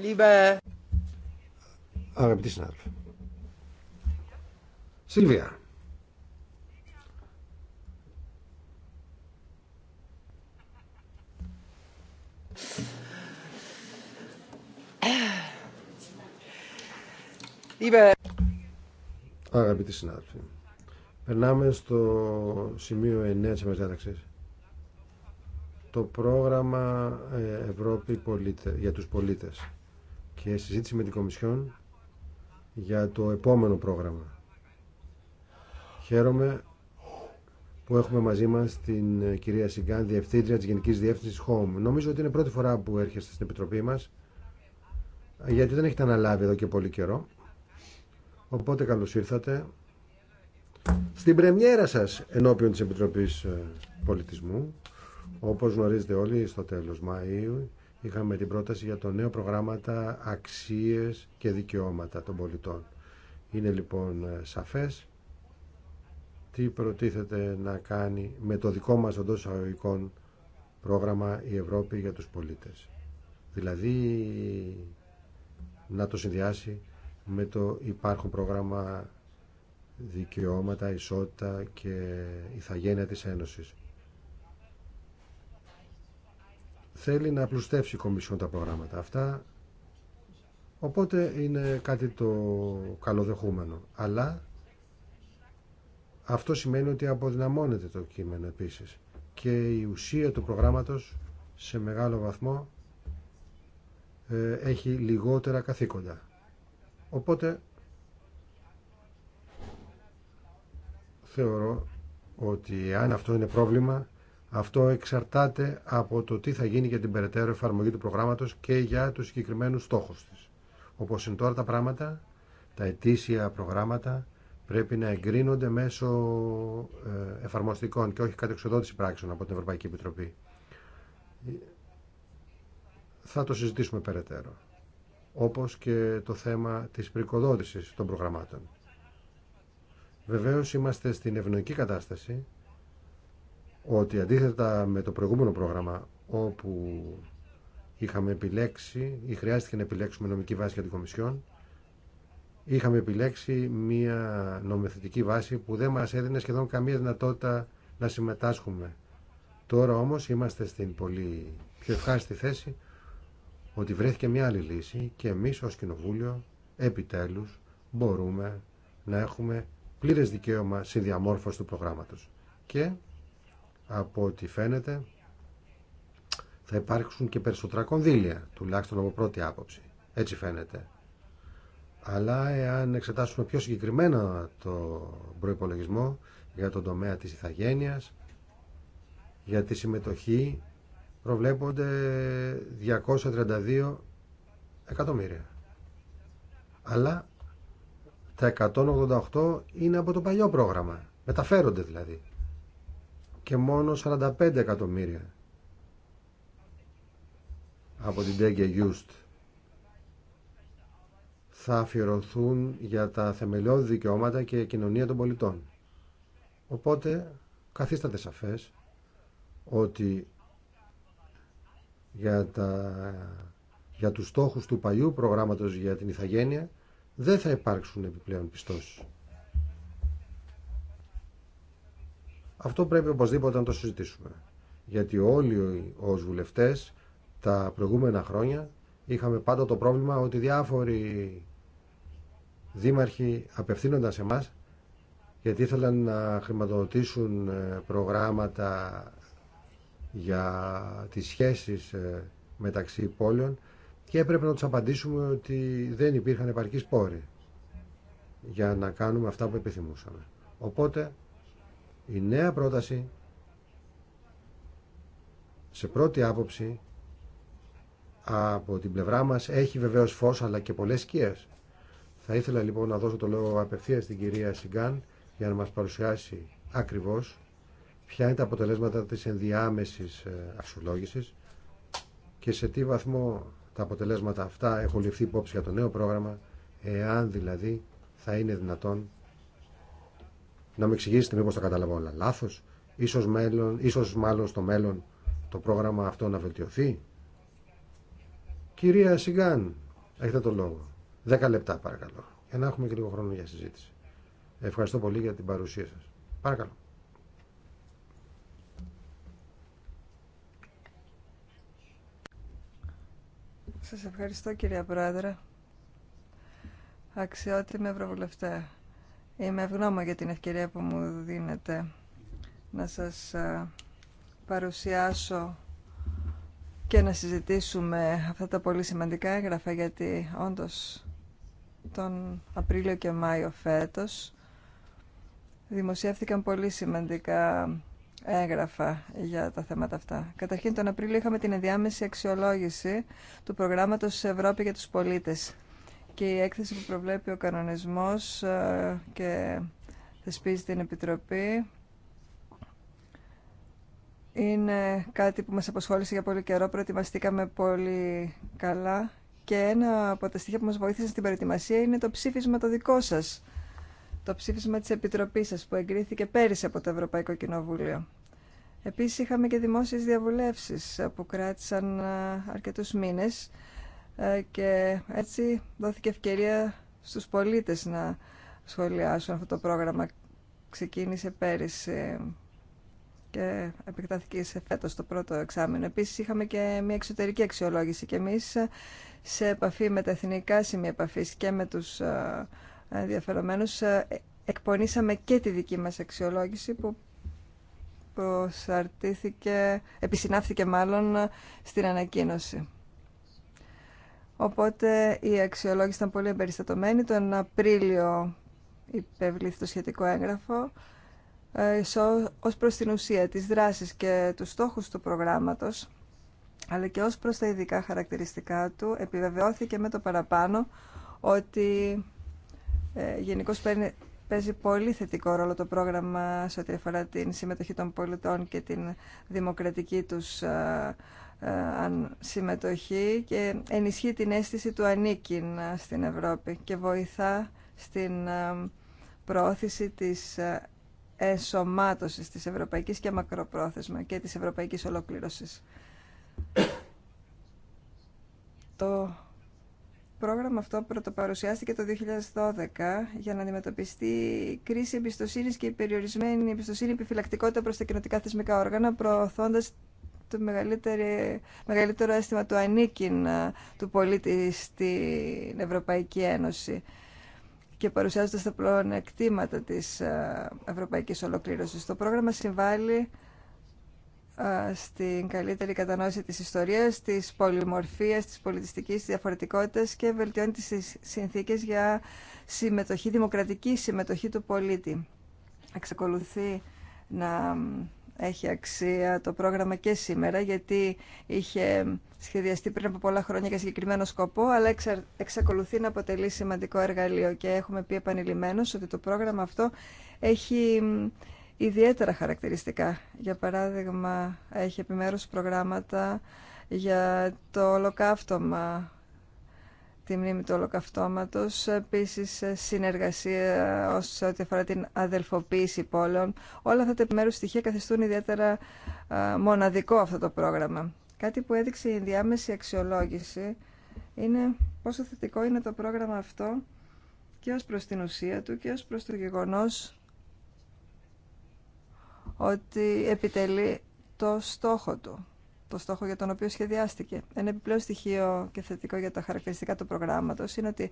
Liebe... Αγαπητοί συνάδελφοι. Σίλβια. Liebe... Αγαπητοί συνάδελφοι. Περνάμε στο σημείο 9 της το πρόγραμμα ε, Ευρώπη για τους πολίτες και συζήτηση με την Κομισιόν για το επόμενο πρόγραμμα. Χαίρομαι που έχουμε μαζί μας την ε, κυρία Σιγκάν, Διευθύντρια της Γενικής Διεύθυνσης Home. Νομίζω ότι είναι πρώτη φορά που έρχεστε στην Επιτροπή μας, γιατί δεν έχετε αναλάβει εδώ και πολύ καιρό. Οπότε καλώς ήρθατε στην πρεμιέρα σας ενώπιον της Επιτροπής ε, Πολιτισμού, όπως γνωρίζετε όλοι στο τέλος Μαΐου είχαμε την πρόταση για το νέο προγράμματα αξίες και δικαιώματα των πολιτών. Είναι λοιπόν ε, σαφές τι προτίθεται να κάνει με το δικό μας εντό αγωγικών πρόγραμμα η Ευρώπη για τους πολίτες. Δηλαδή να το συνδυάσει με το υπάρχον πρόγραμμα δικαιώματα, ισότητα και ηθαγένεια της Ένωσης. θέλει να απλουστεύσει η Κομισιόν τα προγράμματα αυτά. Οπότε είναι κάτι το καλοδεχούμενο. Αλλά αυτό σημαίνει ότι αποδυναμώνεται το κείμενο επίσης. Και η ουσία του προγράμματος σε μεγάλο βαθμό ε, έχει λιγότερα καθήκοντα. Οπότε θεωρώ ότι αν αυτό είναι πρόβλημα αυτό εξαρτάται από το τι θα γίνει για την περαιτέρω εφαρμογή του προγράμματος και για τους συγκεκριμένους στόχους της. Όπω είναι τώρα τα πράγματα, τα ετήσια προγράμματα πρέπει να εγκρίνονται μέσω ε, εφαρμοστικών και όχι κατεξοδότηση πράξεων από την Ευρωπαϊκή Επιτροπή. Θα το συζητήσουμε περαιτέρω. Όπως και το θέμα της πρικοδότησης των προγραμμάτων. Βεβαίως είμαστε στην ευνοϊκή κατάσταση ότι αντίθετα με το προηγούμενο πρόγραμμα όπου είχαμε επιλέξει ή χρειάστηκε να επιλέξουμε νομική βάση για την Κομισιόν είχαμε επιλέξει μια νομοθετική βάση που δεν μας έδινε σχεδόν καμία δυνατότητα να συμμετάσχουμε. Τώρα όμως είμαστε στην πολύ πιο ευχάριστη θέση ότι βρέθηκε μια άλλη λύση και εμείς ως Κοινοβούλιο επιτέλους μπορούμε να έχουμε πλήρες δικαίωμα διαμόρφωση του προγράμματος. Και από ό,τι φαίνεται θα υπάρξουν και περισσότερα κονδύλια, τουλάχιστον από πρώτη άποψη. Έτσι φαίνεται. Αλλά εάν εξετάσουμε πιο συγκεκριμένα το προϋπολογισμό για τον τομέα της ηθαγένειας, για τη συμμετοχή προβλέπονται 232 εκατομμύρια. Αλλά τα 188 είναι από το παλιό πρόγραμμα. Μεταφέρονται δηλαδή και μόνο 45 εκατομμύρια από την Τέγκε Γιούστ θα αφιερωθούν για τα θεμελιώδη δικαιώματα και κοινωνία των πολιτών. Οπότε καθίστατε σαφές ότι για, τα, για τους στόχους του παλιού προγράμματος για την Ιθαγένεια δεν θα υπάρξουν επιπλέον πιστώσεις. Αυτό πρέπει οπωσδήποτε να το συζητήσουμε. Γιατί όλοι ως βουλευτές τα προηγούμενα χρόνια είχαμε πάντα το πρόβλημα ότι διάφοροι δήμαρχοι απευθύνονταν σε μας γιατί ήθελαν να χρηματοδοτήσουν ε, προγράμματα για τις σχέσεις ε, μεταξύ πόλεων και έπρεπε να τους απαντήσουμε ότι δεν υπήρχαν επαρκείς πόροι για να κάνουμε αυτά που επιθυμούσαμε. Οπότε η νέα πρόταση σε πρώτη άποψη από την πλευρά μας έχει βεβαίως φως αλλά και πολλές σκιές. Θα ήθελα λοιπόν να δώσω το λόγο απευθείας στην κυρία Σιγκάν για να μας παρουσιάσει ακριβώς ποια είναι τα αποτελέσματα της ενδιάμεσης ε, αξιολόγησης και σε τι βαθμό τα αποτελέσματα αυτά έχουν ληφθεί υπόψη για το νέο πρόγραμμα εάν δηλαδή θα είναι δυνατόν να μου εξηγήσετε μήπως τα κατάλαβα όλα λάθος, ίσως, μέλλον, ίσως μάλλον στο μέλλον το πρόγραμμα αυτό να βελτιωθεί. Κυρία Σιγκάν, έχετε το λόγο. Δέκα λεπτά παρακαλώ, για να έχουμε και λίγο χρόνο για συζήτηση. Ευχαριστώ πολύ για την παρουσία σας. Παρακαλώ. Σας ευχαριστώ κυρία Πρόεδρε. Αξιότιμη Ευρωβουλευτέ. Είμαι ευγνώμων για την ευκαιρία που μου δίνετε να σας ε, παρουσιάσω και να συζητήσουμε αυτά τα πολύ σημαντικά έγγραφα γιατί όντως τον Απρίλιο και Μάιο φέτος δημοσιεύθηκαν πολύ σημαντικά έγγραφα για τα θέματα αυτά. Καταρχήν τον Απρίλιο είχαμε την ενδιάμεση αξιολόγηση του προγράμματος Ευρώπη για τους πολίτες και η έκθεση που προβλέπει ο κανονισμός ε, και θεσπίζει την Επιτροπή είναι κάτι που μας αποσχόλησε για πολύ καιρό, προετοιμαστήκαμε πολύ καλά και ένα από τα στοιχεία που μας βοήθησε στην προετοιμασία είναι το ψήφισμα το δικό σας, το ψήφισμα της Επιτροπής σας που εγκρίθηκε πέρυσι από το Ευρωπαϊκό Κοινοβούλιο. Επίσης είχαμε και δημόσιες διαβουλεύσεις που κράτησαν ε, αρκετούς μήνες ε, και έτσι δόθηκε ευκαιρία στους πολίτες να σχολιάσουν αυτό το πρόγραμμα. Ξεκίνησε πέρυσι και επεκτάθηκε σε φέτος το πρώτο εξάμεινο. Επίσης είχαμε και μια εξωτερική αξιολόγηση και εμείς σε επαφή με τα εθνικά σημεία επαφή και με τους ε, ενδιαφερομένους ε, εκπονήσαμε και τη δική μας αξιολόγηση που προσαρτήθηκε, επισυνάφθηκε μάλλον στην ανακοίνωση. Οπότε οι αξιολόγηση ήταν πολύ εμπεριστατωμένοι. Τον Απρίλιο υπευλήθη το σχετικό έγγραφο ε, ως προς την ουσία της δράσης και του στόχους του προγράμματος αλλά και ως προς τα ειδικά χαρακτηριστικά του επιβεβαιώθηκε με το παραπάνω ότι ε, γενικώ παίζει πολύ θετικό ρόλο το πρόγραμμα σε ό,τι αφορά την συμμετοχή των πολιτών και την δημοκρατική τους ε, ε, αν συμμετοχή και ενισχύει την αίσθηση του ανήκειν ε, στην Ευρώπη και βοηθά στην ε, προώθηση της ενσωμάτωσης της ευρωπαϊκής και μακροπρόθεσμα και της ευρωπαϊκής ολοκλήρωσης. Το πρόγραμμα αυτό πρωτοπαρουσιάστηκε το 2012 για να αντιμετωπιστεί η κρίση εμπιστοσύνης και η περιορισμένη εμπιστοσύνη επιφυλακτικότητα προς τα κοινοτικά θεσμικά όργανα, προωθώντας το μεγαλύτερο αίσθημα του ανήκειν ε, του πολίτη στην Ευρωπαϊκή Ένωση και παρουσιάζοντας τα πλεονεκτήματα της ε, ευρωπαϊκής ολοκλήρωσης. Το πρόγραμμα συμβάλλει ε, στην καλύτερη κατανόηση της ιστορίας, της πολυμορφίας, της πολιτιστικής διαφορετικότητας και βελτιώνει τις συνθήκες για συμμετοχή, δημοκρατική συμμετοχή του πολίτη. Εξακολουθεί να έχει αξία το πρόγραμμα και σήμερα, γιατί είχε σχεδιαστεί πριν από πολλά χρόνια για συγκεκριμένο σκοπό, αλλά εξακολουθεί να αποτελεί σημαντικό εργαλείο και έχουμε πει επανειλημμένως ότι το πρόγραμμα αυτό έχει ιδιαίτερα χαρακτηριστικά. Για παράδειγμα, έχει επιμέρους προγράμματα για το ολοκαύτωμα, τη μνήμη του ολοκαυτώματος, επίσης ε, συνεργασία όσο ό,τι αφορά την αδελφοποίηση πόλεων. Όλα αυτά τα επιμέρους στοιχεία καθιστούν ιδιαίτερα ε, μοναδικό αυτό το πρόγραμμα. Κάτι που έδειξε η διάμεση αξιολόγηση είναι πόσο θετικό είναι το πρόγραμμα αυτό και ως προς την ουσία του και ως προς το γεγονός ότι επιτελεί το στόχο του το στόχο για τον οποίο σχεδιάστηκε. Ένα επιπλέον στοιχείο και θετικό για τα χαρακτηριστικά του προγράμματος είναι ότι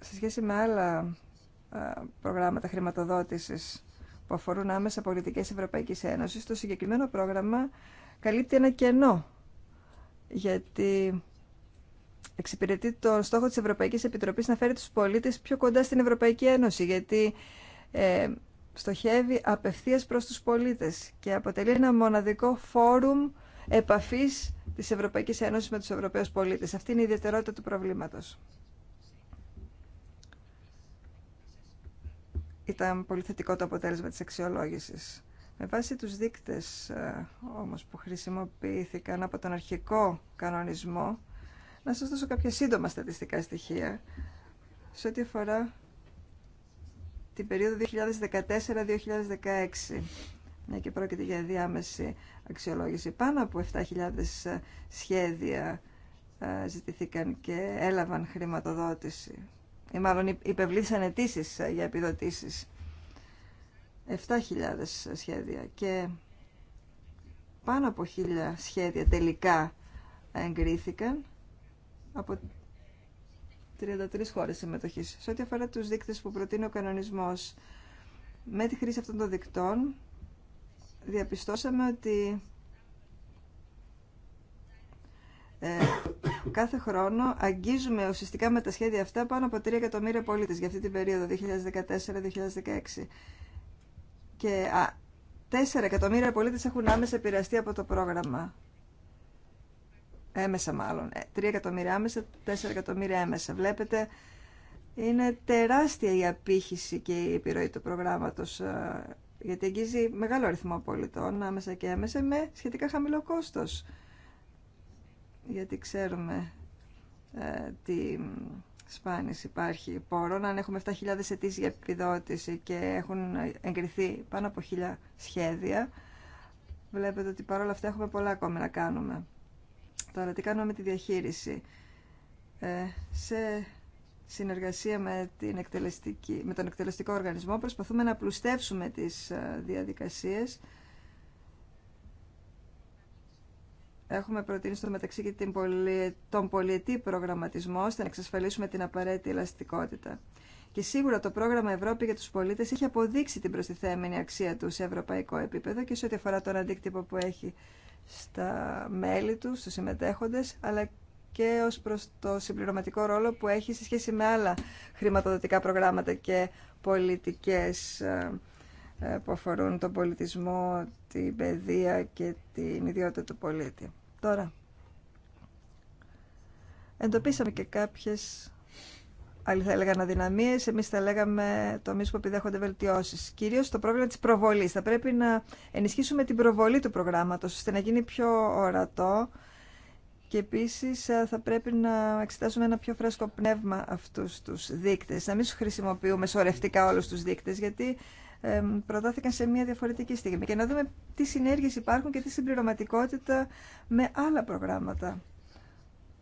σε σχέση με άλλα προγράμματα χρηματοδότησης που αφορούν άμεσα πολιτικέ ευρωπαϊκή ένωση, το συγκεκριμένο πρόγραμμα καλύπτει ένα κενό, γιατί εξυπηρετεί τον στόχο της Ευρωπαϊκής Επιτροπής να φέρει τους πολίτες πιο κοντά στην Ευρωπαϊκή Ένωση, γιατί ε, στοχεύει απευθείας προς τους πολίτες και αποτελεί ένα μοναδικό φόρουμ επαφής της Ευρωπαϊκής Ένωσης με τους Ευρωπαίους πολίτες. Αυτή είναι η ιδιαιτερότητα του προβλήματος. Ήταν πολύ θετικό το αποτέλεσμα της αξιολόγησης. Με βάση τους δείκτες ε, όμως που χρησιμοποιήθηκαν από τον αρχικό κανονισμό, να σας δώσω κάποια σύντομα στατιστικά στοιχεία σε ό,τι αφορά την περίοδο 2014-2016 μια ναι, και πρόκειται για διάμεση αξιολόγηση. Πάνω από 7.000 σχέδια ε, ζητηθήκαν και έλαβαν χρηματοδότηση ή μάλλον υπευλήθησαν αιτήσει ε, για επιδοτήσεις. 7.000 σχέδια και πάνω από 1.000 σχέδια τελικά εγκρίθηκαν από 33 χώρες συμμετοχής. Σε ό,τι αφορά τους δείκτες που προτείνει ο κανονισμός, με τη χρήση αυτών των δικτών διαπιστώσαμε ότι ε, κάθε χρόνο αγγίζουμε ουσιαστικά με τα σχέδια αυτά πάνω από 3 εκατομμύρια πολίτες για αυτή την περίοδο 2014-2016. Και α, 4 εκατομμύρια πολίτες έχουν άμεσα επηρεαστεί από το πρόγραμμα έμεσα μάλλον, 3 ε, εκατομμύρια άμεσα, 4 εκατομμύρια έμεσα. Βλέπετε, είναι τεράστια η απήχηση και η επιρροή του προγράμματος, ε, γιατί αγγίζει μεγάλο αριθμό πολιτών, άμεσα και έμεσα, με σχετικά χαμηλό κόστος. Γιατί ξέρουμε ε, τι σπάνιση υπάρχει πόρων. Αν έχουμε 7.000 αιτήσει για επιδότηση και έχουν εγκριθεί πάνω από 1.000 σχέδια, βλέπετε ότι παρόλα αυτά έχουμε πολλά ακόμα να κάνουμε. Τώρα, τι κάνουμε με τη διαχείριση. Ε, σε συνεργασία με, την εκτελεστική, με τον εκτελεστικό οργανισμό προσπαθούμε να πλουστεύσουμε τις ε, διαδικασίες. Έχουμε προτείνει στο μεταξύ και τον πολιετή προγραμματισμό ώστε να εξασφαλίσουμε την απαραίτητη ελαστικότητα. Και σίγουρα το πρόγραμμα Ευρώπη για τους πολίτες έχει αποδείξει την προστιθέμενη αξία του σε ευρωπαϊκό επίπεδο και σε ό,τι αφορά τον αντίκτυπο που έχει στα μέλη του, στους συμμετέχοντες, αλλά και ως προς το συμπληρωματικό ρόλο που έχει σε σχέση με άλλα χρηματοδοτικά προγράμματα και πολιτικές ε, ε, που αφορούν τον πολιτισμό, την παιδεία και την ιδιότητα του πολίτη. Τώρα, εντοπίσαμε και κάποιες άλλοι θα έλεγαν αδυναμίε, εμεί θα λέγαμε τομεί που επιδέχονται βελτιώσει. Κυρίω το πρόβλημα τη προβολή. Θα πρέπει να ενισχύσουμε την προβολή του προγράμματο, ώστε να γίνει πιο ορατό. Και επίση ε, θα πρέπει να εξετάσουμε ένα πιο φρέσκο πνεύμα αυτού του δείκτε. Να μην χρησιμοποιούμε σωρευτικά όλου του δείκτε, γιατί προτάθηκαν σε μια διαφορετική στιγμή. Και να δούμε τι συνέργειε υπάρχουν και τι συμπληρωματικότητα με άλλα προγράμματα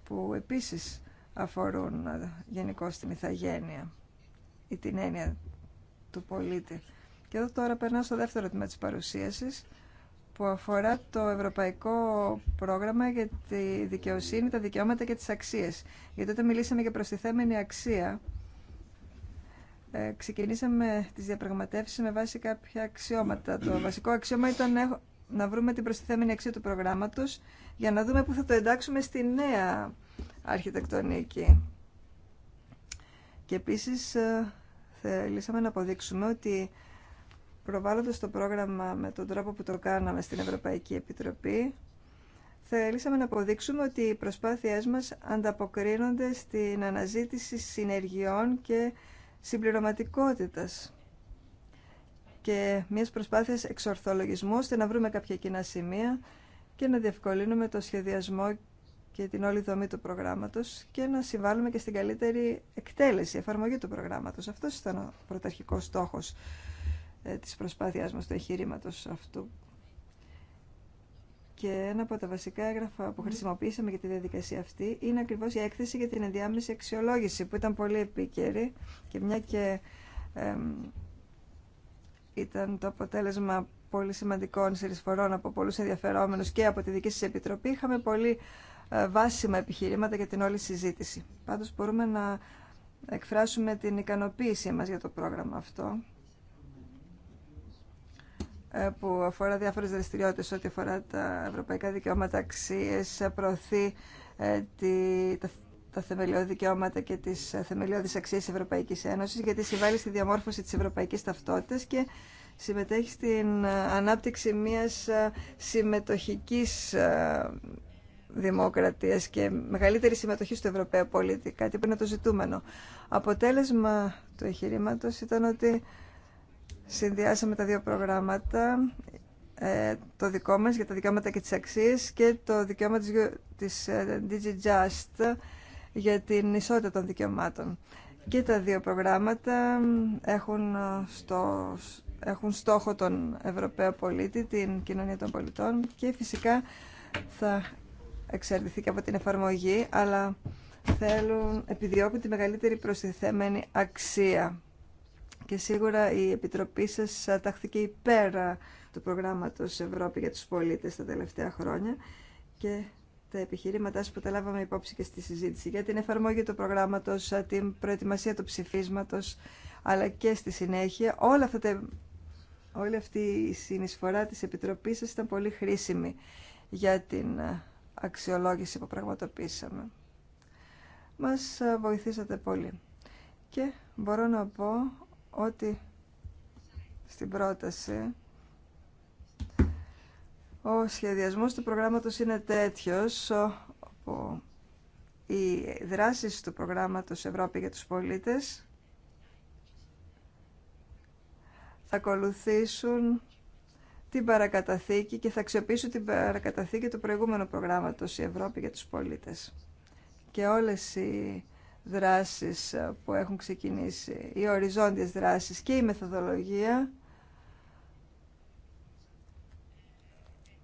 που επίσης αφορούν ε, γενικώ την ηθαγένεια ή την έννοια του πολίτη. Και εδώ τώρα περνάω στο δεύτερο τμήμα της παρουσίασης που αφορά το Ευρωπαϊκό Πρόγραμμα για τη Δικαιοσύνη, τα Δικαιώματα και τις Αξίες. Γιατί όταν μιλήσαμε για προστιθέμενη αξία, ε, ξεκινήσαμε τις διαπραγματεύσεις με βάση κάποια αξιώματα. Το βασικό αξίωμα ήταν να βρούμε την προστιθέμενη αξία του προγράμματος για να δούμε πού θα το εντάξουμε στη νέα αρχιτεκτονική. Και επίσης ε, θέλησαμε να αποδείξουμε ότι προβάλλοντας το πρόγραμμα με τον τρόπο που το κάναμε στην Ευρωπαϊκή Επιτροπή, θέλησαμε να αποδείξουμε ότι οι προσπάθειές μας ανταποκρίνονται στην αναζήτηση συνεργειών και συμπληρωματικότητας και μιας προσπάθειας εξορθολογισμού ώστε να βρούμε κάποια κοινά σημεία και να διευκολύνουμε το σχεδιασμό και την όλη δομή του προγράμματος και να συμβάλλουμε και στην καλύτερη εκτέλεση, εφαρμογή του προγράμματος. Αυτό ήταν ο πρωταρχικός στόχος ε, της προσπάθειάς μας, του εγχειρήματο αυτού. Και ένα από τα βασικά έγγραφα που χρησιμοποίησαμε για τη διαδικασία αυτή είναι ακριβώς η έκθεση για την ενδιάμεση αξιολόγηση που ήταν πολύ επίκαιρη και μια και ήταν το αποτέλεσμα πολύ σημαντικών συρρισφορών από πολλούς ενδιαφερόμενους και από τη δική σας επιτροπή. Είχαμε πολύ ε, βάσιμα επιχειρήματα για την όλη συζήτηση. Πάντως μπορούμε να εκφράσουμε την ικανοποίησή μας για το πρόγραμμα αυτό ε, που αφορά διάφορες δραστηριότητες ό,τι αφορά τα ευρωπαϊκά δικαιώματα αξίες, προωθεί ε, τα θεμελιώδη δικαιώματα και τις θεμελιώδεις αξίες της Ευρωπαϊκής Ένωσης γιατί συμβάλλει στη διαμόρφωση της ευρωπαϊκής ταυτότητας και συμμετέχει στην ανάπτυξη μιας συμμετοχικής δημοκρατίας και μεγαλύτερη συμμετοχή στο Ευρωπαίο πολίτη, κάτι που είναι το ζητούμενο. Αποτέλεσμα του εγχειρήματο ήταν ότι συνδυάσαμε τα δύο προγράμματα, ε, το δικό μας για τα δικαιώματα και τις αξίες και το δικαίωμα της, ε, DigiJust για την ισότητα των δικαιωμάτων. Και τα δύο προγράμματα έχουν, ε, στο, έχουν στόχο τον Ευρωπαίο πολίτη, την κοινωνία των πολιτών και φυσικά θα εξαρτηθεί και από την εφαρμογή, αλλά θέλουν, επιδιώκουν τη μεγαλύτερη προστιθέμενη αξία. Και σίγουρα η Επιτροπή σας τάχθηκε υπέρ του προγράμματος Ευρώπη για τους πολίτες τα τελευταία χρόνια και τα επιχειρήματά που τα λάβαμε υπόψη και στη συζήτηση για την εφαρμογή του προγράμματος, την προετοιμασία του ψηφίσματος, αλλά και στη συνέχεια όλα αυτά τα όλη αυτή η συνεισφορά της Επιτροπής σας ήταν πολύ χρήσιμη για την αξιολόγηση που πραγματοποίησαμε. Μας ε, βοηθήσατε πολύ. Και μπορώ να πω ότι στην πρόταση ο σχεδιασμός του προγράμματος είναι τέτοιος όπου οι δράσεις του προγράμματος Ευρώπη για τους πολίτες θα ακολουθήσουν την παρακαταθήκη και θα αξιοποιήσω την παρακαταθήκη του προηγούμενου προγράμματος η Ευρώπη για τους πολίτες. Και όλες οι δράσεις που έχουν ξεκινήσει, οι οριζόντιες δράσεις και η μεθοδολογία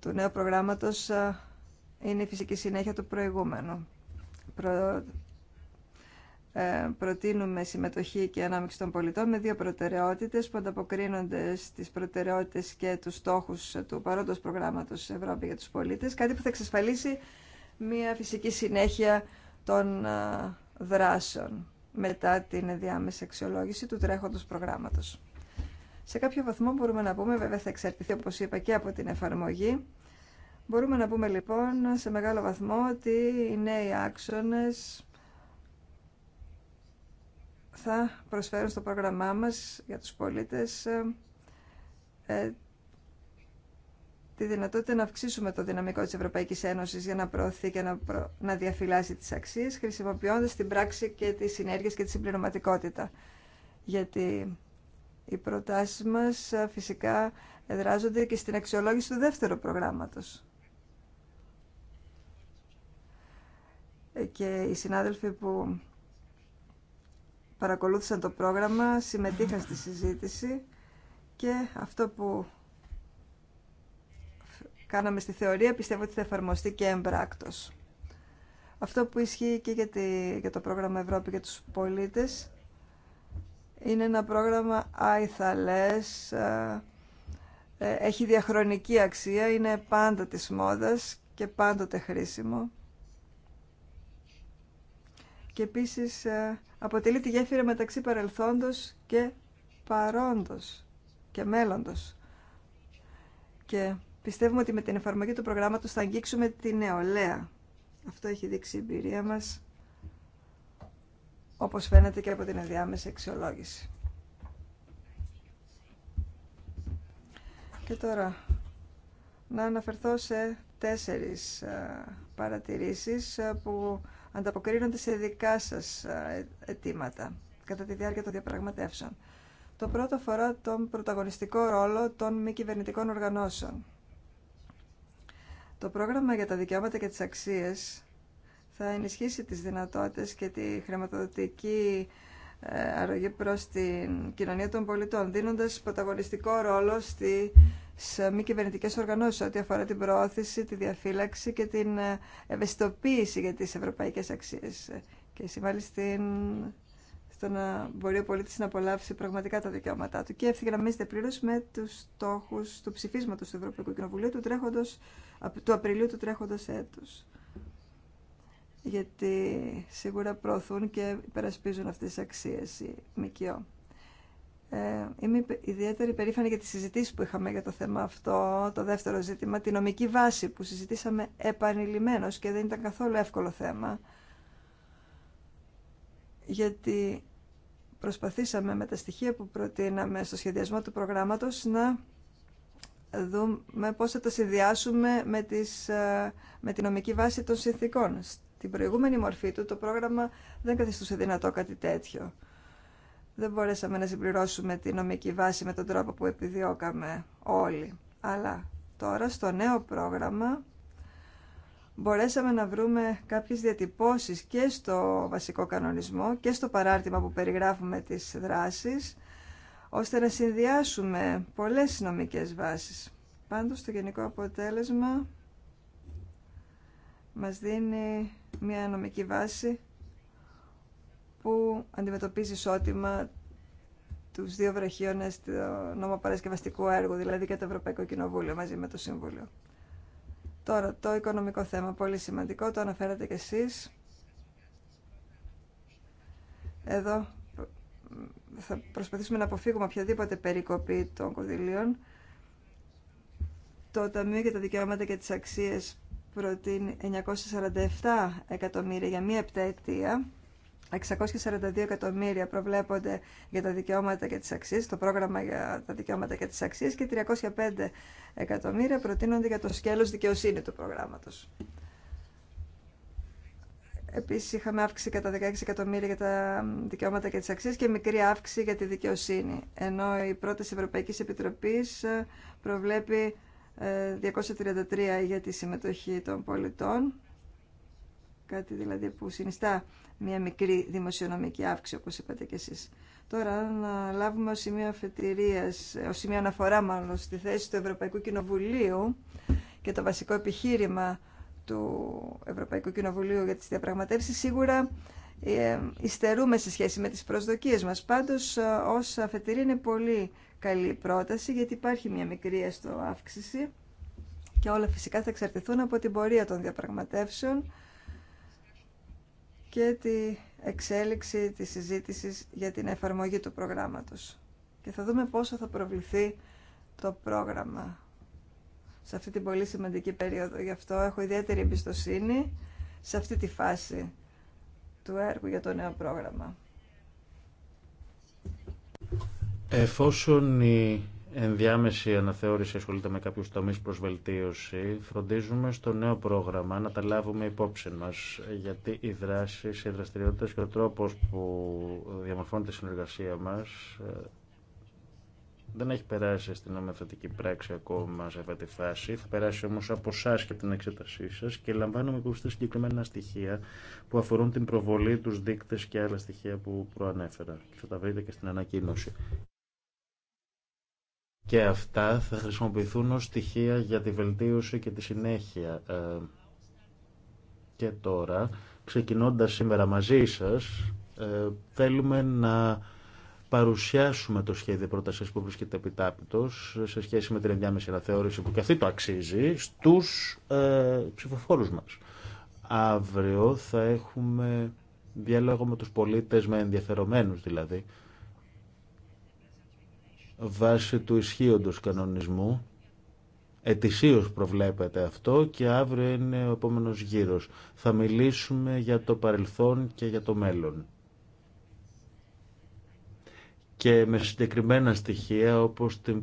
του νέου προγράμματος ε, είναι η φυσική συνέχεια του προηγούμενου. Ε, προτείνουμε συμμετοχή και ανάμειξη των πολιτών με δύο προτεραιότητες που ανταποκρίνονται στις προτεραιότητες και τους στόχους του παρόντος προγράμματος Ευρώπη για τους πολίτες, κάτι που θα εξασφαλίσει μια φυσική συνέχεια των ε, δράσεων μετά την διάμεση αξιολόγηση του τρέχοντος προγράμματος. Σε κάποιο βαθμό μπορούμε να πούμε, βέβαια θα εξαρτηθεί όπως είπα και από την εφαρμογή, μπορούμε να πούμε λοιπόν σε μεγάλο βαθμό ότι οι νέοι άξονες θα προσφέρουν στο πρόγραμμά μας για τους πολίτες ε, ε, τη δυνατότητα να αυξήσουμε το δυναμικό της Ευρωπαϊκής Ένωσης για να προωθεί και να, να διαφυλάσει τις αξίες, χρησιμοποιώντας την πράξη και τις συνέργειες και τη συμπληρωματικότητα. Γιατί οι προτάσεις μας ε, φυσικά εδράζονται και στην αξιολόγηση του δεύτερου προγράμματος. Ε, και οι συνάδελφοι που παρακολούθησαν το πρόγραμμα, συμμετείχαν στη συζήτηση και αυτό που κάναμε στη θεωρία πιστεύω ότι θα εφαρμοστεί και εμπράκτος. Αυτό που ισχύει και για, το πρόγραμμα Ευρώπη για τους πολίτες είναι ένα πρόγραμμα άιθαλες, ε, έχει διαχρονική αξία, είναι πάντα της μόδας και πάντοτε χρήσιμο και επίσης ε, αποτελεί τη γέφυρα μεταξύ παρελθόντος και παρόντος και μέλλοντος. Και πιστεύουμε ότι με την εφαρμογή του προγράμματος θα αγγίξουμε τη νεολαία. Αυτό έχει δείξει η εμπειρία μας, όπως φαίνεται και από την ενδιάμεση αξιολόγηση. Και τώρα, να αναφερθώ σε τέσσερις ε, παρατηρήσεις ε, που ανταποκρίνονται σε δικά σας ε, αιτήματα κατά τη διάρκεια των διαπραγματεύσεων. Το πρώτο αφορά τον πρωταγωνιστικό ρόλο των μη κυβερνητικών οργανώσεων. Το πρόγραμμα για τα δικαιώματα και τις αξίες θα ενισχύσει τις δυνατότητες και τη χρηματοδοτική ε, αρρωγή προς την κοινωνία των πολιτών, δίνοντας πρωταγωνιστικό ρόλο στη σε μη κυβερνητικέ οργανώσει ό,τι αφορά την προώθηση, τη διαφύλαξη και την ευαισθητοποίηση για τι ευρωπαϊκέ αξίε. Και συμβάλλει στο να μπορεί ο πολίτη να απολαύσει πραγματικά τα δικαιώματά του. Και ευθυγραμμίζεται πλήρω με τους στόχους του στόχου του ψηφίσματο του Ευρωπαϊκού Κοινοβουλίου του, τρέχοντος, του Απριλίου του τρέχοντο έτου. Γιατί σίγουρα προωθούν και υπερασπίζουν αυτέ τι αξίε οι ΜΚΟ. Ε, είμαι ιδιαίτερη περήφανη για τις συζητήσεις που είχαμε για το θέμα αυτό, το δεύτερο ζήτημα, τη νομική βάση που συζητήσαμε επανειλημμένως και δεν ήταν καθόλου εύκολο θέμα, γιατί προσπαθήσαμε με τα στοιχεία που προτείναμε στο σχεδιασμό του προγράμματος να δούμε πώς θα τα συνδυάσουμε με, τις, ε, με τη νομική βάση των συνθήκων. Στην προηγούμενη μορφή του το πρόγραμμα δεν καθιστούσε δυνατό κάτι τέτοιο δεν μπορέσαμε να συμπληρώσουμε τη νομική βάση με τον τρόπο που επιδιώκαμε όλοι. Αλλά τώρα στο νέο πρόγραμμα μπορέσαμε να βρούμε κάποιες διατυπώσεις και στο βασικό κανονισμό και στο παράρτημα που περιγράφουμε τις δράσεις, ώστε να συνδυάσουμε πολλές νομικές βάσεις. Πάντως το γενικό αποτέλεσμα μας δίνει μια νομική βάση που αντιμετωπίζει ισότιμα του δύο βραχίων στο νόμο παρασκευαστικού έργου, δηλαδή και το Ευρωπαϊκό Κοινοβούλιο μαζί με το Σύμβουλιο. Τώρα, το οικονομικό θέμα, πολύ σημαντικό, το αναφέρατε κι εσείς. Εδώ θα προσπαθήσουμε να αποφύγουμε οποιαδήποτε περικοπή των κονδυλίων. Το Ταμείο για τα Δικαιώματα και τις Αξίες προτείνει 947 εκατομμύρια για μία επτά αιτία 642 εκατομμύρια προβλέπονται για τα δικαιώματα και τις αξίες, το πρόγραμμα για τα δικαιώματα και τις αξίες και 305 εκατομμύρια προτείνονται για το σκέλος δικαιοσύνη του προγράμματος. Επίσης είχαμε αύξηση κατά 16 εκατομμύρια για τα δικαιώματα και τις αξίες και μικρή αύξηση για τη δικαιοσύνη, ενώ η πρώτη Ευρωπαϊκής Επιτροπής ε, προβλέπει 233 ε, για τη συμμετοχή των πολιτών Κάτι δηλαδή που συνιστά μια μικρή δημοσιονομική αύξηση, όπως είπατε κι εσείς. Τώρα, να λάβουμε ως σημείο αφετηρίας, ως αναφορά μάλλον στη θέση του Ευρωπαϊκού Κοινοβουλίου και το βασικό επιχείρημα του Ευρωπαϊκού Κοινοβουλίου για τις διαπραγματεύσεις, σίγουρα ε, υστερούμε σε σχέση με τις προσδοκίες μας. Πάντως, ε, ως αφετηρή είναι πολύ καλή πρόταση, γιατί υπάρχει μια μικρή αύξηση και όλα φυσικά θα εξαρτηθούν από την πορεία των διαπραγματεύσεων και τη εξέλιξη της συζήτησης για την εφαρμογή του προγράμματος. Και θα δούμε πόσο θα προβληθεί το πρόγραμμα σε αυτή την πολύ σημαντική περίοδο. Γι' αυτό έχω ιδιαίτερη εμπιστοσύνη σε αυτή τη φάση του έργου για το νέο πρόγραμμα. Εφόσον η ενδιάμεση αναθεώρηση ασχολείται με κάποιου τομεί προ βελτίωση. Φροντίζουμε στο νέο πρόγραμμα να τα λάβουμε υπόψη μα. Γιατί οι δράσει, οι δραστηριότητε και ο τρόπο που διαμορφώνεται η συνεργασία μα ε, δεν έχει περάσει στην νομοθετική πράξη ακόμα σε αυτή τη φάση. Θα περάσει όμω από εσά και την εξέτασή σα και λαμβάνουμε υπόψη τα συγκεκριμένα στοιχεία που αφορούν την προβολή, του δείκτε και άλλα στοιχεία που προανέφερα. Θα τα βρείτε και στην ανακοίνωση και αυτά θα χρησιμοποιηθούν ως στοιχεία για τη βελτίωση και τη συνέχεια. Ε, και τώρα, ξεκινώντας σήμερα μαζί σας, ε, θέλουμε να παρουσιάσουμε το σχέδιο πρότασης που βρίσκεται επιτάπητος σε σχέση με την ενδιάμεση αναθεώρηση που και αυτή το αξίζει στους ε, ψηφοφόρους μας. Αύριο θα έχουμε διάλογο με τους πολίτες, με ενδιαφερομένους δηλαδή, βάσει του ισχύοντος κανονισμού. Ετησίως προβλέπεται αυτό και αύριο είναι ο επόμενος γύρος. Θα μιλήσουμε για το παρελθόν και για το μέλλον. Και με συγκεκριμένα στοιχεία όπως την,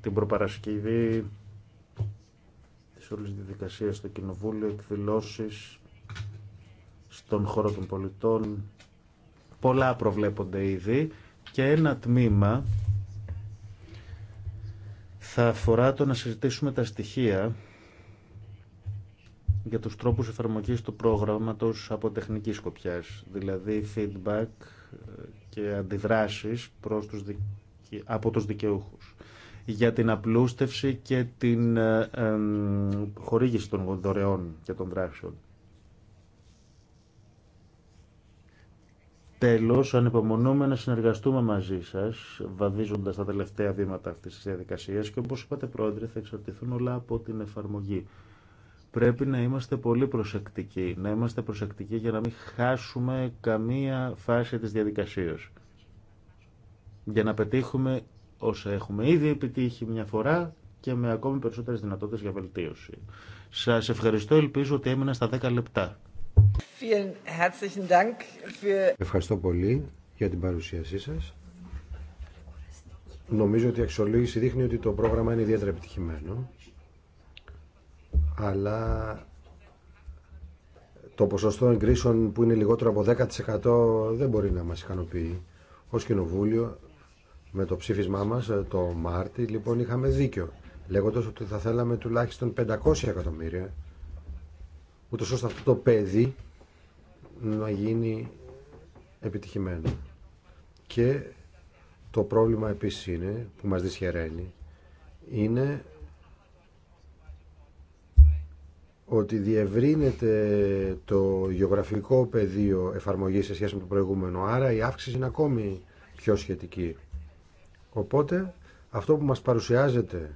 την προπαρασκευή της όλης διαδικασίας στο Κοινοβούλιο, εκδηλώσεις στον χώρο των πολιτών. Πολλά προβλέπονται ήδη και ένα τμήμα θα αφορά το να συζητήσουμε τα στοιχεία για τους τρόπους εφαρμογής του πρόγραμματος από τεχνική σκοπιάς, δηλαδή feedback ε, και αντιδράσεις προς τους από τους δικαιούχους για την απλούστευση και την ε, ε, χορήγηση των δωρεών και των δράσεων. Τέλος, ανυπομονούμε να συνεργαστούμε μαζί σας, βαδίζοντας τα τελευταία βήματα αυτής της διαδικασίας και όπως είπατε πρόεδρε θα εξαρτηθούν όλα από την εφαρμογή. Πρέπει να είμαστε πολύ προσεκτικοί, να είμαστε προσεκτικοί για να μην χάσουμε καμία φάση της διαδικασίας. Για να πετύχουμε όσα έχουμε ήδη επιτύχει μια φορά και με ακόμη περισσότερες δυνατότητες για βελτίωση. Σας ευχαριστώ, ελπίζω ότι έμεινα στα 10 λεπτά. Ευχαριστώ πολύ για την παρουσίασή σας. Νομίζω ότι η αξιολόγηση δείχνει ότι το πρόγραμμα είναι ιδιαίτερα επιτυχημένο, αλλά το ποσοστό εγκρίσεων που είναι λιγότερο από 10% δεν μπορεί να μας ικανοποιεί. Ως Κοινοβούλιο, με το ψήφισμά μας το Μάρτι, λοιπόν, είχαμε δίκιο, λέγοντας ότι θα θέλαμε τουλάχιστον 500 εκατομμύρια ούτως ώστε αυτό το παιδί να γίνει επιτυχημένο. Και το πρόβλημα επίσης είναι, που μας δυσχεραίνει, είναι ότι διευρύνεται το γεωγραφικό πεδίο εφαρμογής σε σχέση με το προηγούμενο, άρα η αύξηση είναι ακόμη πιο σχετική. Οπότε αυτό που μας παρουσιάζεται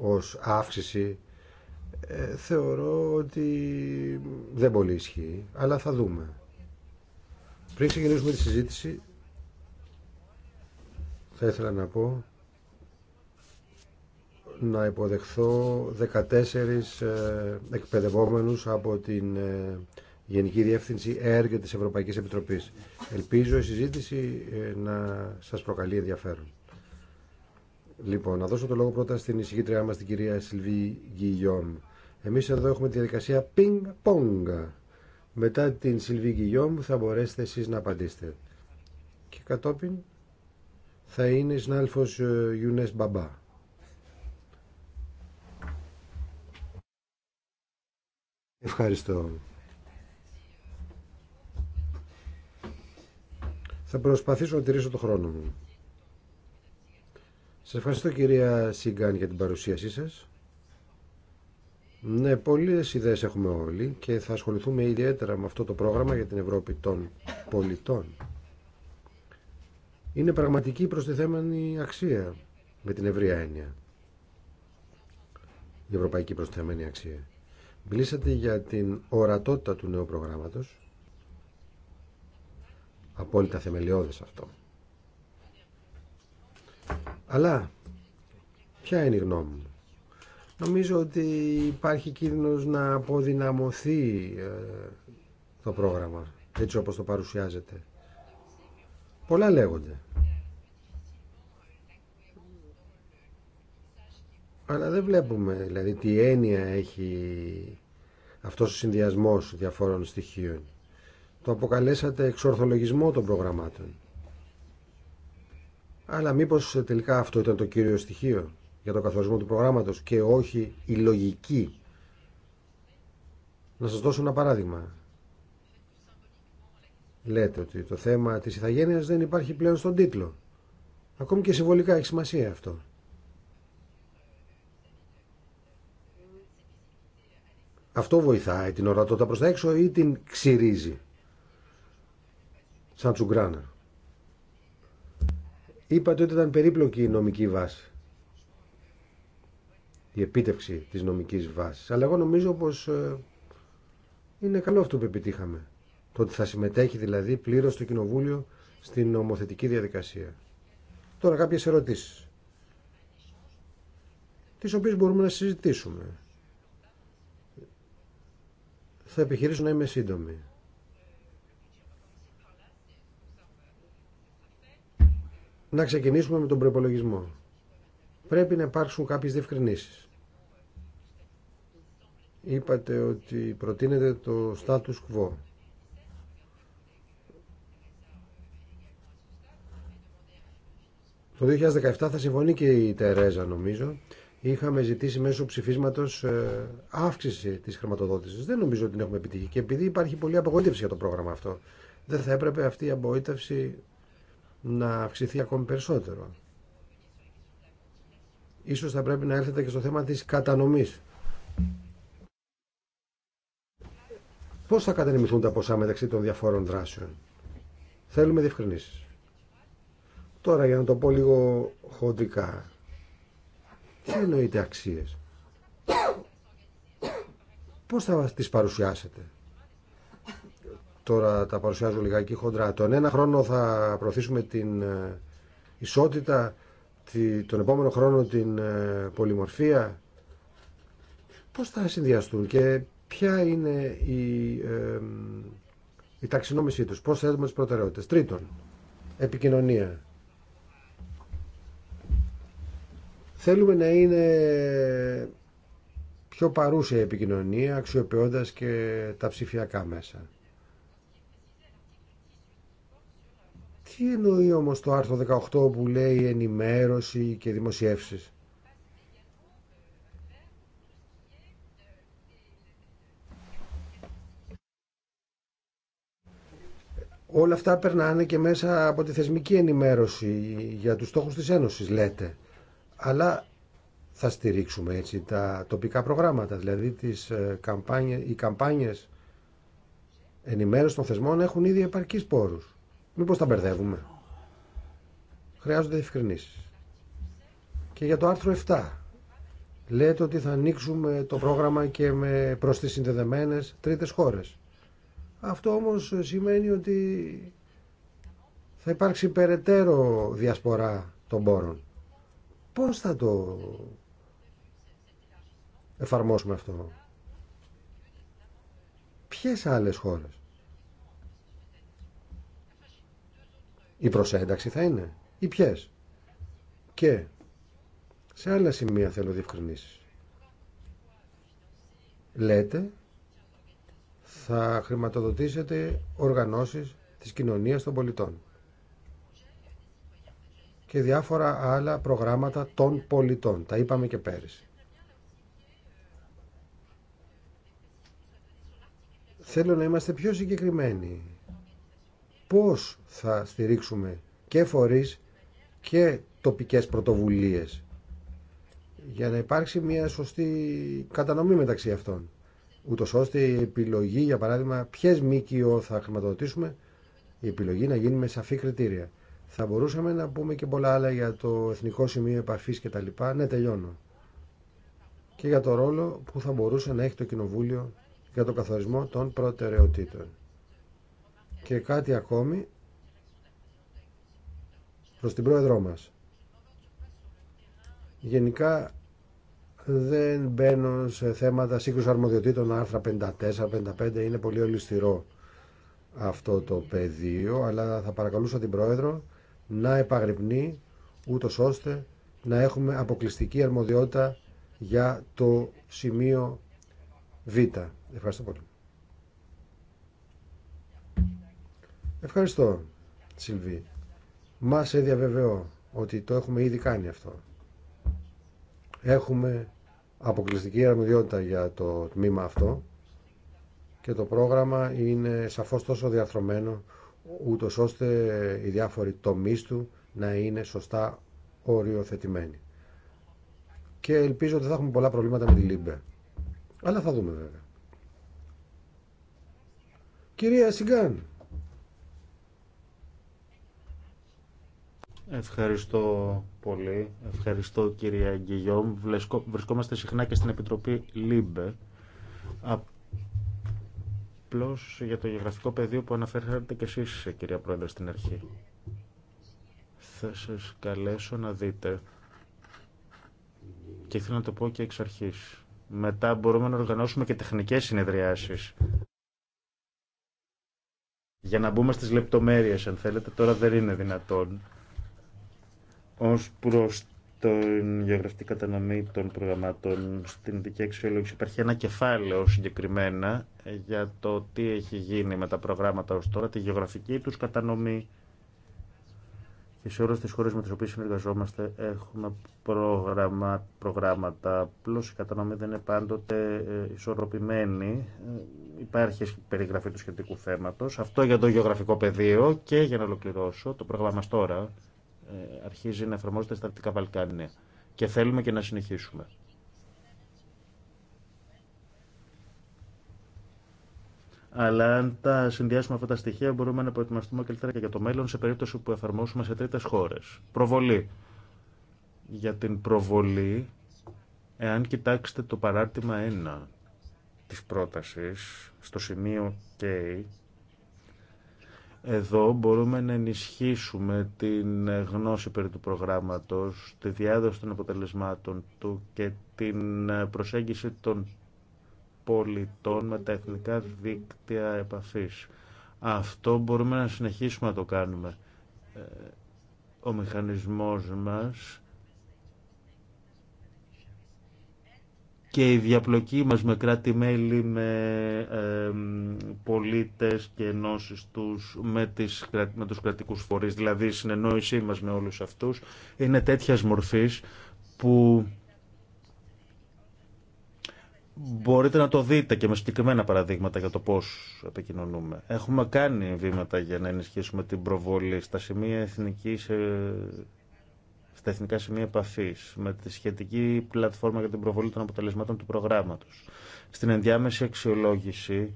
ως αύξηση ε, θεωρώ ότι δεν πολύ ισχύει, αλλά θα δούμε. Πριν ξεκινήσουμε τη συζήτηση, θα ήθελα να πω να υποδεχθώ 14 ε, εκπαιδευόμενους από την ε, Γενική Διεύθυνση ΕΡΚ της Ευρωπαϊκής Επιτροπής. Ελπίζω η συζήτηση να σας προκαλεί ενδιαφέρον. Λοιπόν, να δώσω το λόγο πρώτα στην εισηγήτριά μα την κυρία Σιλβί Γκυγιόμ. Εμείς εδώ έχουμε τη διαδικασία ping-pong. Μετά την Σιλβί Γκυγιόμ θα μπορέσετε εσείς να απαντήσετε. Και κατόπιν θα είναι συνάδελφο ε, Γιουνέ Μπαμπά. Ευχαριστώ. Θα προσπαθήσω να τηρήσω το χρόνο μου. Σας ευχαριστώ κυρία Σιγκάν για την παρουσίασή σας. Ναι, πολλές ιδέες έχουμε όλοι και θα ασχοληθούμε ιδιαίτερα με αυτό το πρόγραμμα για την Ευρώπη των πολιτών. Είναι πραγματική προστιθέμενη αξία με την ευρία έννοια. Η ευρωπαϊκή προστιθέμενη αξία. Μιλήσατε για την ορατότητα του νέου προγράμματος. Απόλυτα θεμελιώδες αυτό. Αλλά ποια είναι η γνώμη μου. Νομίζω ότι υπάρχει κίνδυνος να αποδυναμωθεί ε, το πρόγραμμα έτσι όπως το παρουσιάζεται. Πολλά λέγονται. Αλλά δεν βλέπουμε δηλαδή τι έννοια έχει αυτός ο συνδυασμός διαφόρων στοιχείων. Το αποκαλέσατε εξορθολογισμό των προγραμμάτων. Αλλά μήπως τελικά αυτό ήταν το κύριο στοιχείο για το καθορισμό του προγράμματος και όχι η λογική. Να σα δώσω ένα παράδειγμα. Λέτε ότι το θέμα τη ηθαγένεια δεν υπάρχει πλέον στον τίτλο. Ακόμη και συμβολικά έχει σημασία αυτό. Αυτό βοηθάει την ορατότητα προς τα έξω ή την ξυρίζει. Σαν τσουγκράνα. Είπατε ότι ήταν περίπλοκη η νομική βάση. Η επίτευξη της νομικής βάσης. Αλλά εγώ νομίζω πως ε, είναι καλό αυτό που επιτύχαμε. Το ότι θα συμμετέχει δηλαδή πλήρως το Κοινοβούλιο στην νομοθετική διαδικασία. Τώρα κάποιες ερωτήσεις. Τις οποίες μπορούμε να συζητήσουμε. Θα επιχειρήσω να είμαι σύντομη. να ξεκινήσουμε με τον προπολογισμό. Πρέπει να υπάρξουν κάποιε διευκρινήσει. Είπατε ότι προτείνετε το status quo. Το 2017 θα συμφωνεί και η Τερέζα νομίζω. Είχαμε ζητήσει μέσω ψηφίσματος ε, αύξηση της χρηματοδότησης. Δεν νομίζω ότι την έχουμε επιτύχει. Και επειδή υπάρχει πολλή απογοήτευση για το πρόγραμμα αυτό, δεν θα έπρεπε αυτή η απογοήτευση να αυξηθεί ακόμη περισσότερο. Ίσως θα πρέπει να έρθετε και στο θέμα της κατανομής. Πώς θα κατανεμηθούν τα ποσά μεταξύ των διαφόρων δράσεων. Θέλουμε διευκρινήσεις. Τώρα για να το πω λίγο χοντρικά. Τι εννοείται αξίες. Πώς θα τις παρουσιάσετε. Τώρα τα παρουσιάζω λιγάκι χοντρά. Τον ένα χρόνο θα προωθήσουμε την ε, ισότητα, τον επόμενο χρόνο την ε, πολυμορφία. Πώς θα συνδυαστούν και ποια είναι η, ε, η ταξινόμησή τους, πώς θέτουμε τις προτεραιότητες. Τρίτον, επικοινωνία. Θέλουμε να είναι πιο παρούσα η επικοινωνία, αξιοποιώντας και τα ψηφιακά μέσα. Τι εννοεί όμως το άρθρο 18 που λέει ενημέρωση και δημοσιεύσεις. Όλα αυτά περνάνε και μέσα από τη θεσμική ενημέρωση για τους στόχους της Ένωσης, λέτε. Αλλά θα στηρίξουμε έτσι τα τοπικά προγράμματα, δηλαδή τις ε, καμπάνιες, οι καμπάνιες ενημέρωση των θεσμών έχουν ήδη επαρκείς πόρους. Μήπως τα μπερδεύουμε. Χρειάζονται ευκρινήσεις. Και για το άρθρο 7. Λέτε ότι θα ανοίξουμε το πρόγραμμα και με προς τις συνδεδεμένες τρίτες χώρες. Αυτό όμως σημαίνει ότι θα υπάρξει περαιτέρω διασπορά των πόρων. Πώς θα το εφαρμόσουμε αυτό. Ποιες άλλες χώρες. Η προσένταξη θα είναι. Ή ποιε. Και σε άλλα σημεία θέλω διευκρινήσει. Λέτε θα χρηματοδοτήσετε οργανώσεις της κοινωνίας των πολιτών και διάφορα άλλα προγράμματα των πολιτών. Τα είπαμε και πέρυσι. Θέλω να είμαστε πιο συγκεκριμένοι πώς θα στηρίξουμε και φορείς και τοπικές πρωτοβουλίες για να υπάρξει μια σωστή κατανομή μεταξύ αυτών. Ούτως ώστε η επιλογή, για παράδειγμα, ποιες μήκυο θα χρηματοδοτήσουμε, η επιλογή να γίνει με σαφή κριτήρια. Θα μπορούσαμε να πούμε και πολλά άλλα για το Εθνικό Σημείο Επαφής και τα λοιπά. Ναι, τελειώνω. Και για το ρόλο που θα μπορούσε να έχει το Κοινοβούλιο για το καθορισμό των προτεραιοτήτων. Και κάτι ακόμη προς την πρόεδρό μας. Γενικά δεν μπαίνω σε θέματα σύγκρουση αρμοδιοτήτων άρθρα 54-55 είναι πολύ ολιστηρό αυτό το πεδίο αλλά θα παρακαλούσα την Πρόεδρο να επαγρυπνεί ούτω ώστε να έχουμε αποκλειστική αρμοδιότητα για το σημείο Β. Ευχαριστώ πολύ. Ευχαριστώ, Σιλβί. Μα σε διαβεβαιώ ότι το έχουμε ήδη κάνει αυτό. Έχουμε αποκλειστική αρμοδιότητα για το τμήμα αυτό και το πρόγραμμα είναι σαφώς τόσο διαρθρωμένο ούτω ώστε οι διάφοροι τομείς του να είναι σωστά οριοθετημένοι. Και ελπίζω ότι θα έχουμε πολλά προβλήματα με τη Λίμπε. Αλλά θα δούμε βέβαια. Κυρία Σιγκάν, Ευχαριστώ πολύ. Ευχαριστώ κυρία Γκυγιόμ. Βρισκόμαστε συχνά και στην Επιτροπή ΛΥΜΠΕ. Απλώ για το γεωγραφικό πεδίο που αναφέρατε και εσείς κυρία Πρόεδρε στην αρχή. Θα σας καλέσω να δείτε και θέλω να το πω και εξ αρχή. Μετά μπορούμε να οργανώσουμε και τεχνικές συνεδριάσεις. Για να μπούμε στις λεπτομέρειες αν θέλετε, τώρα δεν είναι δυνατόν. Ως προς την γεωγραφική κατανομή των προγραμμάτων στην δική αξιολόγηση υπάρχει ένα κεφάλαιο συγκεκριμένα για το τι έχει γίνει με τα προγράμματα ως τώρα, τη γεωγραφική τους κατανομή και σε όλες τις χώρες με τις οποίες συνεργαζόμαστε έχουμε προγραμμα, προγράμματα. Απλώ η κατανομή δεν είναι πάντοτε ε, ισορροπημένη. Ε, υπάρχει περιγραφή του σχετικού θέματος. Αυτό για το γεωγραφικό πεδίο και για να ολοκληρώσω το πρόγραμμα τώρα ε, αρχίζει να εφαρμόζεται στα Αρκτικά Βαλκάνια. Και θέλουμε και να συνεχίσουμε. Αλλά αν τα συνδυάσουμε αυτά τα στοιχεία, μπορούμε να προετοιμαστούμε καλύτερα και για το μέλλον σε περίπτωση που εφαρμόσουμε σε τρίτε χώρε. Προβολή. Για την προβολή, εάν κοιτάξετε το παράρτημα 1 της πρότασης, στο σημείο K, εδώ μπορούμε να ενισχύσουμε την γνώση περί του προγράμματος, τη διάδοση των αποτελεσμάτων του και την προσέγγιση των πολιτών με τα εθνικά δίκτυα επαφής. Αυτό μπορούμε να συνεχίσουμε να το κάνουμε. Ε, ο μηχανισμός μας και η διαπλοκή μας με κράτη-μέλη, με ε, πολίτες και ενώσεις τους, με, τις, με τους κρατικούς φορείς, δηλαδή η συνεννόησή μας με όλους αυτούς, είναι τέτοιας μορφής που μπορείτε να το δείτε και με συγκεκριμένα παραδείγματα για το πώς επικοινωνούμε. Έχουμε κάνει βήματα για να ενισχύσουμε την προβολή στα σημεία εθνικής ε, τα εθνικά σημεία επαφή, με τη σχετική πλατφόρμα για την προβολή των αποτελεσμάτων του προγράμματο. Στην ενδιάμεση αξιολόγηση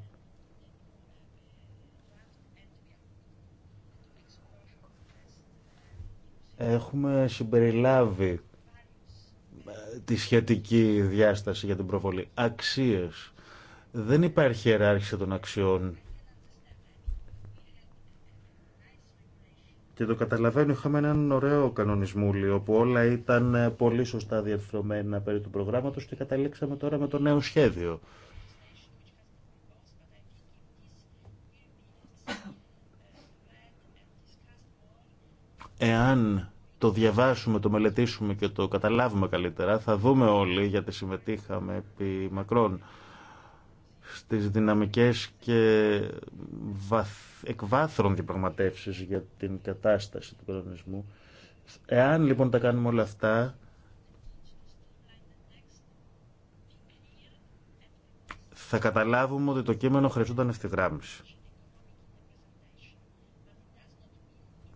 έχουμε συμπεριλάβει ε, τη σχετική διάσταση για την προβολή. Αξίες. Δεν υπάρχει ιεράρχηση των αξιών Και το καταλαβαίνω, είχαμε έναν ωραίο κανονισμούλι όπου όλα ήταν ε, πολύ σωστά διαρθρωμένα περί του προγράμματος και καταλήξαμε τώρα με το νέο σχέδιο. Εάν το διαβάσουμε, το μελετήσουμε και το καταλάβουμε καλύτερα, θα δούμε όλοι, γιατί συμμετείχαμε επί μακρόν, στις δυναμικές και εκβάθρων διαπραγματεύσεις για την κατάσταση του κανονισμού. Εάν λοιπόν τα κάνουμε όλα αυτά, θα καταλάβουμε ότι το κείμενο χρειαζόταν ευθυγράμμιση.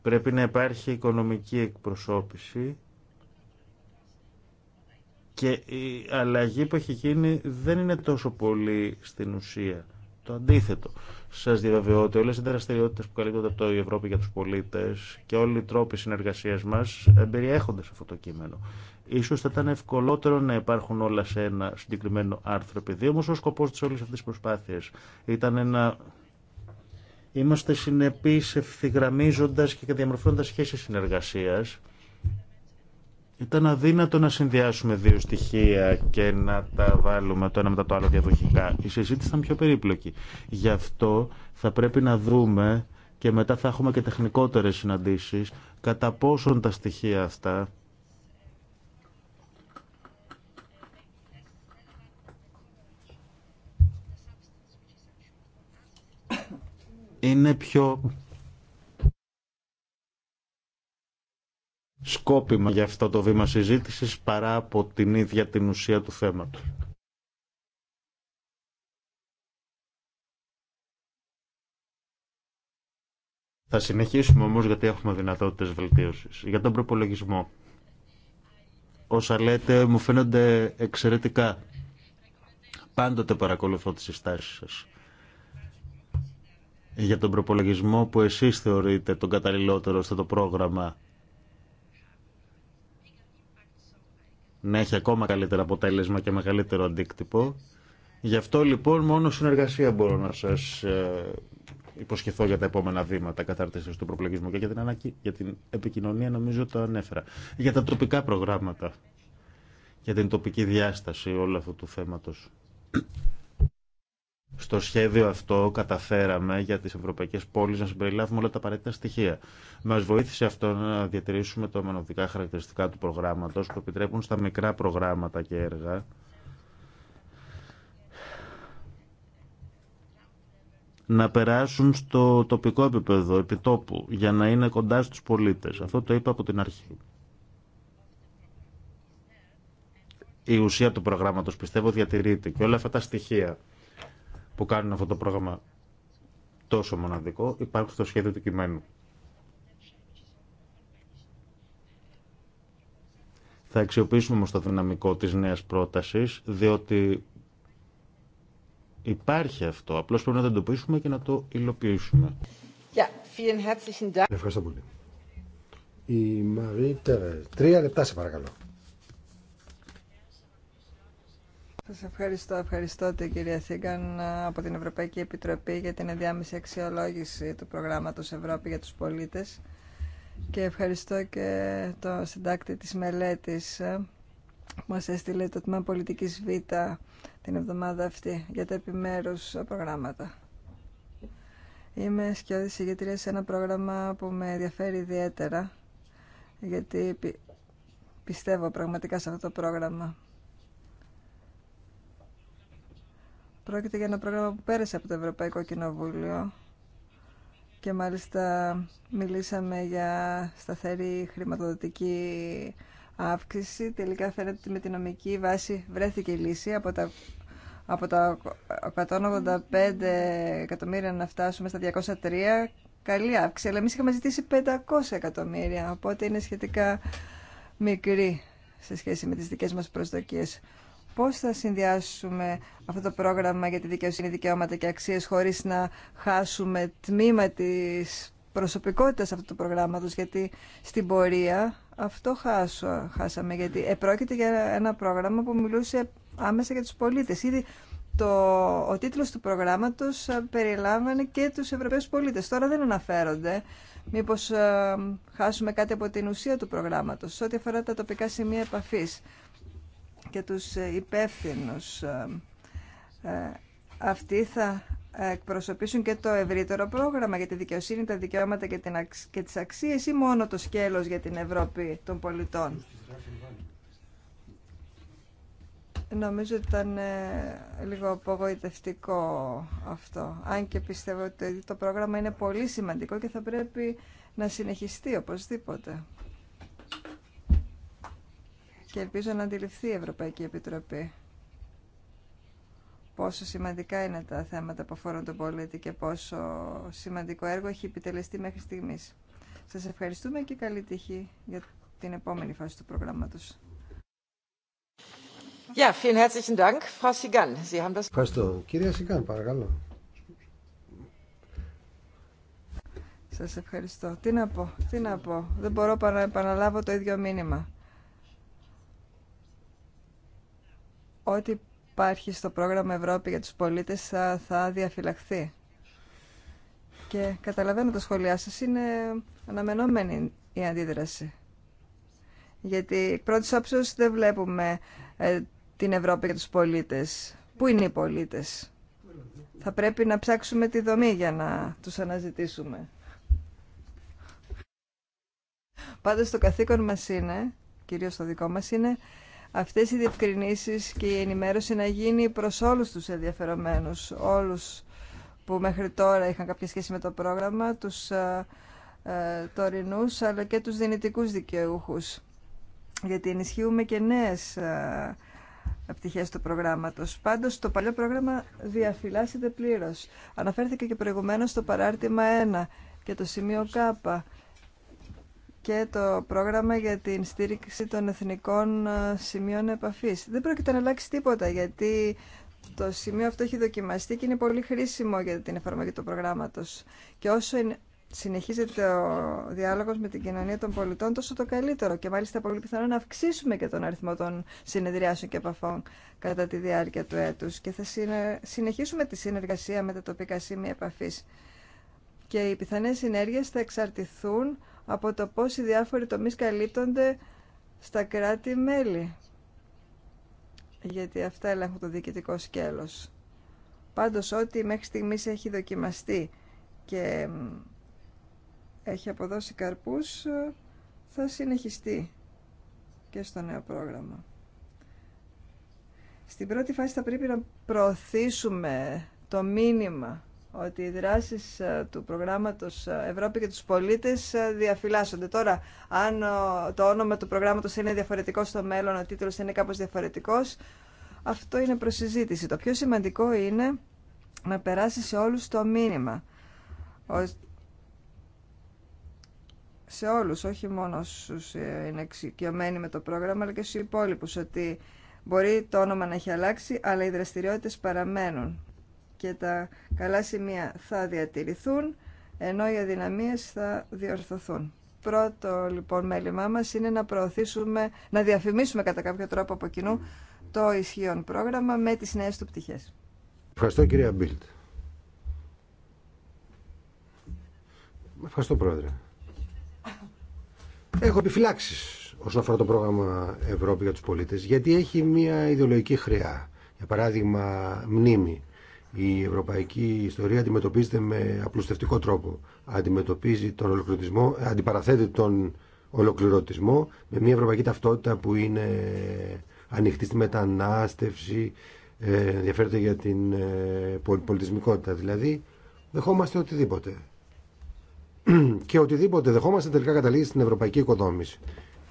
Πρέπει να υπάρχει οικονομική εκπροσώπηση και η αλλαγή που έχει γίνει δεν είναι τόσο πολύ στην ουσία. Το αντίθετο. Σα διαβεβαιώ ότι όλε οι δραστηριότητε που καλύπτονται από το Ευρώπη για του πολίτε και όλοι οι τρόποι συνεργασία μα περιέχονται σε αυτό το κείμενο. Ίσως θα ήταν ευκολότερο να υπάρχουν όλα σε ένα συγκεκριμένο άρθρο, επειδή όμω ο σκοπό τη όλη αυτή τη προσπάθεια ήταν να είμαστε συνεπεί ευθυγραμμίζοντα και διαμορφώνοντα σχέσει συνεργασία ήταν αδύνατο να συνδυάσουμε δύο στοιχεία και να τα βάλουμε το ένα μετά το άλλο διαδοχικά. Η συζήτηση ήταν πιο περίπλοκη. Γι' αυτό θα πρέπει να δούμε και μετά θα έχουμε και τεχνικότερες συναντήσεις κατά πόσον τα στοιχεία αυτά είναι πιο σκόπιμα για αυτό το βήμα συζήτησης παρά από την ίδια την ουσία του θέματος. Θα συνεχίσουμε όμως γιατί έχουμε δυνατότητες βελτίωσης. Για τον προπολογισμό. Όσα λέτε μου φαίνονται εξαιρετικά. Πάντοτε παρακολουθώ τις συστάσεις σας. Για τον προπολογισμό που εσείς θεωρείτε τον καταλληλότερο στο το πρόγραμμα να έχει ακόμα καλύτερο αποτέλεσμα και μεγαλύτερο αντίκτυπο. Γι' αυτό λοιπόν μόνο συνεργασία μπορώ να σας ε, υποσχεθώ για τα επόμενα βήματα κατάρτισης του προπλογισμού και για την, για την επικοινωνία νομίζω το ανέφερα. Για τα τοπικά προγράμματα, για την τοπική διάσταση όλου αυτού του θέματος. Στο σχέδιο αυτό καταφέραμε για τις ευρωπαϊκές πόλεις να συμπεριλάβουμε όλα τα απαραίτητα στοιχεία. Μας βοήθησε αυτό να διατηρήσουμε τα μενοδικά χαρακτηριστικά του προγράμματος που επιτρέπουν στα μικρά προγράμματα και έργα να περάσουν στο τοπικό επίπεδο, επιτόπου, για να είναι κοντά στους πολίτες. Αυτό το είπα από την αρχή. Η ουσία του προγράμματος, πιστεύω, διατηρείται και όλα αυτά τα στοιχεία που κάνουν αυτό το πρόγραμμα τόσο μοναδικό υπάρχουν στο σχέδιο του κειμένου. Θα αξιοποιήσουμε όμως το δυναμικό της νέας πρότασης, διότι υπάρχει αυτό. Απλώς πρέπει να το εντοπίσουμε και να το υλοποιήσουμε. Ευχαριστώ πολύ. Η Τρία λεπτά σε παρακαλώ. Σας ευχαριστώ. Ευχαριστώ την κυρία Θήγκαν ε, από την Ευρωπαϊκή Επιτροπή για την ενδιάμεση αξιολόγηση του προγράμματος Ευρώπη για τους πολίτες και ευχαριστώ και το συντάκτη της μελέτης ε, που μας έστειλε το Τμήμα Πολιτικής Β την εβδομάδα αυτή για τα επιμέρους προγράμματα. Είμαι σκιώδης ηγετρία σε ένα πρόγραμμα που με ενδιαφέρει ιδιαίτερα γιατί πιστεύω πραγματικά σε αυτό το πρόγραμμα Πρόκειται για ένα πρόγραμμα που πέρασε από το Ευρωπαϊκό Κοινοβούλιο και μάλιστα μιλήσαμε για σταθερή χρηματοδοτική αύξηση. Τελικά φαίνεται ότι με τη νομική βάση βρέθηκε η λύση από τα, από τα 185 εκατομμύρια να φτάσουμε στα 203. Καλή αύξηση, αλλά εμεί είχαμε ζητήσει 500 εκατομμύρια, οπότε είναι σχετικά μικρή σε σχέση με τις δικές μας προσδοκίες. Πώς θα συνδυάσουμε αυτό το πρόγραμμα για τη δικαιοσύνη, δικαιώματα και αξίες χωρίς να χάσουμε τμήμα της προσωπικότητας αυτού του προγράμματος, γιατί στην πορεία αυτό χάσω, χάσαμε, γιατί επρόκειται για ένα πρόγραμμα που μιλούσε άμεσα για τους πολίτες. Ήδη το, ο τίτλος του προγράμματος περιλάμβανε και τους Ευρωπαίους πολίτες. Τώρα δεν αναφέρονται. Μήπως ε, χάσουμε κάτι από την ουσία του προγράμματος, ό,τι αφορά τα τοπικά σημεία επαφής και τους ε, υπεύθυνους. Ε, ε, αυτοί θα εκπροσωπήσουν και το ευρύτερο πρόγραμμα για τη δικαιοσύνη, τα δικαιώματα και, την και τις αξίες ή μόνο το σκέλος για την Ευρώπη των πολιτών. Νομίζω ότι ήταν λίγο απογοητευτικό αυτό. Αν και πιστεύω ότι το πρόγραμμα είναι πολύ σημαντικό και θα πρέπει να συνεχιστεί οπωσδήποτε και ελπίζω να αντιληφθεί η Ευρωπαϊκή Επιτροπή πόσο σημαντικά είναι τα θέματα που αφορούν τον πολίτη και πόσο σημαντικό έργο έχει επιτελεστεί μέχρι στιγμής. Σας ευχαριστούμε και καλή τύχη για την επόμενη φάση του προγράμματος. Ja, vielen herzlichen Dank, Frau Sigan. Sie haben das... Ευχαριστώ. Κυρία Σιγκάν, παρακαλώ. Σας ευχαριστώ. Τι να πω, τι να πω. Δεν μπορώ παρά να επαναλάβω το ίδιο μήνυμα. ό,τι υπάρχει στο πρόγραμμα Ευρώπη για τους πολίτες θα, θα διαφυλαχθεί. Και καταλαβαίνω τα σχόλιά σας, είναι αναμενόμενη η αντίδραση. Γιατί πρώτη πρώτης όψεως δεν βλέπουμε ε, την Ευρώπη για τους πολίτες. Πού είναι οι πολίτες. Θα πρέπει να ψάξουμε τη δομή για να τους αναζητήσουμε. Πάντως το καθήκον μας είναι, κυρίως το δικό μας είναι, αυτές οι διευκρινήσεις και η ενημέρωση να γίνει προς όλους τους ενδιαφερομένους, όλους που μέχρι τώρα είχαν κάποια σχέση με το πρόγραμμα, τους ε, ε τωρινούς αλλά και τους δυνητικούς δικαιούχους. Γιατί ενισχύουμε και νέες ε, του προγράμματος. Πάντως το παλιό πρόγραμμα διαφυλάσσεται πλήρως. Αναφέρθηκε και προηγουμένως στο παράρτημα 1 και το σημείο Κ και το πρόγραμμα για την στήριξη των εθνικών ε, σημείων επαφής. Δεν πρόκειται να αλλάξει τίποτα γιατί το σημείο αυτό έχει δοκιμαστεί και είναι πολύ χρήσιμο για την εφαρμογή του προγράμματος. Και όσο συνεχίζεται ο διάλογος με την κοινωνία των πολιτών, τόσο το καλύτερο. Και μάλιστα πολύ πιθανό να αυξήσουμε και τον αριθμό των συνεδριάσεων και επαφών κατά τη διάρκεια του έτους. Και θα συνεχίσουμε τη συνεργασία με τα τοπικά σημεία επαφής. Και οι πιθανές συνέργειες θα εξαρτηθούν από το πώς οι διάφοροι τομείς καλύπτονται στα κράτη-μέλη. Γιατί αυτά ελέγχουν το διοικητικό σκέλος. Πάντως ό,τι μέχρι στιγμής έχει δοκιμαστεί και έχει αποδώσει καρπούς θα συνεχιστεί και στο νέο πρόγραμμα. Στην πρώτη φάση θα πρέπει να προωθήσουμε το μήνυμα ότι οι δράσεις ε, του προγράμματος ε, Ευρώπη και τους πολίτες ε, διαφυλάσσονται. Τώρα, αν το όνομα του προγράμματος είναι διαφορετικό στο μέλλον, ο τίτλος είναι κάπως διαφορετικός, αυτό είναι προσυζήτηση. Το πιο σημαντικό είναι να περάσει σε όλους το μήνυμα. Σε όλους, όχι μόνο στου είναι εξοικειωμένοι με το πρόγραμμα, αλλά και στους υπόλοιπους, ότι μπορεί το όνομα να έχει αλλάξει, αλλά οι δραστηριότητες παραμένουν και τα καλά σημεία θα διατηρηθούν, ενώ οι αδυναμίες θα διορθωθούν. Πρώτο λοιπόν μέλημά μας είναι να προωθήσουμε, να διαφημίσουμε κατά κάποιο τρόπο από κοινού το ισχύον πρόγραμμα με τις νέες του πτυχές. Ευχαριστώ κυρία Μπίλτ. Ευχαριστώ πρόεδρε. Έχω επιφυλάξει όσον αφορά το πρόγραμμα Ευρώπη για τους πολίτες, γιατί έχει μια ιδεολογική χρειά. Για παράδειγμα, μνήμη. Η ευρωπαϊκή ιστορία αντιμετωπίζεται με απλουστευτικό τρόπο. Αντιμετωπίζει τον ολοκληρωτισμό, ε, αντιπαραθέτει τον ολοκληρωτισμό με μια ευρωπαϊκή ταυτότητα που είναι ανοιχτή στη μετανάστευση, ε, ενδιαφέρεται για την ε, πολιτισμικότητα. Δηλαδή, δεχόμαστε οτιδήποτε. Και οτιδήποτε δεχόμαστε τελικά καταλήγει στην ευρωπαϊκή οικοδόμηση.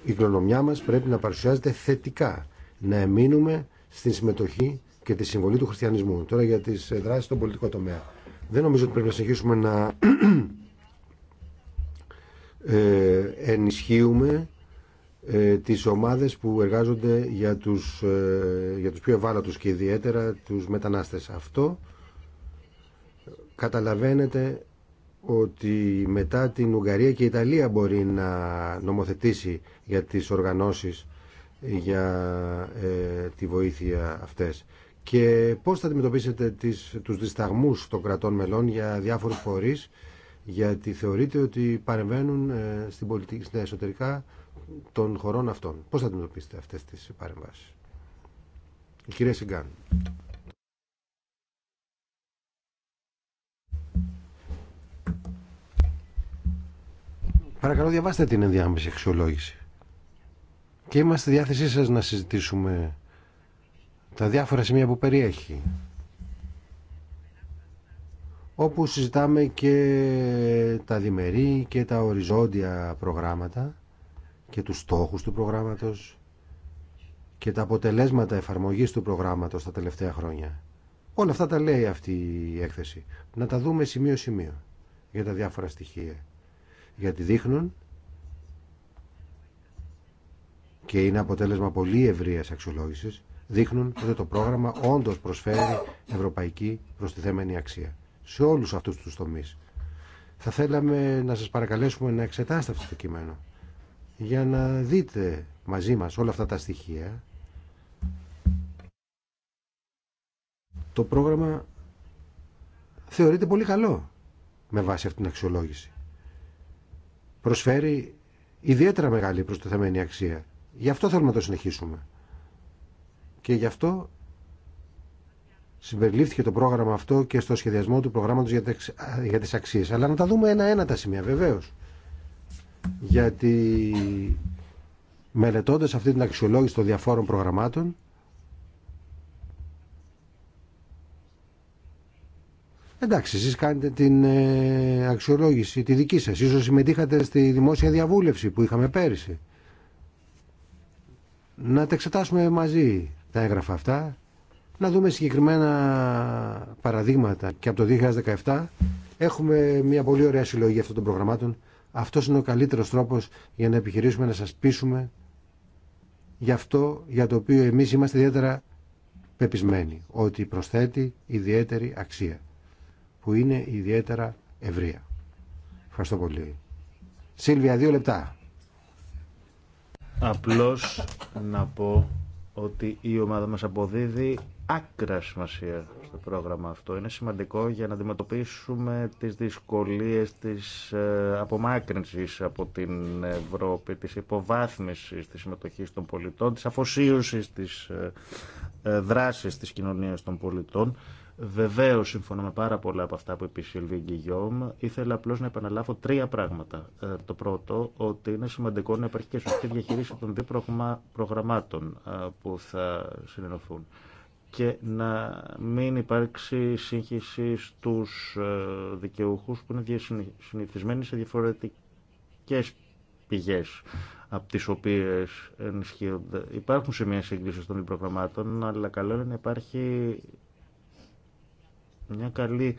Η κληρονομιά μας πρέπει να παρουσιάζεται θετικά. Να εμείνουμε στην συμμετοχή και τη συμβολή του χριστιανισμού. Τώρα για τις ε, δράσεις στον πολιτικό τομέα. Δεν νομίζω ότι πρέπει να συνεχίσουμε να ε, ενισχύουμε ε, τις ομάδες που εργάζονται για τους, ε, για τους πιο ευάλωτους και ιδιαίτερα τους μετανάστες. Αυτό καταλαβαίνετε ότι μετά την Ουγγαρία και η Ιταλία μπορεί να νομοθετήσει για τις οργανώσεις για τη βοήθεια αυτές και πώς θα αντιμετωπίσετε τις, τους δισταγμούς των κρατών μελών για διάφορους φορείς γιατί θεωρείτε ότι παρεμβαίνουν ε, στην πολιτική, στα εσωτερικά των χωρών αυτών. Πώς θα αντιμετωπίσετε αυτές τις παρεμβάσεις. Η κυρία Σιγκάν. Παρακαλώ διαβάστε την ενδιάμεση αξιολόγηση. Και είμαστε στη διάθεσή σας να συζητήσουμε τα διάφορα σημεία που περιέχει όπου συζητάμε και τα διμερεί και τα οριζόντια προγράμματα και τους στόχους του προγράμματος και τα αποτελέσματα εφαρμογής του προγράμματος τα τελευταία χρόνια. Όλα αυτά τα λέει αυτή η έκθεση. Να τα δούμε σημείο-σημείο για τα διάφορα στοιχεία. Γιατί δείχνουν και είναι αποτέλεσμα πολύ ευρείας αξιολόγησης δείχνουν ότι το πρόγραμμα όντω προσφέρει ευρωπαϊκή προστιθέμενη αξία σε όλους αυτούς τους τομείς. Θα θέλαμε να σας παρακαλέσουμε να εξετάσετε αυτό το κείμενο για να δείτε μαζί μας όλα αυτά τα στοιχεία. Το πρόγραμμα θεωρείται πολύ καλό με βάση αυτήν την αξιολόγηση. Προσφέρει ιδιαίτερα μεγάλη προστιθέμενη αξία. Γι' αυτό θέλουμε να το συνεχίσουμε και γι' αυτό συμπεριλήφθηκε το πρόγραμμα αυτό και στο σχεδιασμό του προγράμματος για τις αξίες. Αλλά να τα δούμε ένα-ένα τα σημεία βεβαίως. Γιατί μελετώντας αυτή την αξιολόγηση των διαφόρων προγραμμάτων Εντάξει, εσείς κάνετε την ε, αξιολόγηση τη δική σας. Ίσως συμμετείχατε στη δημόσια διαβούλευση που είχαμε πέρυσι. Να τα εξετάσουμε μαζί τα έγγραφα αυτά, να δούμε συγκεκριμένα παραδείγματα. Και από το 2017 έχουμε μια πολύ ωραία συλλογή αυτών των προγραμμάτων. Αυτό είναι ο καλύτερος τρόπος για να επιχειρήσουμε να σας πείσουμε για αυτό για το οποίο εμείς είμαστε ιδιαίτερα πεπισμένοι, ότι προσθέτει ιδιαίτερη αξία, που είναι ιδιαίτερα ευρεία. Ευχαριστώ πολύ. Σίλβια, δύο λεπτά. Απλώς να πω ότι η ομάδα μας αποδίδει άκρα σημασία στο πρόγραμμα αυτό. Είναι σημαντικό για να αντιμετωπίσουμε τις δυσκολίες της ε, απομάκρυνσης από την Ευρώπη, της υποβάθμισης της συμμετοχής των πολιτών, της αφοσίωσης της ε, ε, δράσης της κοινωνίας των πολιτών Βεβαίω συμφωνώ με πάρα πολλά από αυτά που είπε η Σιλβί Γκυγιόμ. Ήθελα απλώ να επαναλάβω τρία πράγματα. Ε, το πρώτο, ότι είναι σημαντικό να υπάρχει και σωστή διαχείριση των δύο προγραμμάτων ε, που θα συνενωθούν και να μην υπάρξει σύγχυση στους ε, δικαιούχου που είναι συνηθισμένοι σε διαφορετικέ πηγέ από τις οποίες ενισχύονται. Υπάρχουν σημεία σύγκληση των προγραμμάτων, αλλά καλό είναι να υπάρχει μια καλή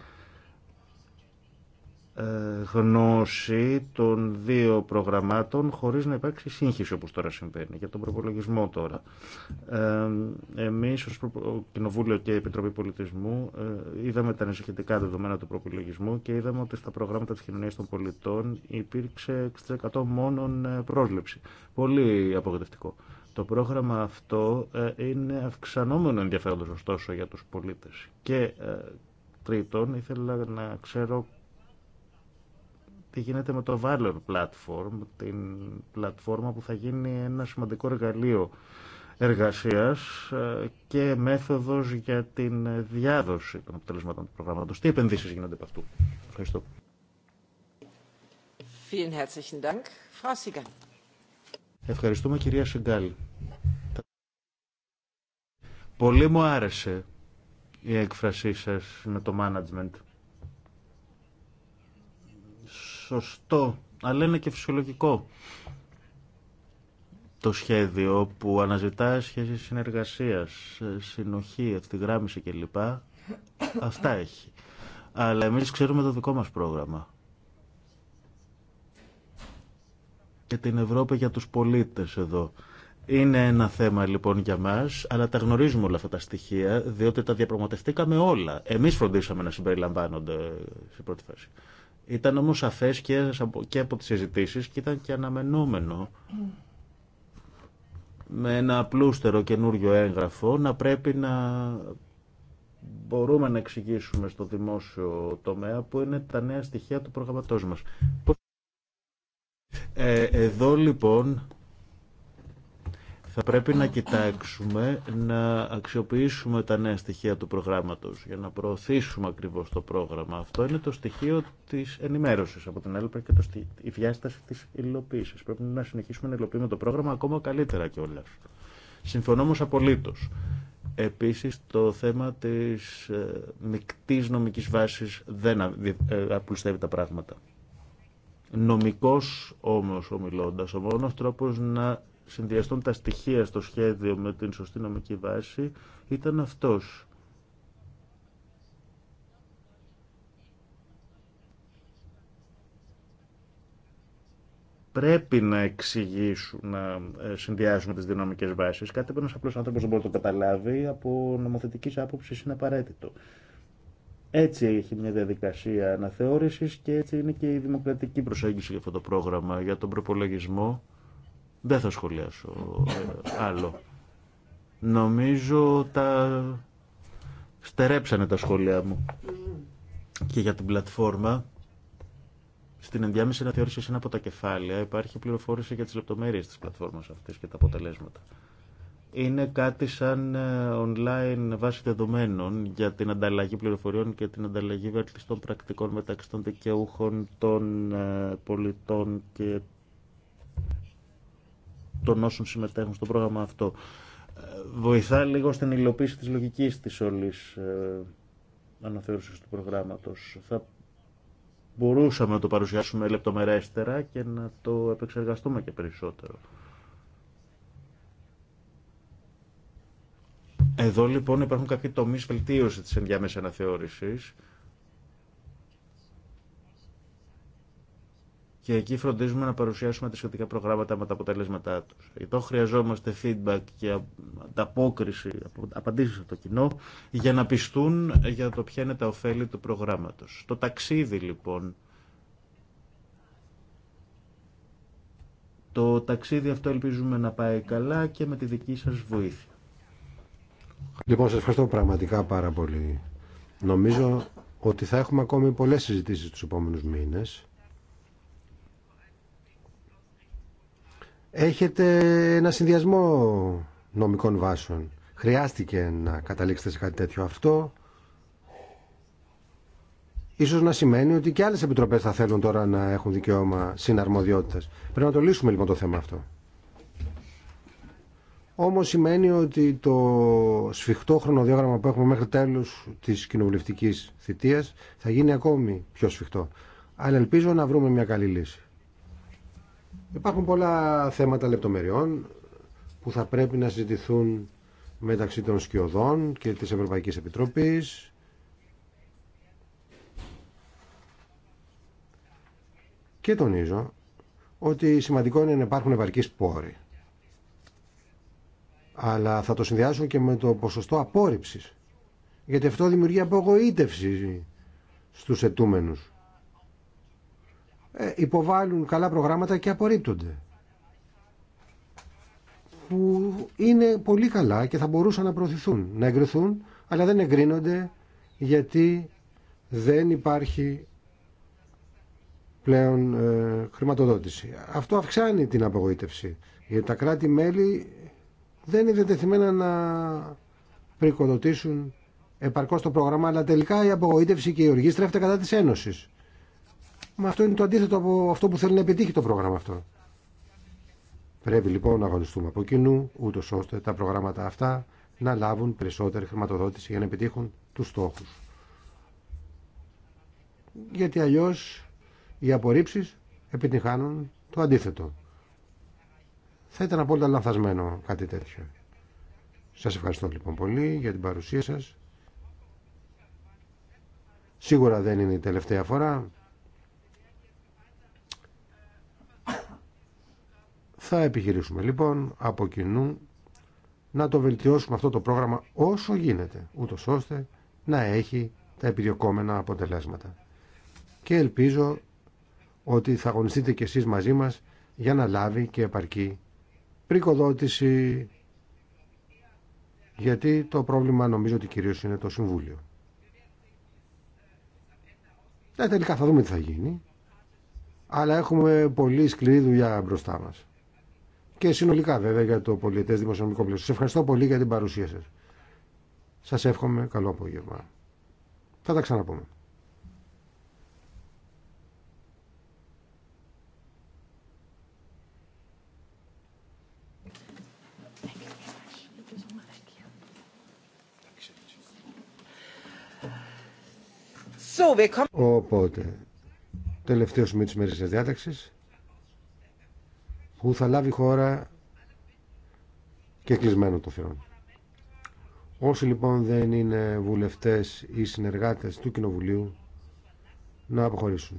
ε, γνώση των δύο προγραμμάτων χωρίς να υπάρξει σύγχυση όπως τώρα συμβαίνει για τον προπολογισμό τώρα. Ε, εμείς ως Κοινοβούλιο και Επιτροπή Πολιτισμού ε, είδαμε τα ανησυχητικά δεδομένα του προπολογισμού και είδαμε ότι στα προγράμματα της κοινωνίας των πολιτών υπήρξε 6% μόνον ε, πρόσληψη. Πολύ απογοητευτικό. Το πρόγραμμα αυτό είναι αυξανόμενο ενδιαφέροντος ωστόσο για τους πολίτες και Τρίτον, ήθελα να ξέρω τι γίνεται με το Valor Platform, την πλατφόρμα που θα γίνει ένα σημαντικό εργαλείο εργασίας ε, και μέθοδος για την διάδοση των αποτελεσμάτων του προγράμματος. Τι επενδύσεις γίνονται από αυτού. Ευχαριστώ. Ευχαριστούμε κυρία Σιγκάλη. Πολύ μου άρεσε η έκφρασή σας με το management. Σωστό, αλλά είναι και φυσιολογικό το σχέδιο που αναζητά σχέσεις συνεργασίας, συνοχή, ευθυγράμμιση κλπ. Αυτά έχει. Αλλά εμείς ξέρουμε το δικό μας πρόγραμμα. Και την Ευρώπη για τους πολίτες εδώ. Είναι ένα θέμα λοιπόν για μα, αλλά τα γνωρίζουμε όλα αυτά τα στοιχεία, διότι τα διαπραγματευτήκαμε όλα. Εμεί φροντίσαμε να συμπεριλαμβάνονται σε πρώτη φάση. Ήταν όμω σαφέ και, από τι συζητήσει και ήταν και αναμενόμενο με ένα απλούστερο καινούριο έγγραφο να πρέπει να μπορούμε να εξηγήσουμε στο δημόσιο τομέα που είναι τα νέα στοιχεία του προγραμματός μας. Ε, εδώ λοιπόν θα πρέπει να κοιτάξουμε να αξιοποιήσουμε τα νέα στοιχεία του προγράμματος για να προωθήσουμε ακριβώς το πρόγραμμα. Αυτό είναι το στοιχείο της ενημέρωσης από την άλλη και το στι... η διάσταση της υλοποίησης. Πρέπει να συνεχίσουμε να υλοποιούμε το πρόγραμμα ακόμα καλύτερα κιόλα. Συμφωνώ όμως απολύτως. Επίσης το θέμα της ε, μεικτής νομικής βάσης δεν ε, απλουστεύει τα πράγματα. Νομικός όμως ομιλώντας, ο μόνος τρόπος να συνδυαστούν τα στοιχεία στο σχέδιο με την σωστή νομική βάση ήταν αυτός. πρέπει να εξηγήσουν, να ε, συνδυάσουν τις δυναμικές βάσεις. Κάτι που ένας απλός άνθρωπος δεν μπορεί να το καταλάβει, από νομοθετικής άποψης είναι απαραίτητο. Έτσι έχει μια διαδικασία αναθεώρησης και έτσι είναι και η δημοκρατική προσέγγιση για αυτό το πρόγραμμα, για τον προπολογισμό. Δεν θα σχολιάσω ε, άλλο. Νομίζω τα στερέψανε τα σχόλια μου. Και για την πλατφόρμα, στην ενδιάμεση να σε ένα από τα κεφάλαια υπάρχει πληροφόρηση για τις λεπτομέρειες της πλατφόρμας αυτής και τα αποτελέσματα. Είναι κάτι σαν ε, online βάση δεδομένων για την ανταλλαγή πληροφοριών και την ανταλλαγή βελτιστών πρακτικών μεταξύ των δικαιούχων, των ε, πολιτών και των όσων συμμετέχουν στο πρόγραμμα αυτό. Ε, Βοηθά λίγο στην υλοποίηση της λογικής της όλης ε, αναθεώρησης του προγράμματος. Θα μπορούσαμε να το παρουσιάσουμε λεπτομερέστερα και να το επεξεργαστούμε και περισσότερο. Εδώ λοιπόν υπάρχουν κάποιοι τομείς βελτίωση της ενδιάμεσης αναθεώρησης και εκεί φροντίζουμε να παρουσιάσουμε τα σχετικά προγράμματα με τα αποτελέσματά τους. Εδώ χρειαζόμαστε feedback και ανταπόκριση, απαντήσει από το κοινό, για να πιστούν για το ποια είναι τα ωφέλη του προγράμματο. Το ταξίδι λοιπόν, Το ταξίδι αυτό ελπίζουμε να πάει καλά και με τη δική σας βοήθεια. Λοιπόν, σας ευχαριστώ πραγματικά πάρα πολύ. Νομίζω ότι θα έχουμε ακόμη πολλές συζητήσεις τους επόμενους μήνες έχετε ένα συνδυασμό νομικών βάσεων. Χρειάστηκε να καταλήξετε σε κάτι τέτοιο. Αυτό ίσως να σημαίνει ότι και άλλες επιτροπές θα θέλουν τώρα να έχουν δικαίωμα συναρμοδιότητας. Πρέπει να το λύσουμε λοιπόν το θέμα αυτό. Όμως σημαίνει ότι το σφιχτό χρονοδιόγραμμα που έχουμε μέχρι τέλους της κοινοβουλευτικής θητείας θα γίνει ακόμη πιο σφιχτό. Αλλά ελπίζω να βρούμε μια καλή λύση. Υπάρχουν πολλά θέματα λεπτομεριών που θα πρέπει να συζητηθούν μεταξύ των σκιωδών και της Ευρωπαϊκής Επιτροπής. Και τονίζω ότι σημαντικό είναι να υπάρχουν επαρκείς πόροι. Αλλά θα το συνδυάσω και με το ποσοστό απόρριψης. Γιατί αυτό δημιουργεί απογοήτευση στους ετούμενους. Ε, υποβάλλουν καλά προγράμματα και απορρίπτονται που είναι πολύ καλά και θα μπορούσαν να προωθηθούν, να εγκριθούν, αλλά δεν εγκρίνονται γιατί δεν υπάρχει πλέον ε, χρηματοδότηση. Αυτό αυξάνει την απογοήτευση, γιατί τα κράτη-μέλη δεν είναι δεδεθειμένα να πρικοδοτήσουν επαρκώς το πρόγραμμα, αλλά τελικά η απογοήτευση και η οργή στρέφεται κατά της Ένωσης. Μα αυτό είναι το αντίθετο από αυτό που θέλει να επιτύχει το πρόγραμμα αυτό. Πρέπει λοιπόν να αγωνιστούμε από κοινού, ούτω ώστε τα προγράμματα αυτά να λάβουν περισσότερη χρηματοδότηση για να επιτύχουν τους στόχους. Γιατί αλλιώ οι απορρίψει επιτυχάνουν το αντίθετο. Θα ήταν απόλυτα λανθασμένο κάτι τέτοιο. Σα ευχαριστώ λοιπόν πολύ για την παρουσία σα. Σίγουρα δεν είναι η τελευταία φορά. Θα επιχειρήσουμε λοιπόν από κοινού να το βελτιώσουμε αυτό το πρόγραμμα όσο γίνεται, ούτω ώστε να έχει τα επιδιωκόμενα αποτελέσματα. Και ελπίζω ότι θα αγωνιστείτε κι εσείς μαζί μας για να λάβει και επαρκή πρικοδότηση γιατί το πρόβλημα νομίζω ότι κυρίως είναι το Συμβούλιο. Ναι, τελικά θα δούμε τι θα γίνει, αλλά έχουμε πολύ σκληρή δουλειά μπροστά μας και συνολικά βέβαια για το πολιτές δημοσιονομικό πλαίσιο. Σας ευχαριστώ πολύ για την παρουσία σας. Σας εύχομαι καλό απόγευμα. Θα τα ξαναπούμε. Οπότε, τελευταίο σημείο της μέρης της διάταξης που θα λάβει χώρα και κλεισμένο το θεό. Όσοι λοιπόν δεν είναι βουλευτές ή συνεργάτες του Κοινοβουλίου να αποχωρήσουν.